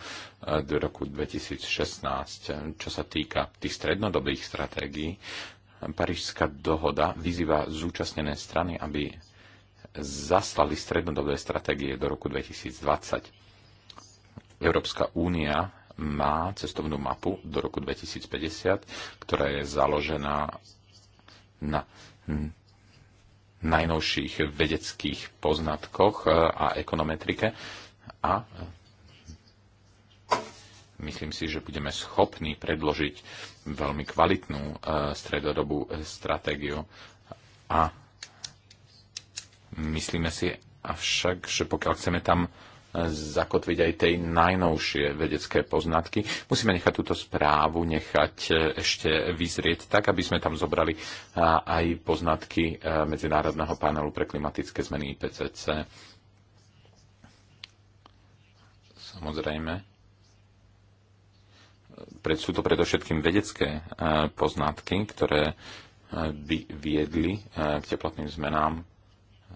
e, do roku 2016. Čo sa týka tých strednodobých stratégií, Parížská dohoda vyzýva zúčastnené strany, aby zaslali strednodobé stratégie do roku 2020. Európska únia má cestovnú mapu do roku 2050, ktorá je založená na najnovších vedeckých poznatkoch e, a ekonometrike a e, myslím si, že budeme schopní predložiť veľmi kvalitnú e, stredodobú stratégiu a myslíme si avšak, že pokiaľ chceme tam zakotviť aj tej najnovšie vedecké poznatky. Musíme nechať túto správu nechať e, ešte vyzrieť tak, aby sme tam zobrali e, aj poznatky e, Medzinárodného panelu pre klimatické zmeny IPCC. Samozrejme. Pred, sú to predovšetkým vedecké poznatky, ktoré by viedli k teplotným zmenám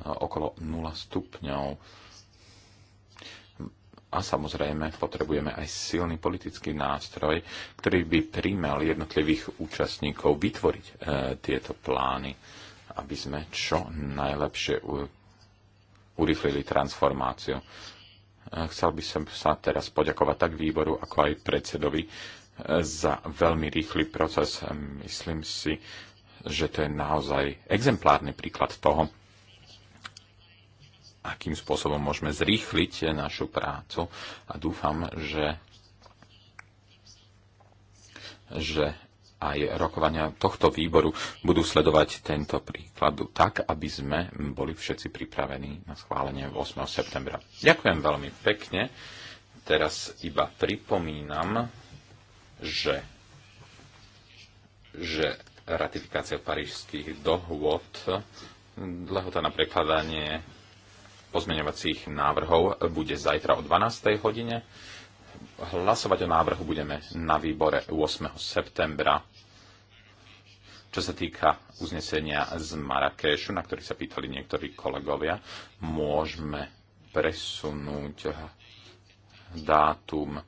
okolo 0 stupňov a samozrejme potrebujeme aj silný politický nástroj, ktorý by príjmal jednotlivých účastníkov vytvoriť e, tieto plány, aby sme čo najlepšie u, urychlili transformáciu. E, chcel by som sa teraz poďakovať tak výboru, ako aj predsedovi e, za veľmi rýchly proces. Myslím si, že to je naozaj exemplárny príklad toho, akým spôsobom môžeme zrýchliť našu prácu a dúfam, že, že aj rokovania tohto výboru budú sledovať tento príklad tak, aby sme boli všetci pripravení na schválenie 8. septembra. Ďakujem veľmi pekne. Teraz iba pripomínam, že, že ratifikácia parížských dohôd, lehota na prekladanie pozmeňovacích návrhov bude zajtra o 12. hodine. Hlasovať o návrhu budeme na výbore 8. septembra. Čo sa týka uznesenia z Marrakešu, na ktorých sa pýtali niektorí kolegovia, môžeme presunúť dátum eh,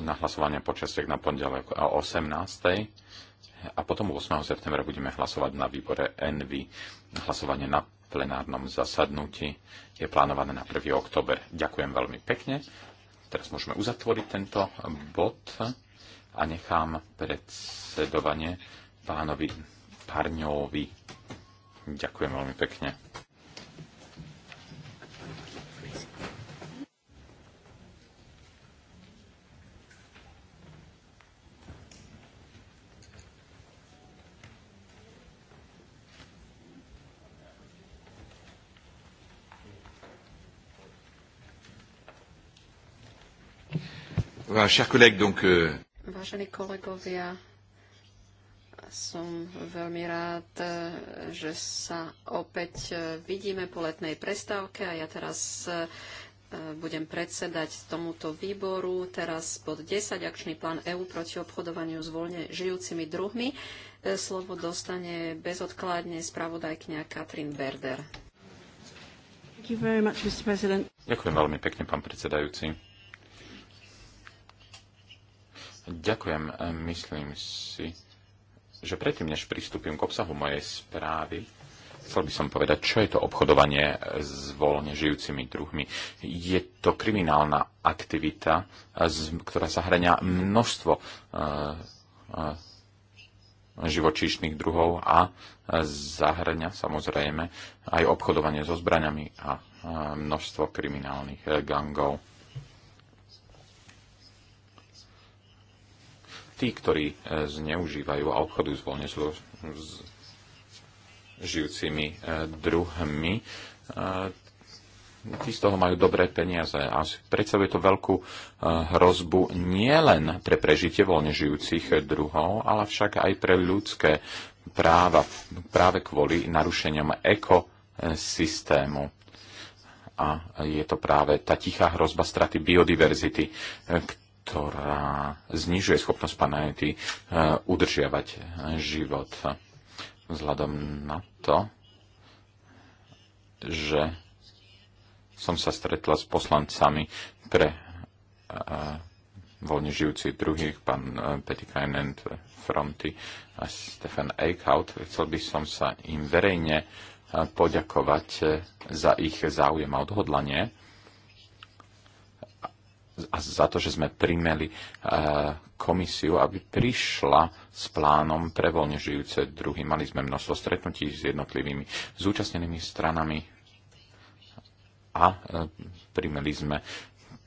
na hlasovanie počasiek na pondelok o 18. A potom 8. septembra budeme hlasovať na výbore NV. Hlasovanie na plenárnom zasadnutí. Je plánované na 1. október. Ďakujem veľmi pekne. Teraz môžeme uzatvoriť tento bod a nechám predsedovanie pánovi Parňovi. Ďakujem veľmi pekne. Euh, Vážení kolegovia, som veľmi rád, eh, že sa opäť eh, vidíme po letnej prestávke a ja teraz eh, budem predsedať tomuto výboru. Teraz pod 10 akčný plán EÚ proti obchodovaniu s voľne žijúcimi druhmi. Slovo dostane bezodkladne spravodajkňa Katrin Berder. Ďakujem veľmi pekne, pán predsedajúci. Ďakujem. E, myslím si, že predtým, než pristúpim k obsahu mojej správy, chcel by som povedať, čo je to obchodovanie s voľne žijúcimi druhmi. Je to kriminálna aktivita, e, ktorá zahrania množstvo e, živočíšnych druhov a zahrania samozrejme aj obchodovanie so zbraňami a množstvo kriminálnych gangov. tí, ktorí e, zneužívajú a obchodujú s voľne žijúcimi e, druhmi, tí z toho majú dobré peniaze a predstavuje to veľkú e, hrozbu nielen pre prežitie voľne žijúcich druhov, ale však aj pre ľudské práva práve kvôli narušeniam ekosystému. A je to práve tá tichá hrozba straty biodiverzity, ktorá znižuje schopnosť planéty e, udržiavať život. Vzhľadom na to, že som sa stretla s poslancami pre e, e, voľne žijúcich druhých, pán Petikainen Fronty a Stefan Eichhout. Chcel by som sa im verejne poďakovať za ich záujem a odhodlanie a za to, že sme primeli e, komisiu, aby prišla s plánom pre voľne žijúce druhy. Mali sme množstvo stretnutí s jednotlivými zúčastnenými stranami a e, primeli sme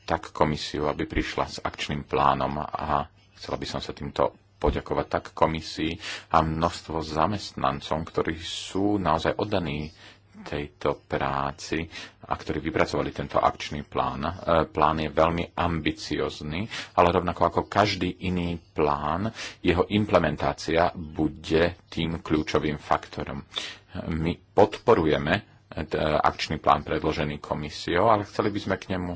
tak komisiu, aby prišla s akčným plánom a chcela by som sa týmto poďakovať tak komisii a množstvo zamestnancom, ktorí sú naozaj oddaní tejto práci a ktorí vypracovali tento akčný plán. E, plán je veľmi ambiciozný, ale rovnako ako každý iný plán, jeho implementácia bude tým kľúčovým faktorom. My podporujeme e, e, akčný plán predložený komisiou, ale chceli by sme k nemu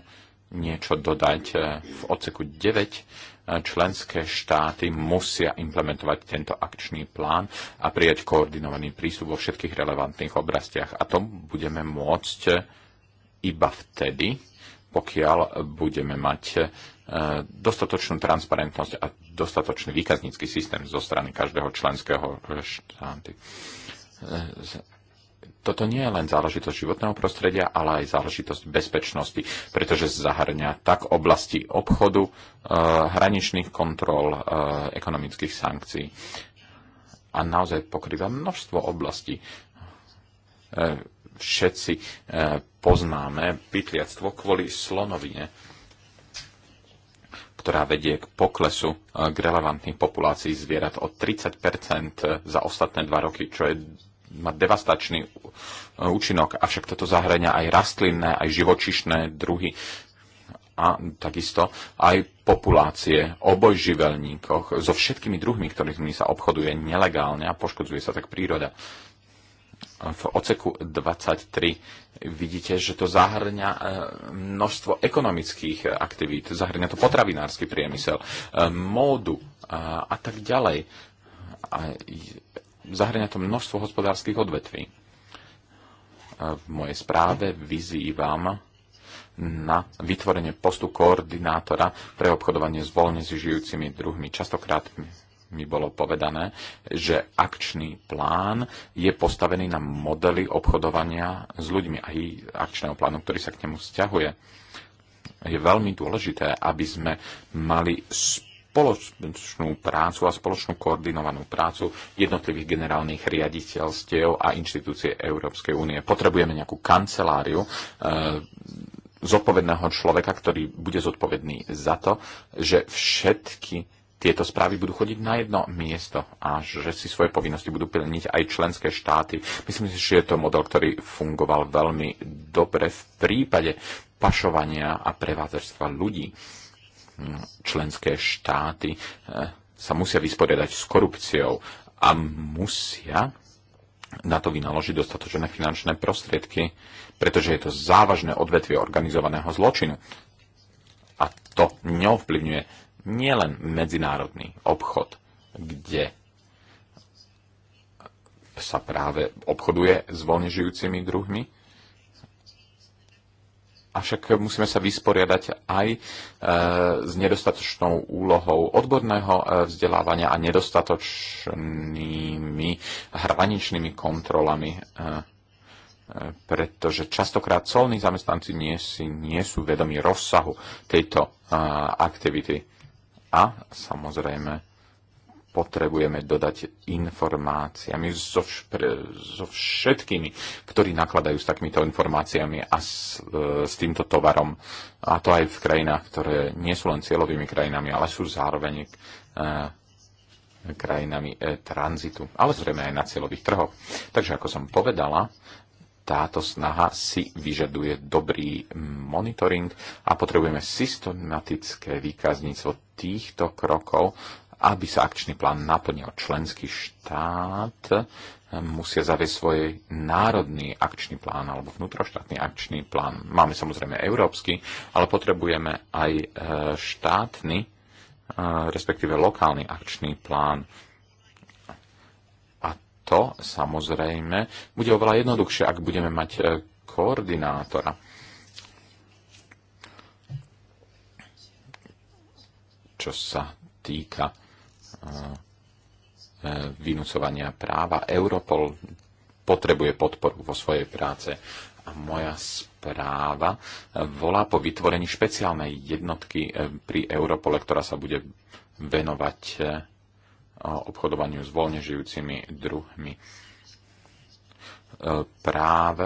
niečo dodať. V odseku 9 členské štáty musia implementovať tento akčný plán a prijať koordinovaný prístup vo všetkých relevantných oblastiach. A to budeme môcť iba vtedy, pokiaľ budeme mať e, dostatočnú transparentnosť a dostatočný výkaznícky systém zo strany každého členského štáty e, toto nie je len záležitosť životného prostredia, ale aj záležitosť bezpečnosti, pretože zahrňa tak oblasti obchodu, e, hraničných kontrol, e, ekonomických sankcií. A naozaj pokrýva množstvo oblastí. E, všetci poznáme pytliactvo kvôli slonovine ktorá vedie k poklesu k relevantných populácií zvierat o 30 za ostatné dva roky, čo je má devastačný e, účinok, avšak toto zahrania aj rastlinné, aj živočišné druhy a takisto aj populácie obojživelníkoch so všetkými druhmi, ktorými sa obchoduje nelegálne a poškodzuje sa tak príroda. V oceku 23 vidíte, že to zahrňa e, množstvo ekonomických aktivít, zahrňa to potravinársky priemysel, e, módu a tak ďalej. A zahrania to množstvo hospodárskych odvetví. V mojej správe vyzývam na vytvorenie postu koordinátora pre obchodovanie s voľne žijúcimi druhmi. Častokrát mi bolo povedané, že akčný plán je postavený na modely obchodovania s ľuďmi aj akčného plánu, ktorý sa k nemu vzťahuje. Je veľmi dôležité, aby sme mali spoločný spoločnú prácu a spoločnú koordinovanú prácu jednotlivých generálnych riaditeľstiev a inštitúcie Európskej únie. Potrebujeme nejakú kanceláriu e, zodpovedného človeka, ktorý bude zodpovedný za to, že všetky tieto správy budú chodiť na jedno miesto a že si svoje povinnosti budú plniť aj členské štáty. Myslím si, že je to model, ktorý fungoval veľmi dobre v prípade pašovania a prevádzačstva ľudí členské štáty eh, sa musia vysporiadať s korupciou a musia na to vynaložiť dostatočné finančné prostriedky, pretože je to závažné odvetvie organizovaného zločinu. A to neovplyvňuje nielen medzinárodný obchod, kde sa práve obchoduje s voľne žijúcimi druhmi, Avšak musíme sa vysporiadať aj e, s nedostatočnou úlohou odborného e, vzdelávania a nedostatočnými hraničnými kontrolami e, pretože častokrát colní zamestnanci nie, si, nie sú vedomi rozsahu tejto aktivity. A samozrejme potrebujeme dodať informáciami so, špre, so všetkými, ktorí nakladajú s takýmito informáciami a s, e, s týmto tovarom. A to aj v krajinách, ktoré nie sú len cieľovými krajinami, ale sú zároveň e, krajinami e, tranzitu, ale zrejme aj na cieľových trhoch. Takže ako som povedala, táto snaha si vyžaduje dobrý monitoring a potrebujeme systematické výkazníctvo týchto krokov aby sa akčný plán naplnil. Členský štát eh, musia zaviesť svoj národný akčný plán alebo vnútroštátny akčný plán. Máme samozrejme európsky, ale potrebujeme aj eh, štátny, eh, respektíve lokálny akčný plán. A to samozrejme bude oveľa jednoduchšie, ak budeme mať koordinátora. Čo sa týka E, vynúcovania práva. Europol potrebuje podporu vo svojej práce a moja správa e, volá po vytvorení špeciálnej jednotky e, pri Europole, ktorá sa bude venovať obchodovaniu s voľne žijúcimi druhmi. Práve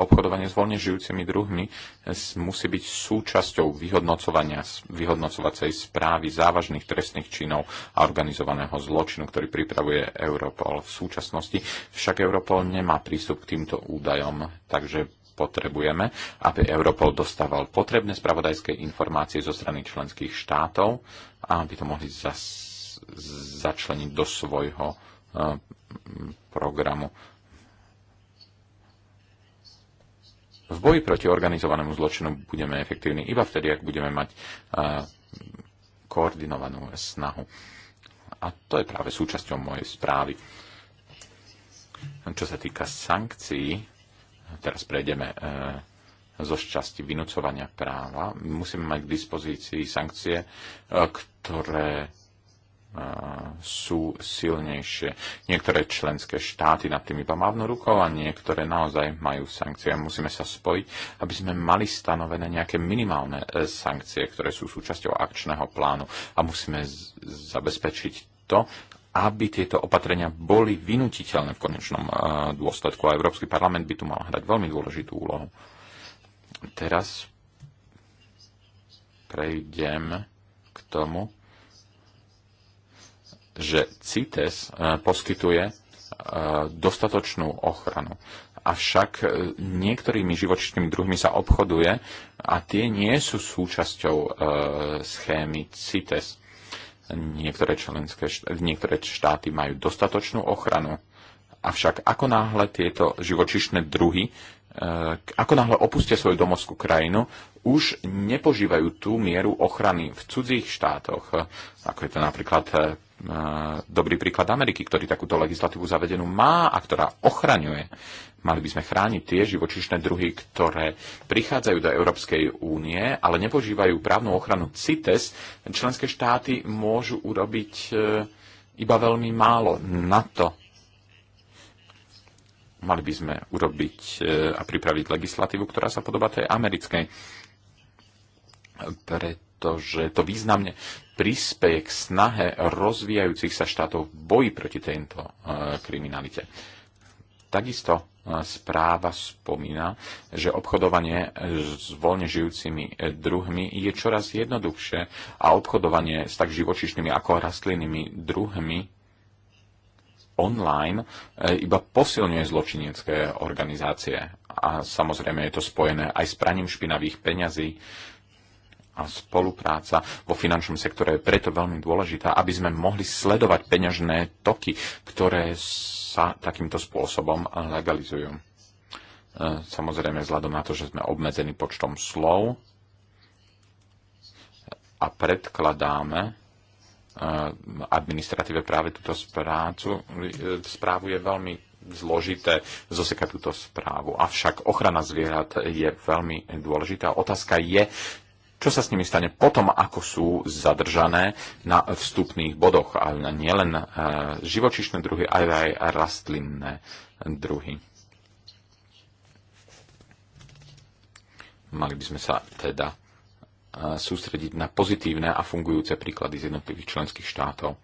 obchodovanie s voľne žijúcimi druhmi eh, musí byť súčasťou vyhodnocovania, vyhodnocovacej správy závažných trestných činov a organizovaného zločinu, ktorý pripravuje Europol v súčasnosti. Však Europol nemá prístup k týmto údajom, takže potrebujeme, aby Europol dostával potrebné spravodajské informácie zo strany členských štátov a aby to mohli zas, začleniť do svojho eh, programu v boji proti organizovanému zločinu budeme efektívni iba vtedy, ak budeme mať e, koordinovanú snahu. A to je práve súčasťou mojej správy. Čo sa týka sankcií, teraz prejdeme e, zo šťasti vynúcovania práva. Musíme mať k dispozícii sankcie, e, ktoré sú silnejšie. Niektoré členské štáty nad tým iba mávnu rukou a niektoré naozaj majú sankcie. a Musíme sa spojiť, aby sme mali stanovené nejaké minimálne e, sankcie, ktoré sú súčasťou akčného plánu a musíme zabezpečiť to, aby tieto opatrenia boli vynutiteľné v konečnom e, dôsledku a Európsky parlament by tu mal hrať veľmi dôležitú úlohu. Teraz prejdem k tomu, že CITES eh, poskytuje eh, dostatočnú ochranu. Avšak eh, niektorými živočíšnymi druhmi sa obchoduje a tie nie sú súčasťou schémy CITES. Niektoré, členské, niektoré štáty majú dostatočnú ochranu, avšak ako náhle tieto živočíšne druhy ako náhle opustia svoju domovskú krajinu, už nepožívajú tú mieru ochrany v cudzích štátoch, ako je to napríklad eh, dobrý príklad Ameriky, ktorý takúto legislatívu zavedenú má a ktorá ochraňuje. Mali by sme chrániť tie živočišné druhy, ktoré prichádzajú do Európskej únie, ale nepožívajú právnu ochranu CITES. Členské štáty môžu urobiť eh, iba veľmi málo na to. Mali by sme urobiť eh, a pripraviť legislatívu, ktorá sa podobá tej americkej pretože to významne prispieje k snahe rozvíjajúcich sa štátov v boji proti tejto e, kriminalite. Takisto e, správa spomína, že obchodovanie s voľne žijúcimi e, druhmi je čoraz jednoduchšie a obchodovanie s tak živočišnými ako rastlinnými druhmi online iba posilňuje zločinecké organizácie. A samozrejme je to spojené aj s praním špinavých peňazí, a spolupráca vo finančnom sektore je preto veľmi dôležitá, aby sme mohli sledovať peňažné toky, ktoré sa takýmto spôsobom legalizujú. E, samozrejme, vzhľadom na to, že sme obmedzení počtom slov a predkladáme e, administratíve práve túto sprácu, e, správu je veľmi zložité zosekať túto správu. Avšak ochrana zvierat je veľmi dôležitá. Otázka je, čo sa s nimi stane potom, ako sú zadržané na vstupných bodoch. A nielen e, živočišné druhy, ale aj rastlinné druhy. Mali by sme sa teda e, sústrediť na pozitívne a fungujúce príklady z jednotlivých členských štátov. E,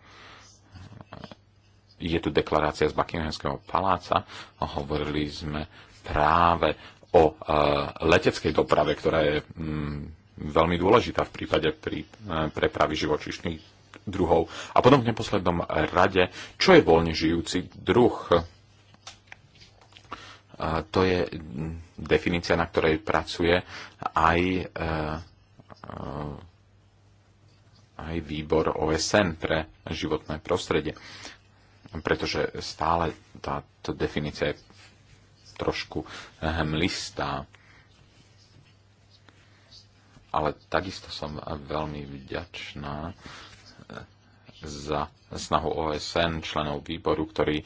je tu deklarácia z Buckinghamského paláca. Hovorili sme práve o leteckej doprave, ktorá je mm, veľmi dôležitá v prípade pri e, prepravy živočišných druhov. A potom v neposlednom rade, čo je voľne žijúci druh? To je definícia, na ktorej pracuje aj, e, e, aj výbor OSN pre životné prostredie. Pretože stále táto definícia je trošku mlistá ale takisto som veľmi vďačná eh, za snahu OSN, členov výboru, ktorí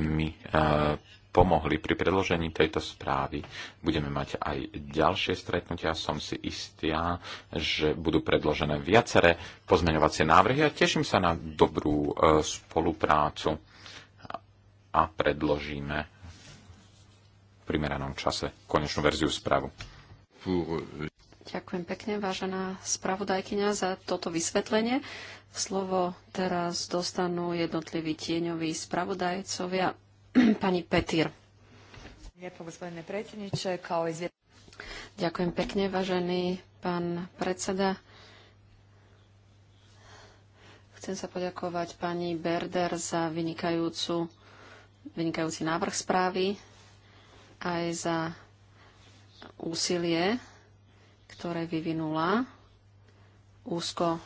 mi eh, pomohli pri predložení tejto správy. Budeme mať aj ďalšie stretnutia. Som si istá, že budú predložené viaceré pozmeňovacie návrhy a teším sa na dobrú eh, spoluprácu a predložíme v primeranom čase konečnú verziu správu. Ďakujem pekne, vážená spravodajkyňa, za toto vysvetlenie. Slovo teraz dostanú jednotliví tieňoví spravodajcovia. Pani Petýr. Ďakujem pekne, vážený pán predseda. Chcem sa poďakovať pani Berder za vynikajúcu, vynikajúci návrh správy aj za úsilie ktoré vyvinula. Úzko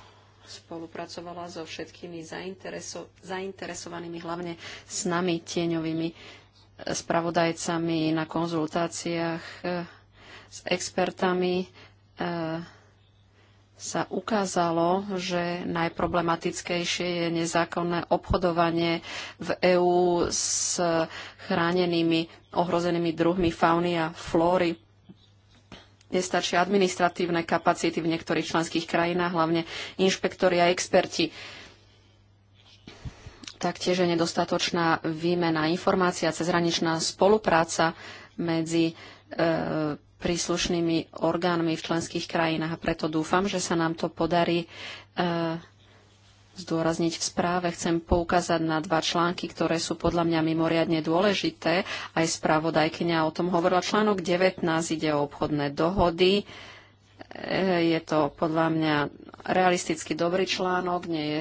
spolupracovala so všetkými zaintereso- zainteresovanými, hlavne s nami, tieňovými e, spravodajcami na konzultáciách e, s expertami e, sa ukázalo, že najproblematickejšie je nezákonné obchodovanie v EÚ s chránenými ohrozenými druhmi fauny a flóry nestačia administratívne kapacity v niektorých členských krajinách, hlavne inšpektori a experti. Taktiež je nedostatočná výmena informácia, cezhraničná spolupráca medzi e, príslušnými orgánmi v členských krajinách. A preto dúfam, že sa nám to podarí e, zdôrazniť v správe. Chcem poukázať na dva články, ktoré sú podľa mňa mimoriadne dôležité. Aj správodajkynia o tom hovorila. Článok 19 ide o obchodné dohody. E, je to podľa mňa realisticky dobrý článok. Nie je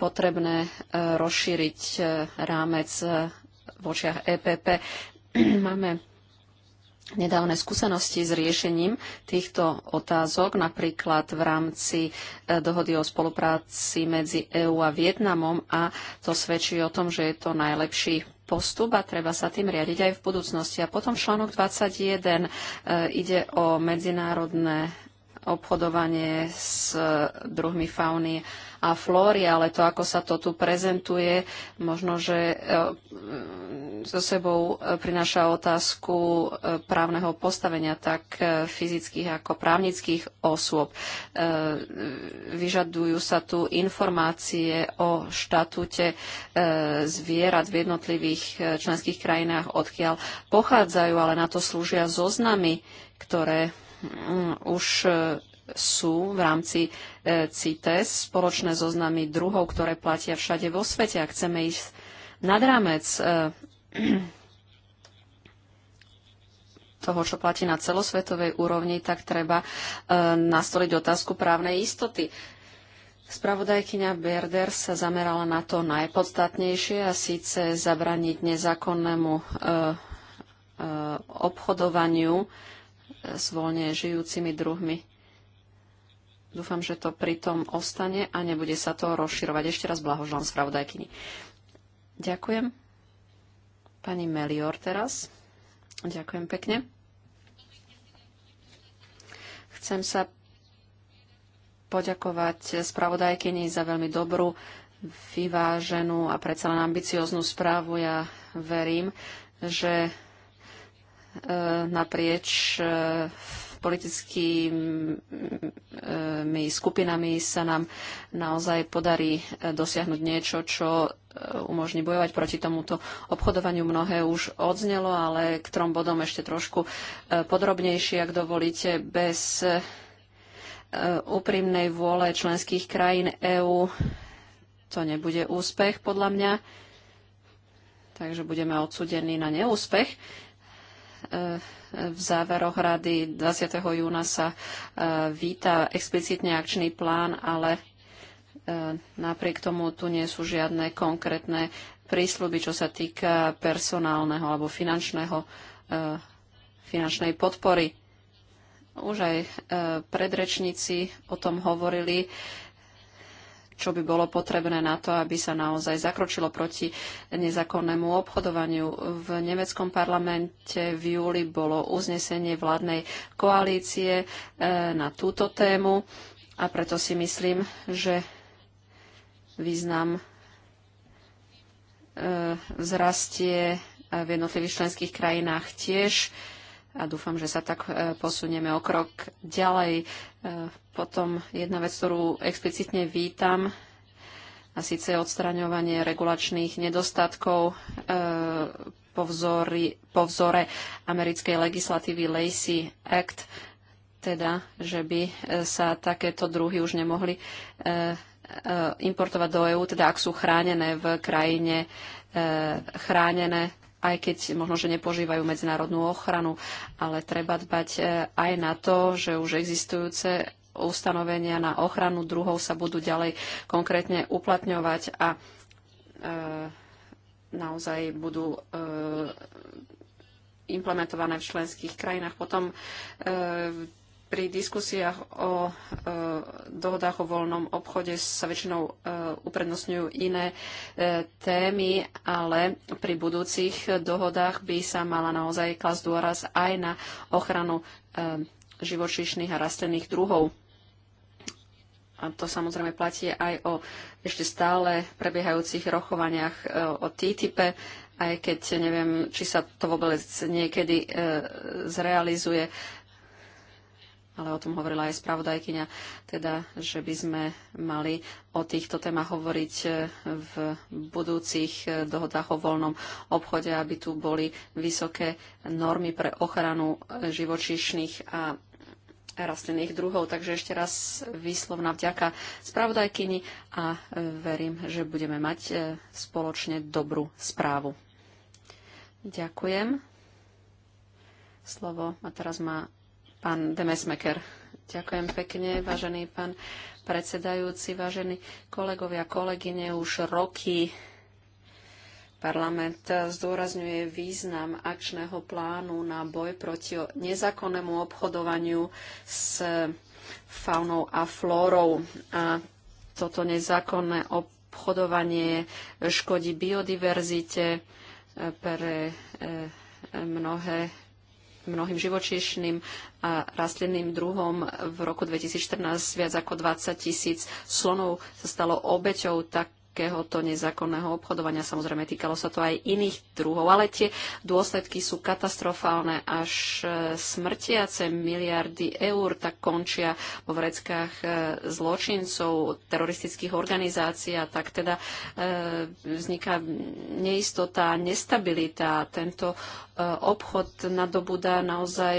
potrebné e, rozšíriť e, rámec v očiach EPP. Máme nedávne skúsenosti s riešením týchto otázok, napríklad v rámci e, dohody o spolupráci medzi EÚ a Vietnamom a to svedčí o tom, že je to najlepší postup a treba sa tým riadiť aj v budúcnosti. A potom článok 21 e, ide o medzinárodné obchodovanie s e, druhmi fauny a flóry, ale to, ako sa to tu prezentuje, možno, že e, so sebou e, prináša otázku e, právneho postavenia tak fyzických ako právnických osôb. Vyžadujú sa tu informácie o štatúte zvierat v jednotlivých členských krajinách, odkiaľ pochádzajú, ale na to slúžia zoznamy, ktoré mm, už sú v rámci e, CITES spoločné zoznamy druhov, ktoré platia všade vo svete a chceme ísť nad rámec e, toho, čo platí na celosvetovej úrovni, tak treba e, nastoliť otázku právnej istoty. Spravodajkyňa Berder sa zamerala na to najpodstatnejšie a síce zabraniť nezákonnému obchodovaniu s voľne žijúcimi druhmi Dúfam, že to pritom ostane a nebude sa to rozširovať. Ešte raz blahoželám spravodajkyni. Ďakujem. Pani Melior teraz. Ďakujem pekne. Chcem sa poďakovať spravodajkyni za veľmi dobrú, vyváženú a predsa len ambicióznu správu. Ja verím, že e, naprieč e, politickými eh, skupinami sa nám naozaj podarí eh, dosiahnuť niečo, čo eh, umožní bojovať proti tomuto obchodovaniu. Mnohé už odznelo, ale k trom bodom ešte trošku podrobnejšie, ak dovolíte, bez úprimnej vôle členských krajín EÚ to nebude úspech podľa mňa. Takže budeme odsudení na neúspech v záveroch rady 20. júna sa e, víta explicitne akčný plán, ale e, napriek tomu tu nie sú žiadne konkrétne prísľuby, čo sa týka personálneho alebo finančného, e, finančnej podpory. Už aj predrečníci o tom hovorili čo by bolo potrebné na to, aby sa naozaj zakročilo proti nezákonnému obchodovaniu. V nemeckom parlamente v júli bolo uznesenie vládnej koalície e, na túto tému a preto si myslím, že význam e, vzrastie v jednotlivých členských krajinách tiež a dúfam, že sa tak e, posunieme o krok ďalej. E, potom jedna vec, ktorú explicitne vítam, a síce odstraňovanie regulačných nedostatkov e, po, vzori, po vzore americkej legislatívy Lacey Act, teda, že by sa takéto druhy už nemohli importovať do EÚ, teda ak sú chránené v krajine chránené aj keď možno, že nepožívajú medzinárodnú ochranu, ale treba dbať e, aj na to, že už existujúce ustanovenia na ochranu druhov sa budú ďalej konkrétne uplatňovať a e, naozaj budú e, implementované v členských krajinách. Potom e, pri diskusiách o e, dohodách o voľnom obchode sa väčšinou e, uprednostňujú iné e, témy, ale pri budúcich dohodách by sa mala naozaj klasť dôraz aj na ochranu e, živočíšnych a rastlinných druhov. A to samozrejme platí aj o ešte stále prebiehajúcich rochovaniach e, o TTIP, aj keď neviem, či sa to vôbec niekedy e, zrealizuje ale o tom hovorila aj spravodajkyňa, teda, že by sme mali o týchto témach hovoriť e, v budúcich e, dohodách o voľnom obchode, aby tu boli vysoké normy pre ochranu e, živočíšnych a rastlinných druhov. Takže ešte raz výslovná vďaka spravodajkyni a verím, že budeme mať spoločne dobrú správu. Ďakujem. Slovo a teraz má Pán Demesmeker, ďakujem pekne, vážený pán predsedajúci, vážení kolegovia, kolegyne, už roky Parlament zdôrazňuje význam akčného plánu na boj proti nezákonnému obchodovaniu s faunou a flórou. A toto nezákonné obchodovanie škodí biodiverzite pre eh, mnohé mnohým živočíšnym a rastlinným druhom. V roku 2014 viac ako 20 tisíc slonov sa stalo obeťou tak takéhoto nezákonného obchodovania. Samozrejme, týkalo sa to aj iných druhov, ale tie dôsledky sú katastrofálne až e, smrtiace. Miliardy eur tak končia vo vreckách e, zločincov, teroristických organizácií a tak teda e, vzniká neistota, nestabilita. Tento obchod nadobúda naozaj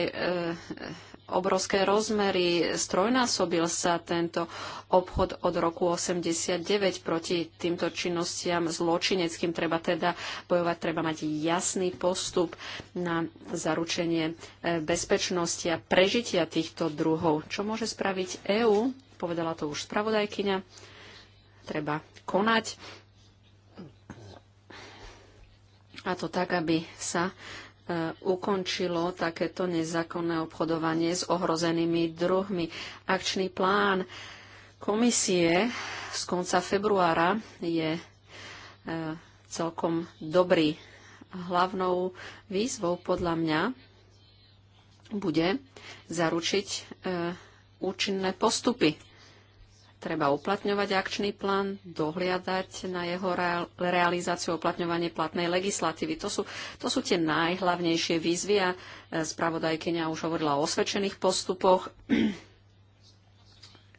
obrovské rozmery. Strojnásobil sa tento obchod od roku 89 proti týmto činnostiam zločineckým. Treba teda bojovať, treba mať jasný postup na zaručenie e, bezpečnosti a prežitia týchto druhov. Čo môže spraviť EÚ? Povedala to už spravodajkyňa. Treba konať. A to tak, aby sa E, ukončilo takéto nezákonné obchodovanie s ohrozenými druhmi. Akčný plán komisie z konca februára je e, celkom dobrý. Hlavnou výzvou podľa mňa bude zaručiť e, účinné postupy Treba uplatňovať akčný plán, dohliadať na jeho realizáciu, uplatňovanie platnej legislatívy. To sú, to sú tie najhlavnejšie výzvy a e, spravodajkynia už hovorila o osvedčených postupoch,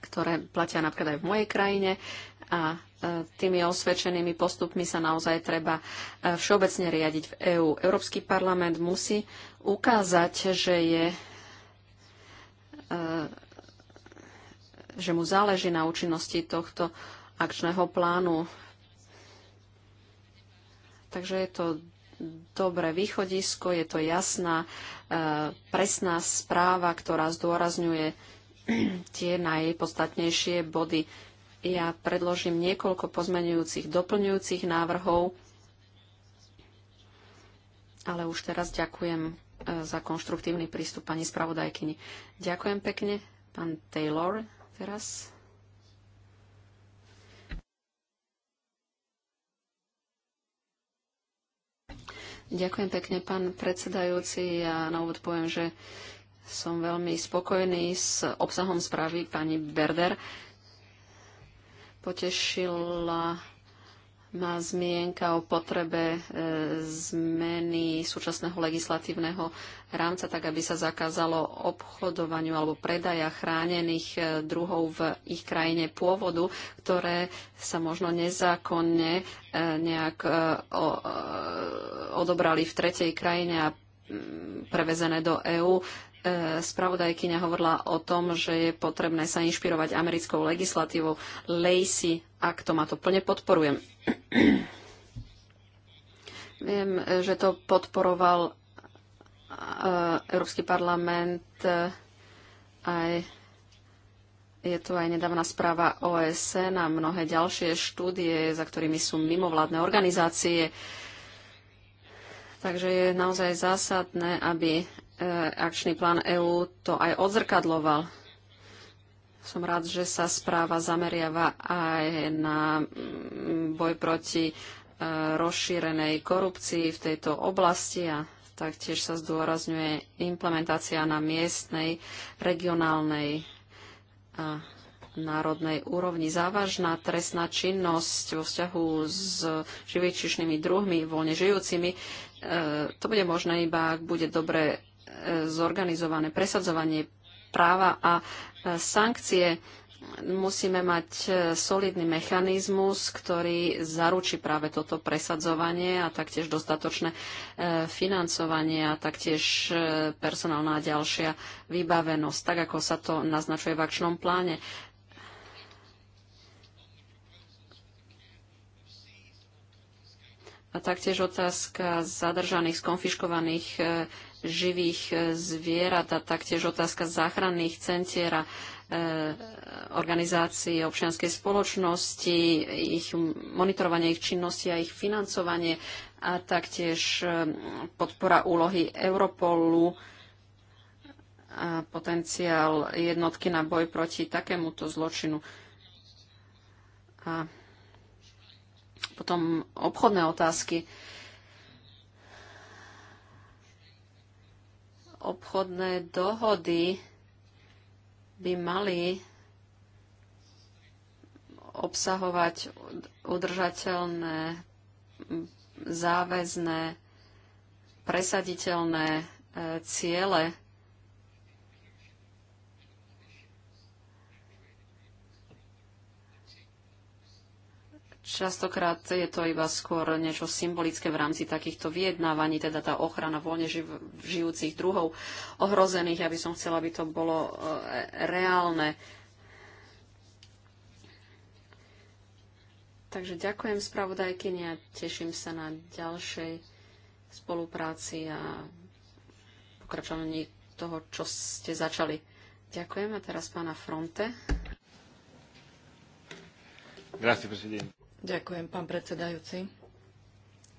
ktoré platia napríklad aj v mojej krajine a e, tými osvedčenými postupmi sa naozaj treba e, všeobecne riadiť v EÚ. Európsky parlament musí ukázať, že je že mu záleží na účinnosti tohto akčného plánu. Takže je to dobré východisko, je to jasná, e, presná správa, ktorá zdôrazňuje tie najpodstatnejšie body. Ja predložím niekoľko pozmenujúcich, doplňujúcich návrhov, ale už teraz ďakujem e, za konštruktívny prístup pani spravodajkyni. Ďakujem pekne, pán Taylor. Teraz Ďakujem pekne, pán predsedajúci. Ja na úvod poviem, že som veľmi spokojný s obsahom správy pani Berder. Potešila má zmienka o potrebe e, zmeny súčasného legislatívneho rámca, tak aby sa zakázalo obchodovaniu alebo predaja chránených e, druhov v ich krajine pôvodu, ktoré sa možno nezákonne e, nejak odobrali v tretej krajine a prevezené do EÚ. Spravodajkyňa hovorila o tom, že je potrebné sa inšpirovať americkou legislatívou. Lacey, ak to má to plne podporujem. Viem, že to podporoval uh, Európsky parlament uh, aj je tu aj nedávna správa OSN a mnohé ďalšie štúdie, za ktorými sú mimovládne organizácie. Takže je naozaj zásadné, aby E, akčný plán EÚ to aj odzrkadloval. Som rád, že sa správa zameriava aj na mm, boj proti e, rozšírenej korupcii v tejto oblasti a taktiež sa zdôrazňuje implementácia na miestnej, regionálnej a národnej úrovni. Závažná trestná činnosť vo vzťahu s živičišnými druhmi, voľne žijúcimi, e, to bude možné iba, ak bude dobre zorganizované presadzovanie práva a e, sankcie. Musíme mať e, solidný mechanizmus, ktorý zaručí práve toto presadzovanie a taktiež dostatočné e, financovanie a taktiež personálna a ďalšia vybavenosť, tak ako sa to naznačuje v akčnom pláne. A taktiež otázka zadržaných, skonfiškovaných živých e, zvierat a taktiež otázka záchranných centier a e, organizácií občianskej spoločnosti, ich monitorovanie ich činnosti a ich financovanie a taktiež e, podpora úlohy Europolu a potenciál jednotky na boj proti takémuto zločinu. A potom obchodné otázky. obchodné dohody by mali obsahovať udržateľné, záväzné, presaditeľné e, ciele Častokrát je to iba skôr niečo symbolické v rámci takýchto vyjednávaní, teda tá ochrana voľne žijúcich druhov ohrozených. Ja by som chcela, aby to bolo e, reálne. Takže ďakujem spravodajkyni a teším sa na ďalšej spolupráci a pokračovaní toho, čo ste začali. Ďakujem a teraz pána Fronte. Grazie, presidente. Ďakujem, pán predsedajúci.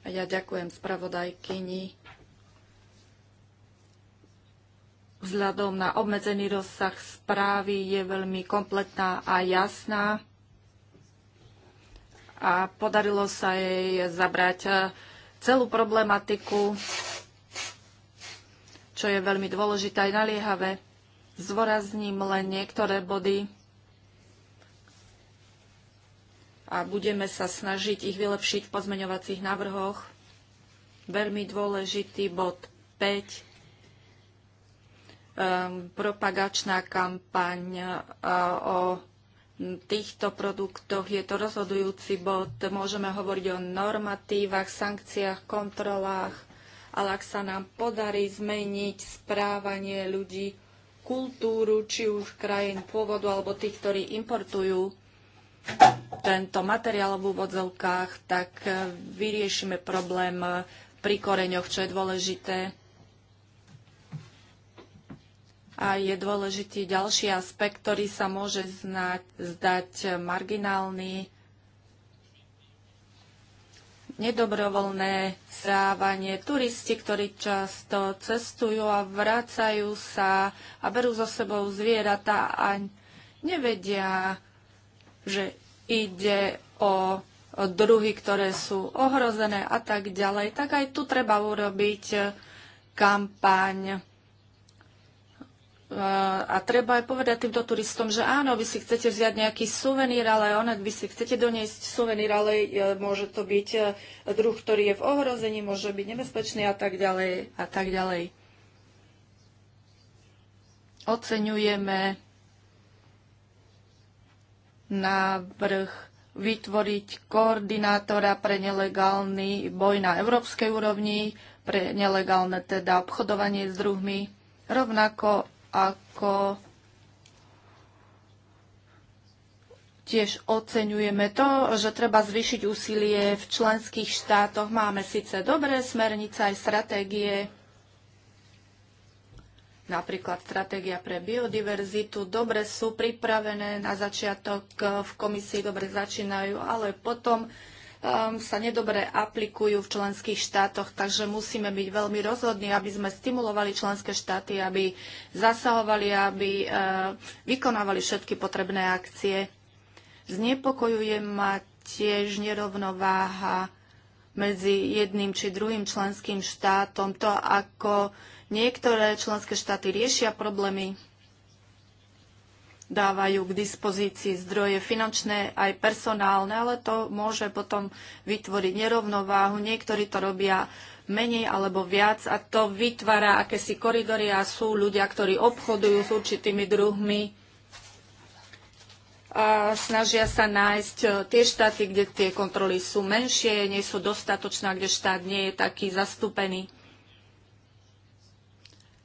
Ja ďakujem spravodajkyni. Vzhľadom na obmedzený rozsah správy je veľmi kompletná a jasná a podarilo sa jej zabrať eh, celú problematiku, čo je veľmi dôležité aj naliehavé. Zvorazním len niektoré body a budeme sa snažiť ich vylepšiť v pozmeňovacích návrhoch. Veľmi dôležitý bod 5 um, ehm, propagačná kampaň uh, o týchto produktoch. Je to rozhodujúci bod. Môžeme hovoriť o normatívach, sankciách, kontrolách, ale ak sa nám podarí zmeniť správanie ľudí, kultúru, či už krajín pôvodu alebo tých, ktorí importujú tento materiál v úvodzovkách, tak e, vyriešime problém e, pri koreňoch, čo je dôležité. A je dôležitý ďalší aspekt, ktorý sa môže znať, zdať marginálny. Nedobrovoľné strávanie. Turisti, ktorí často cestujú a vracajú sa a berú so sebou zvieratá a nevedia, že ide o druhy, ktoré sú ohrozené a tak ďalej, tak aj tu treba urobiť e, kampaň. E, a treba aj povedať týmto turistom, že áno, vy si chcete vziať nejaký suvenír, ale on, vy si chcete doniesť suvenír, ale e, môže to byť druh, ktorý je v ohrození, môže byť nebezpečný a tak ďalej a tak ďalej. Oceňujeme návrh vytvoriť koordinátora pre nelegálny boj na európskej úrovni, pre nelegálne teda obchodovanie s druhmi, rovnako ako tiež oceňujeme to, že treba zvýšiť úsilie v členských štátoch. Máme síce dobré smernice aj stratégie, napríklad stratégia pre biodiverzitu, dobre sú pripravené na začiatok, eh, v komisii dobre začínajú, ale potom um, sa nedobre aplikujú v členských štátoch, takže musíme byť veľmi rozhodní, aby sme stimulovali členské štáty, aby zasahovali, aby uh, vykonávali všetky potrebné akcie. Znepokojuje ma tiež nerovnováha medzi jedným či druhým členským štátom, to ako niektoré členské štáty riešia problémy, dávajú k dispozícii zdroje finančné aj personálne, ale to môže potom vytvoriť nerovnováhu. Niektorí to robia menej alebo viac a to vytvára akési koridory a sú ľudia, ktorí obchodujú s určitými druhmi a snažia sa nájsť e, tie štáty, kde tie kontroly sú menšie, nie sú dostatočné, kde štát nie je taký zastúpený.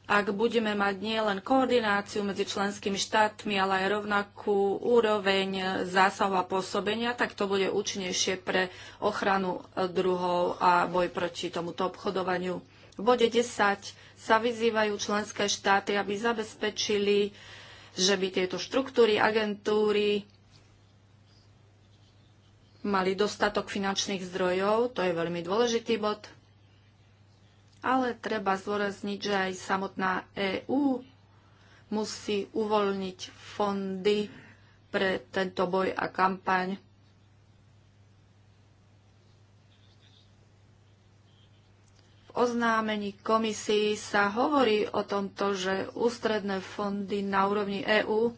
Ak budeme mať nielen koordináciu medzi členskými štátmi, ale aj rovnakú úroveň e, zásahov a pôsobenia, tak to bude účinnejšie pre ochranu e, druhov a boj proti tomuto obchodovaniu. V bode 10 sa vyzývajú členské štáty, aby zabezpečili že by tieto štruktúry, agentúry mali dostatok finančných zdrojov, to je veľmi dôležitý bod. Ale treba zdôrazniť, že aj samotná EÚ musí uvoľniť fondy pre tento boj a kampaň. oznámení komisii sa hovorí o tomto, že ústredné fondy na úrovni EÚ,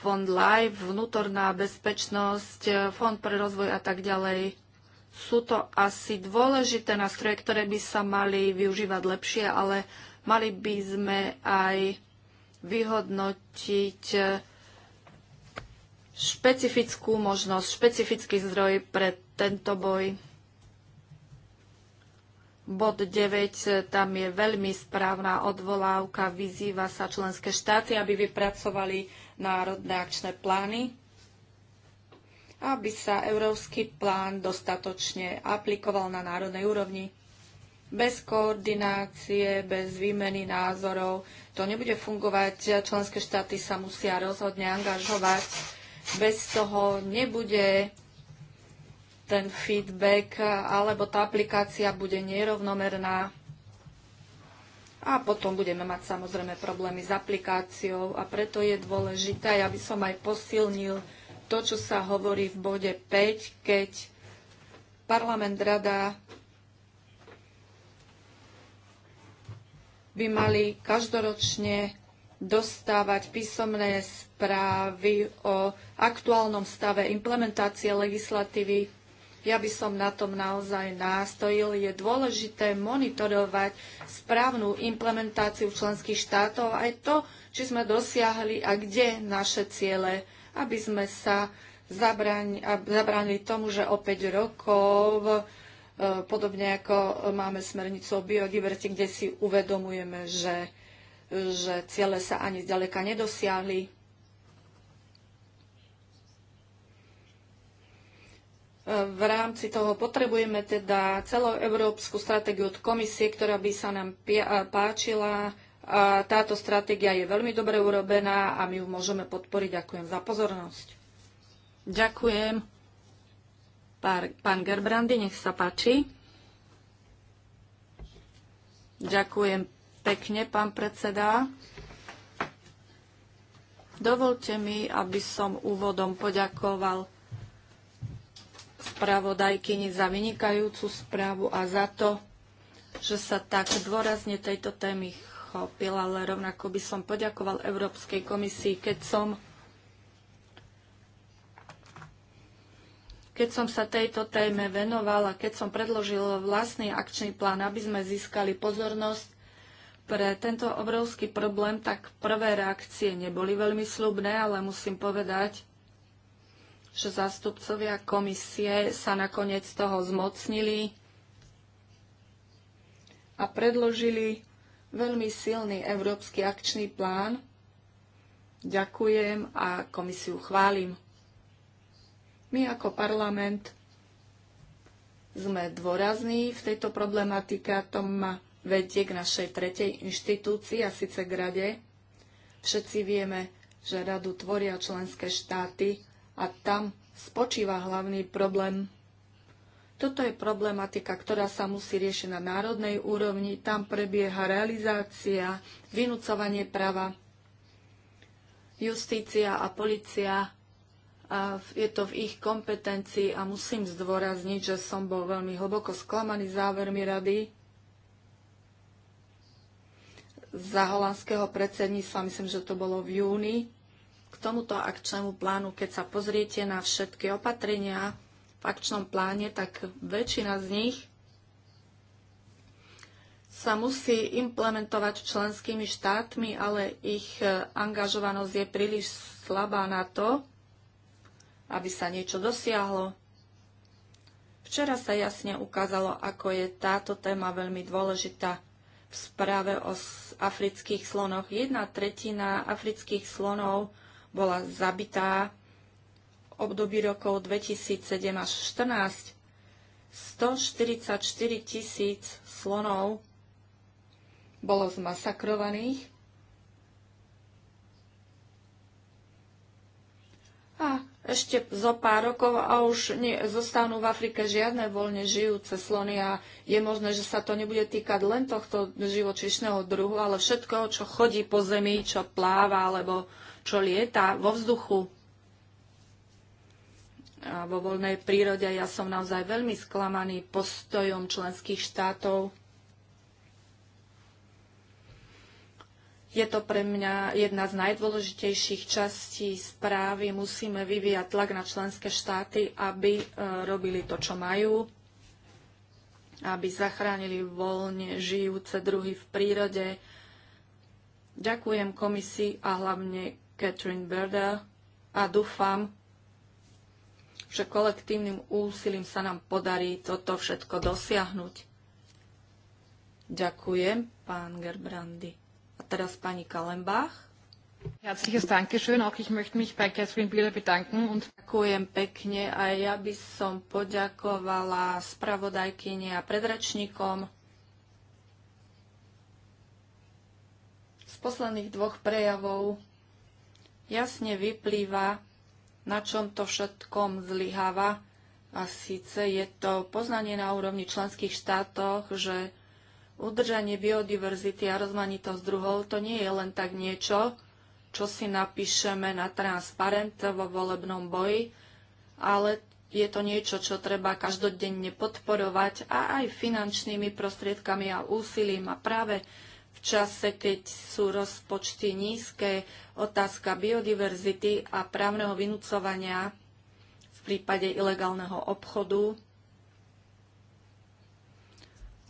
fond LIFE, vnútorná bezpečnosť, fond pre rozvoj a tak ďalej, sú to asi dôležité nástroje, ktoré by sa mali využívať lepšie, ale mali by sme aj vyhodnotiť eh, špecifickú možnosť, špecifický zdroj pre tento boj. Bod 9, tam je veľmi správna odvolávka, vyzýva sa členské štáty, aby vypracovali národné akčné plány, aby sa európsky plán dostatočne aplikoval na národnej úrovni. Bez koordinácie, bez výmeny názorov to nebude fungovať. Členské štáty sa musia rozhodne angažovať. Bez toho nebude ten feedback, alebo tá aplikácia bude nerovnomerná. A potom budeme mať samozrejme problémy s aplikáciou a preto je dôležité, aby som aj posilnil to, čo sa hovorí v bode 5, keď parlament rada by mali každoročne dostávať písomné správy o aktuálnom stave implementácie legislatívy ja by som na tom naozaj nástojil. Je dôležité monitorovať správnu implementáciu členských štátov aj to, či sme dosiahli a kde naše ciele, aby sme sa zabránili tomu, že o 5 rokov e, podobne ako máme smernicu o biodiverzite, kde si uvedomujeme, že, že ciele sa ani zďaleka nedosiahli. V rámci toho potrebujeme teda celoeurópsku stratégiu od komisie, ktorá by sa nám páčila. A táto stratégia je veľmi dobre urobená a my ju môžeme podporiť. Ďakujem za pozornosť. Ďakujem. Pán Gerbrandy, nech sa páči. Ďakujem pekne, pán predseda. Dovolte mi, aby som úvodom poďakoval spravodajkyni za vynikajúcu správu a za to, že sa tak dôrazne tejto témy chopil, ale rovnako by som poďakoval Európskej komisii, keď som keď som sa tejto téme venovala, keď som predložil vlastný akčný plán, aby sme získali pozornosť pre tento obrovský problém, tak prvé reakcie neboli veľmi slubné, ale musím povedať, že zástupcovia komisie sa nakoniec toho zmocnili a predložili veľmi silný európsky akčný plán. Ďakujem a komisiu chválim. My ako parlament sme dôrazní v tejto problematike a to ma vedie k našej tretej inštitúcii a síce k rade. Všetci vieme, že radu tvoria členské štáty a tam spočíva hlavný problém. Toto je problematika, ktorá sa musí riešiť na národnej úrovni. Tam prebieha realizácia, vynúcovanie práva. Justícia a policia a je to v ich kompetencii a musím zdôrazniť, že som bol veľmi hlboko sklamaný závermi rady za holandského predsedníctva, myslím, že to bolo v júni, tomuto akčnému plánu, keď sa pozriete na všetky opatrenia v akčnom pláne, tak väčšina z nich sa musí implementovať členskými štátmi, ale ich e, angažovanosť je príliš slabá na to, aby sa niečo dosiahlo. Včera sa jasne ukázalo, ako je táto téma veľmi dôležitá v správe o afrických slonoch. Jedna tretina afrických slonov bola zabitá v období rokov 2007 až 2014. 144 tisíc slonov bolo zmasakrovaných a ešte zo pár rokov a už nie, zostanú v Afrike žiadne voľne žijúce slony a je možné, že sa to nebude týkať len tohto živočišného druhu, ale všetko, čo chodí po zemi, čo pláva alebo čo lieta vo vzduchu a vo voľnej prírode. Ja som naozaj veľmi sklamaný postojom členských štátov Je to pre mňa jedna z najdôležitejších častí správy. Musíme vyvíjať tlak na členské štáty, aby e, robili to, čo majú, aby zachránili voľne žijúce druhy v prírode. Ďakujem komisii a hlavne Catherine Berda a dúfam, že kolektívnym úsilím sa nám podarí toto všetko dosiahnuť. Ďakujem, pán Gerbrandy teraz pani Kalembach. Herzliches Dankeschön. Auch ich möchte mich bei Catherine Bieler bedanken. Und Ďakujem pekne a ja by som poďakovala spravodajkyne a predračníkom. Z posledných dvoch prejavov jasne vyplýva, na čom to všetkom zlyháva. A síce je to poznanie na úrovni členských štátoch, že Udržanie biodiverzity a rozmanitosť druhov to nie je len tak niečo, čo si napíšeme na transparent vo volebnom boji, ale je to niečo, čo treba každodenne podporovať a aj finančnými prostriedkami a úsilím. A práve v čase, keď sú rozpočty nízke, otázka biodiverzity a právneho vynúcovania v prípade ilegálneho obchodu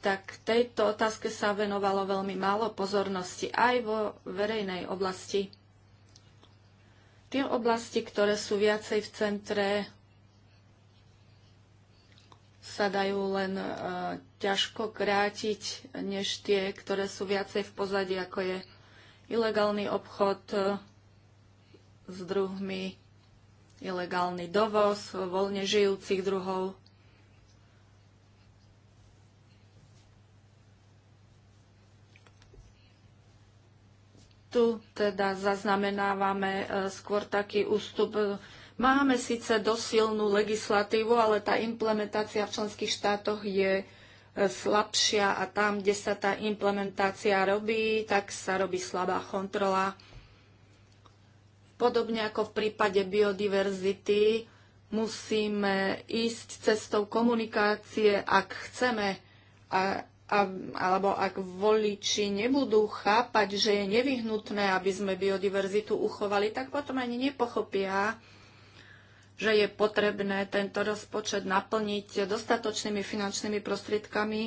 tak tejto otázke sa venovalo veľmi málo pozornosti aj vo verejnej oblasti. Tie oblasti, ktoré sú viacej v centre, sa dajú len e, ťažko krátiť, než tie, ktoré sú viacej v pozadí, ako je ilegálny obchod e, s druhmi, ilegálny dovoz voľne žijúcich druhov Tu teda zaznamenávame e, skôr taký ústup. Máme síce dosilnú legislatívu, ale tá implementácia v členských štátoch je e, slabšia a tam, kde sa tá implementácia robí, tak sa robí slabá kontrola. Podobne ako v prípade biodiverzity, musíme ísť cestou komunikácie, ak chceme a, alebo ak voliči nebudú chápať, že je nevyhnutné, aby sme biodiverzitu uchovali, tak potom ani nepochopia, že je potrebné tento rozpočet naplniť dostatočnými finančnými prostriedkami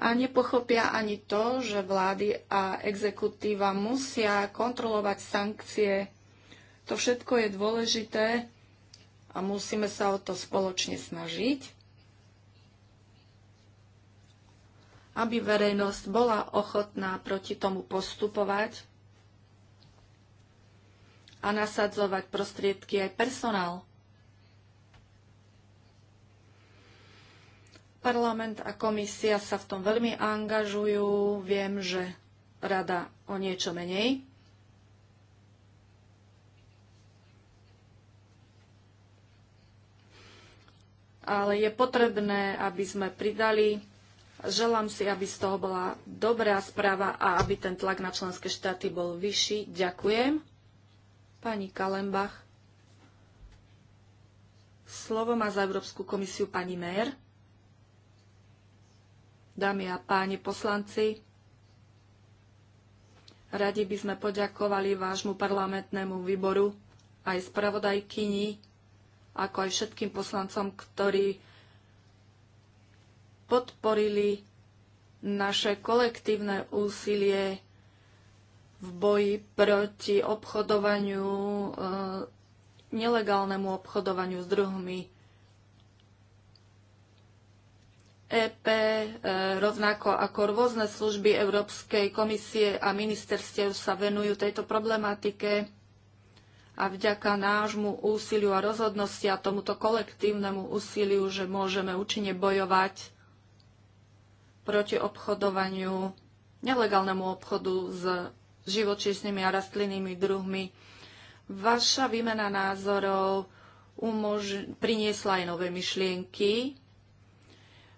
a nepochopia ani to, že vlády a exekutíva musia kontrolovať sankcie. To všetko je dôležité a musíme sa o to spoločne snažiť. aby verejnosť bola ochotná proti tomu postupovať a nasadzovať prostriedky aj personál. Parlament a komisia sa v tom veľmi angažujú. Viem, že rada o niečo menej. Ale je potrebné, aby sme pridali Želám si, aby z toho bola dobrá správa a aby ten tlak na členské štáty bol vyšší. Ďakujem. Pani Kalembach. Slovo má za Európsku komisiu pani Mér. Dámy a páni poslanci, radi by sme poďakovali vášmu parlamentnému výboru aj spravodajkyni, ako aj všetkým poslancom, ktorí podporili naše kolektívne úsilie v boji proti obchodovaniu, e, nelegálnemu obchodovaniu s druhmi. EP, e, rovnako ako rôzne služby Európskej komisie a ministerstiev sa venujú tejto problematike a vďaka nášmu úsiliu a rozhodnosti a tomuto kolektívnemu úsiliu, že môžeme účinne bojovať proti obchodovaniu, nelegálnemu obchodu s živočíšnymi a rastlinnými druhmi. Vaša výmena názorov umož- priniesla aj nové myšlienky, e,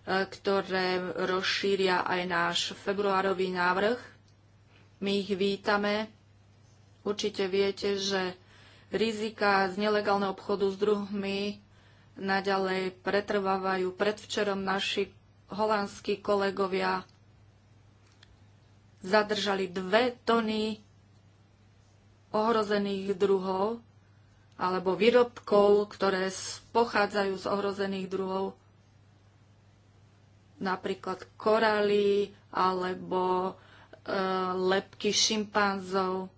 ktoré rozšíria aj náš februárový návrh. My ich vítame. Určite viete, že rizika z nelegálneho obchodu s druhmi naďalej pretrvávajú. Predvčerom naši holandskí kolegovia zadržali dve tony ohrozených druhov alebo výrobkov, ktoré pochádzajú z ohrozených druhov, napríklad koraly alebo e, lepky šimpanzov.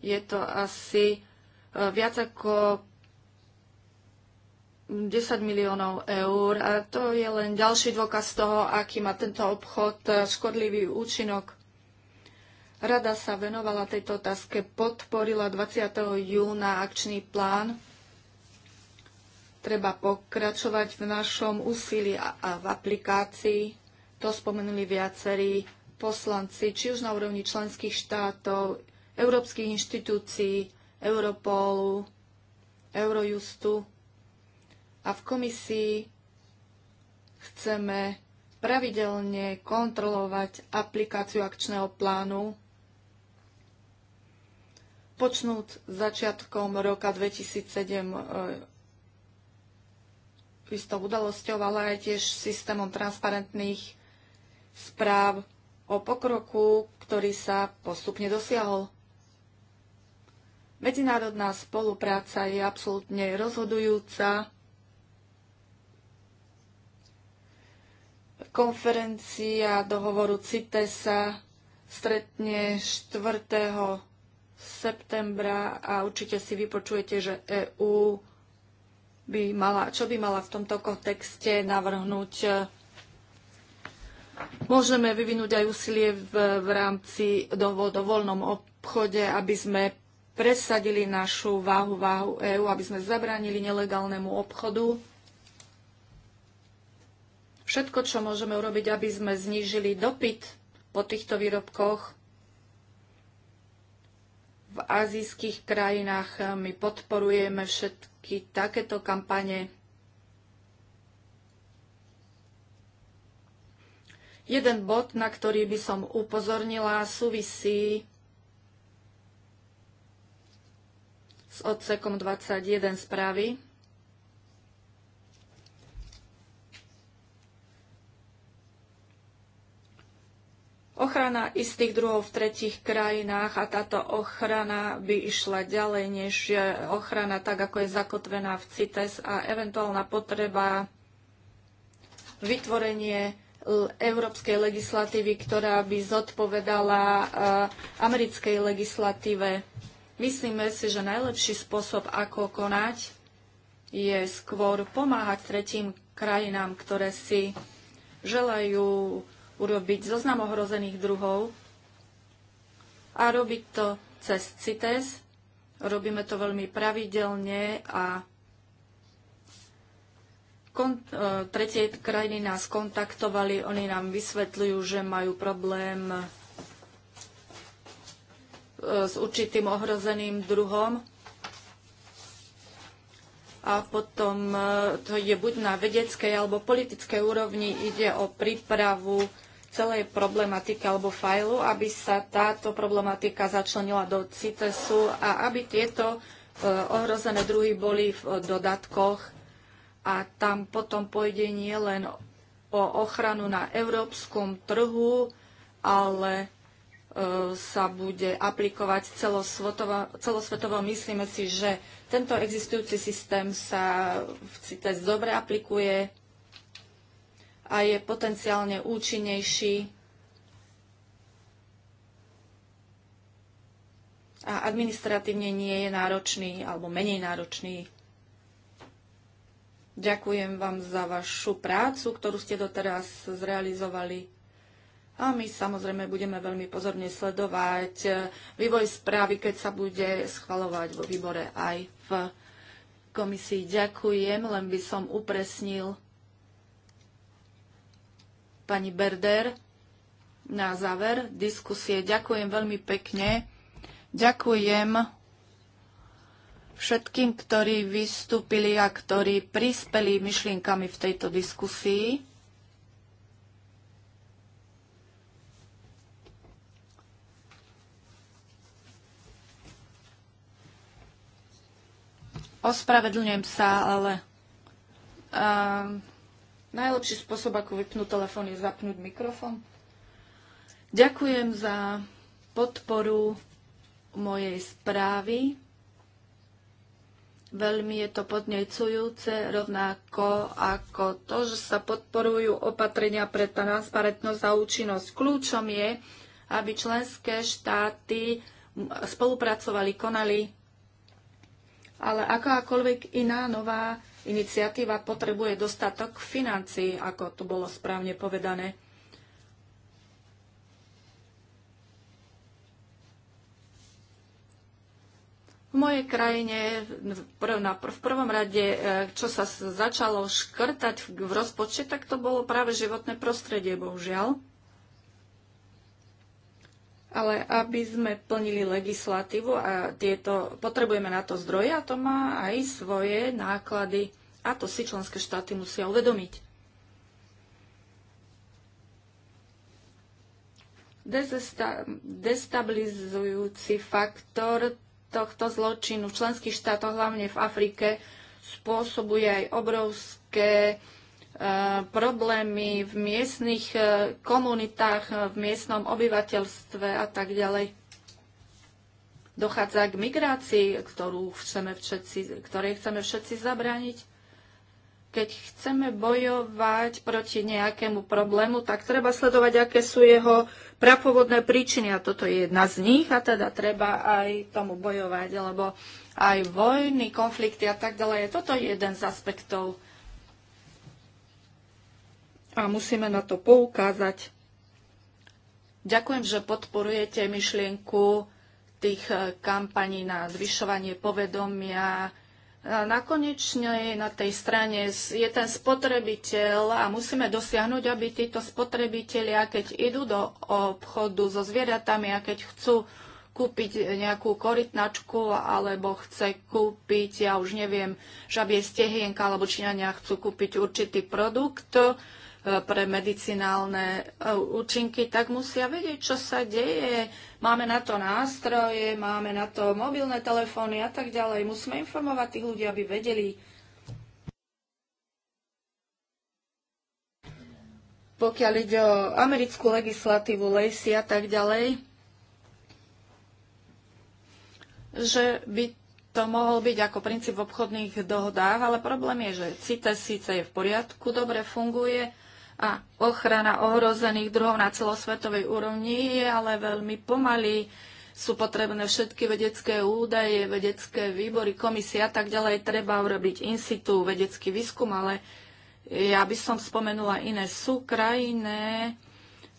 Je to asi e, viac ako 10 miliónov eur. A to je len ďalší dôkaz toho, aký má tento obchod e, škodlivý účinok. Rada sa venovala tejto otázke, podporila 20. júna akčný plán. Treba pokračovať v našom úsilí a v aplikácii. To spomenuli viacerí poslanci, či už na úrovni členských štátov, európskych inštitúcií, Europolu, Eurojustu a v komisii chceme pravidelne kontrolovať aplikáciu akčného plánu počnúť začiatkom roka 2007 e, istou udalosťou, ale aj tiež systémom transparentných správ o pokroku, ktorý sa postupne dosiahol. Medzinárodná spolupráca je absolútne rozhodujúca Konferencia dohovoru CITESA sa stretne 4. septembra a určite si vypočujete, že EÚ by mala, čo by mala v tomto kontexte navrhnúť. Môžeme vyvinúť aj úsilie v, v rámci dohovoru o voľnom obchode, aby sme presadili našu váhu, váhu EÚ, aby sme zabránili nelegálnemu obchodu všetko, čo môžeme urobiť, aby sme znížili dopyt po týchto výrobkoch v azijských krajinách. Eh, my podporujeme všetky takéto kampane. Jeden bod, na ktorý by som upozornila, súvisí s odsekom 21 správy. Ochrana istých druhov v tretich krajinách a táto ochrana by išla ďalej než ochrana tak, ako je zakotvená v CITES a eventuálna potreba vytvorenie európskej legislatívy, ktorá by zodpovedala eh, americkej legislatíve. Myslíme si, že najlepší spôsob, ako konať, je skôr pomáhať tretím krajinám, ktoré si želajú urobiť zoznam ohrozených druhov a robiť to cez CITES. Robíme to veľmi pravidelne a e, tretie krajiny nás kontaktovali, oni nám vysvetľujú, že majú problém e, s určitým ohrozeným druhom a potom e, to ide buď na vedeckej alebo politickej úrovni ide o prípravu celej problematiky alebo fajlu, aby sa táto problematika začlenila do CITESu a aby tieto e, ohrozené druhy boli v dodatkoch a tam potom pôjde nie len o ochranu na európskom trhu, ale e, sa bude aplikovať celosvetovo, celosvetovo. Myslíme si, že tento existujúci systém sa v CITES dobre aplikuje a je potenciálne účinnejší a administratívne nie je náročný alebo menej náročný. Ďakujem vám za vašu prácu, ktorú ste doteraz zrealizovali. A my samozrejme budeme veľmi pozorne sledovať eh, vývoj správy, keď sa bude schvalovať vo výbore aj v komisii. Ďakujem, len by som upresnil pani Berder na záver diskusie. Ďakujem veľmi pekne. Ďakujem všetkým, ktorí vystúpili a ktorí prispeli myšlienkami v tejto diskusii. Ospravedlňujem sa, ale uh, Najlepší spôsob, ako vypnúť telefón, je zapnúť mikrofón. Ďakujem za podporu mojej správy. Veľmi je to podnecujúce, rovnako ako to, že sa podporujú opatrenia pre transparentnosť a účinnosť. Kľúčom je, aby členské štáty spolupracovali, konali, ale akákoľvek iná nová iniciatíva potrebuje dostatok financií, ako tu bolo správne povedané. V mojej krajine v prvom rade, e, čo sa začalo škrtať v rozpočte, tak to bolo práve životné prostredie, bohužiaľ. Ale aby sme plnili legislatívu a tieto, potrebujeme na to zdroje a to má aj svoje náklady. A to si členské štáty musia uvedomiť. Destabilizujúci faktor tohto zločinu v členských štátoch, hlavne v Afrike, spôsobuje aj obrovské problémy v miestnych e, komunitách, e, v miestnom obyvateľstve a tak ďalej. Dochádza k migrácii, ktorú chceme všetci, ktorej chceme všetci zabrániť. Keď chceme bojovať proti nejakému problému, tak treba sledovať, aké sú jeho prapovodné príčiny. A toto je jedna z nich a teda treba aj tomu bojovať, lebo aj vojny, konflikty a tak ďalej. Toto je jeden z aspektov a musíme na to poukázať. Ďakujem, že podporujete myšlienku tých eh, kampaní na zvyšovanie povedomia. Nakonečne na tej strane je ten spotrebiteľ a musíme dosiahnuť, aby títo spotrebitelia, keď idú do obchodu so zvieratami a keď chcú kúpiť nejakú korytnačku alebo chce kúpiť, ja už neviem, žabie stehienka alebo číňania chcú kúpiť určitý produkt, E, pre medicinálne e, účinky, tak musia vedieť, čo sa deje. Máme na to nástroje, máme na to mobilné telefóny a tak ďalej. Musíme informovať tých ľudí, aby vedeli. Pokiaľ ide o americkú legislatívu, lejsi a tak ďalej, že by to mohol byť ako princíp v obchodných dohodách, ale problém je, že CITES síce je v poriadku, dobre funguje, a ochrana ohrozených druhov na celosvetovej úrovni je ale veľmi pomalý. Sú potrebné všetky vedecké údaje, vedecké výbory, komisie a tak ďalej. Treba urobiť in situ vedecký výskum, ale ja by som spomenula iné sú krajiny,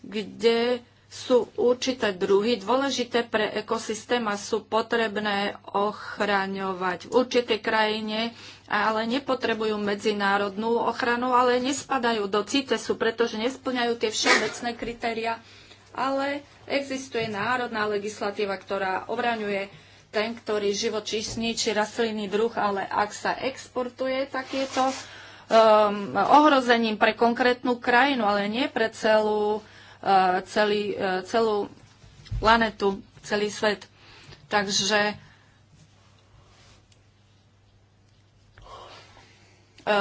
kde sú určité druhy dôležité pre ekosystém a sú potrebné ochraňovať v určitej krajine, ale nepotrebujú medzinárodnú ochranu, ale nespadajú do CITESu, pretože nesplňajú tie všeobecné kritéria, ale existuje národná legislatíva, ktorá obraňuje ten, ktorý živočísni, či rastlinný druh, ale ak sa exportuje, tak je to um, ohrozením pre konkrétnu krajinu, ale nie pre celú Eh, celý, eh, celú planetu, celý svet. Takže eh,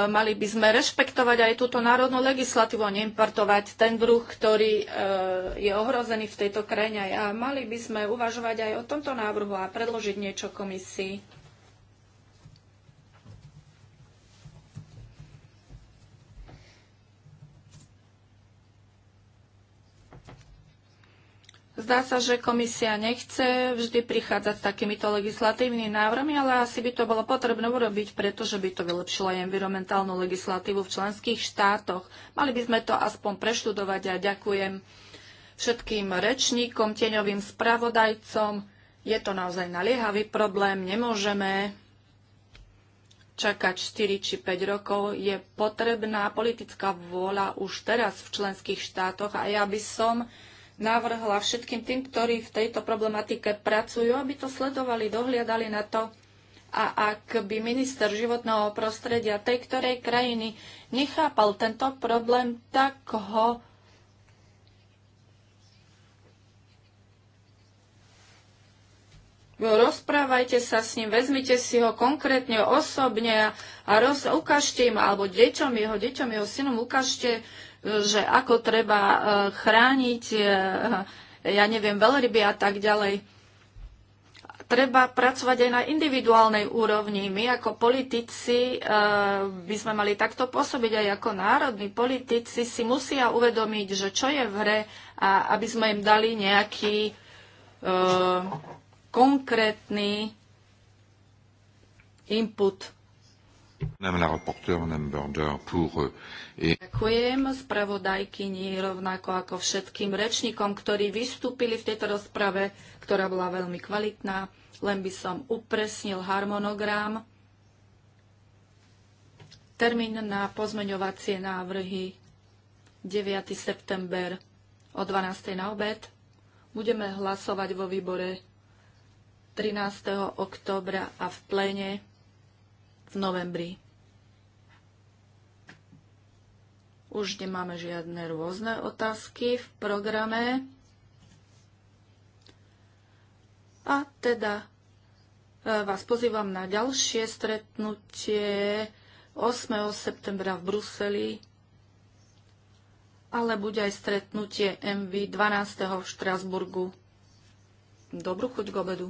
mali by sme rešpektovať aj túto národnú legislatívu a neimportovať ten druh, ktorý je ohrozený v tejto krajine. A mali by sme uvažovať aj o tomto návrhu a predložiť niečo komisii. Zdá sa, že komisia nechce vždy prichádzať s takýmito legislatívnymi návrhmi, ale asi by to bolo potrebné urobiť, pretože by to vylepšilo aj environmentálnu legislatívu v členských štátoch. Mali by sme to aspoň preštudovať a ďakujem všetkým rečníkom, tieňovým spravodajcom. Je to naozaj naliehavý problém, nemôžeme čakať 4 či 5 rokov. Je potrebná politická vôľa už teraz v členských štátoch a ja by som navrhla všetkým tým, ktorí v tejto problematike pracujú, aby to sledovali, dohliadali na to. A ak by minister životného prostredia tej ktorej krajiny nechápal tento problém, tak ho rozprávajte sa s ním, vezmite si ho konkrétne, osobne a, roz, ukážte im, alebo deťom, jeho deťom, jeho synom ukážte, že ako treba e, chrániť, e, ja neviem, veľryby a tak ďalej. Treba pracovať aj na individuálnej úrovni. My ako politici e, by sme mali takto pôsobiť aj ako národní politici si musia uvedomiť, že čo je v hre a aby sme im dali nejaký konkrétny input Euh, Ďakujem spravodajkyni rovnako ako všetkým rečníkom, ktorí vystúpili v tejto rozprave, ktorá bola veľmi kvalitná. Len by som upresnil harmonogram. Termín na pozmeňovacie návrhy 9. september o 12. na obed. Budeme hlasovať vo výbore 13. oktobra a v pléne v novembri. Už nemáme žiadne rôzne otázky v programe. A teda e, vás pozývam na ďalšie stretnutie 8. septembra v Bruseli, ale bude aj stretnutie MV 12. v Štrasburgu. Dobrú chuť k obedu.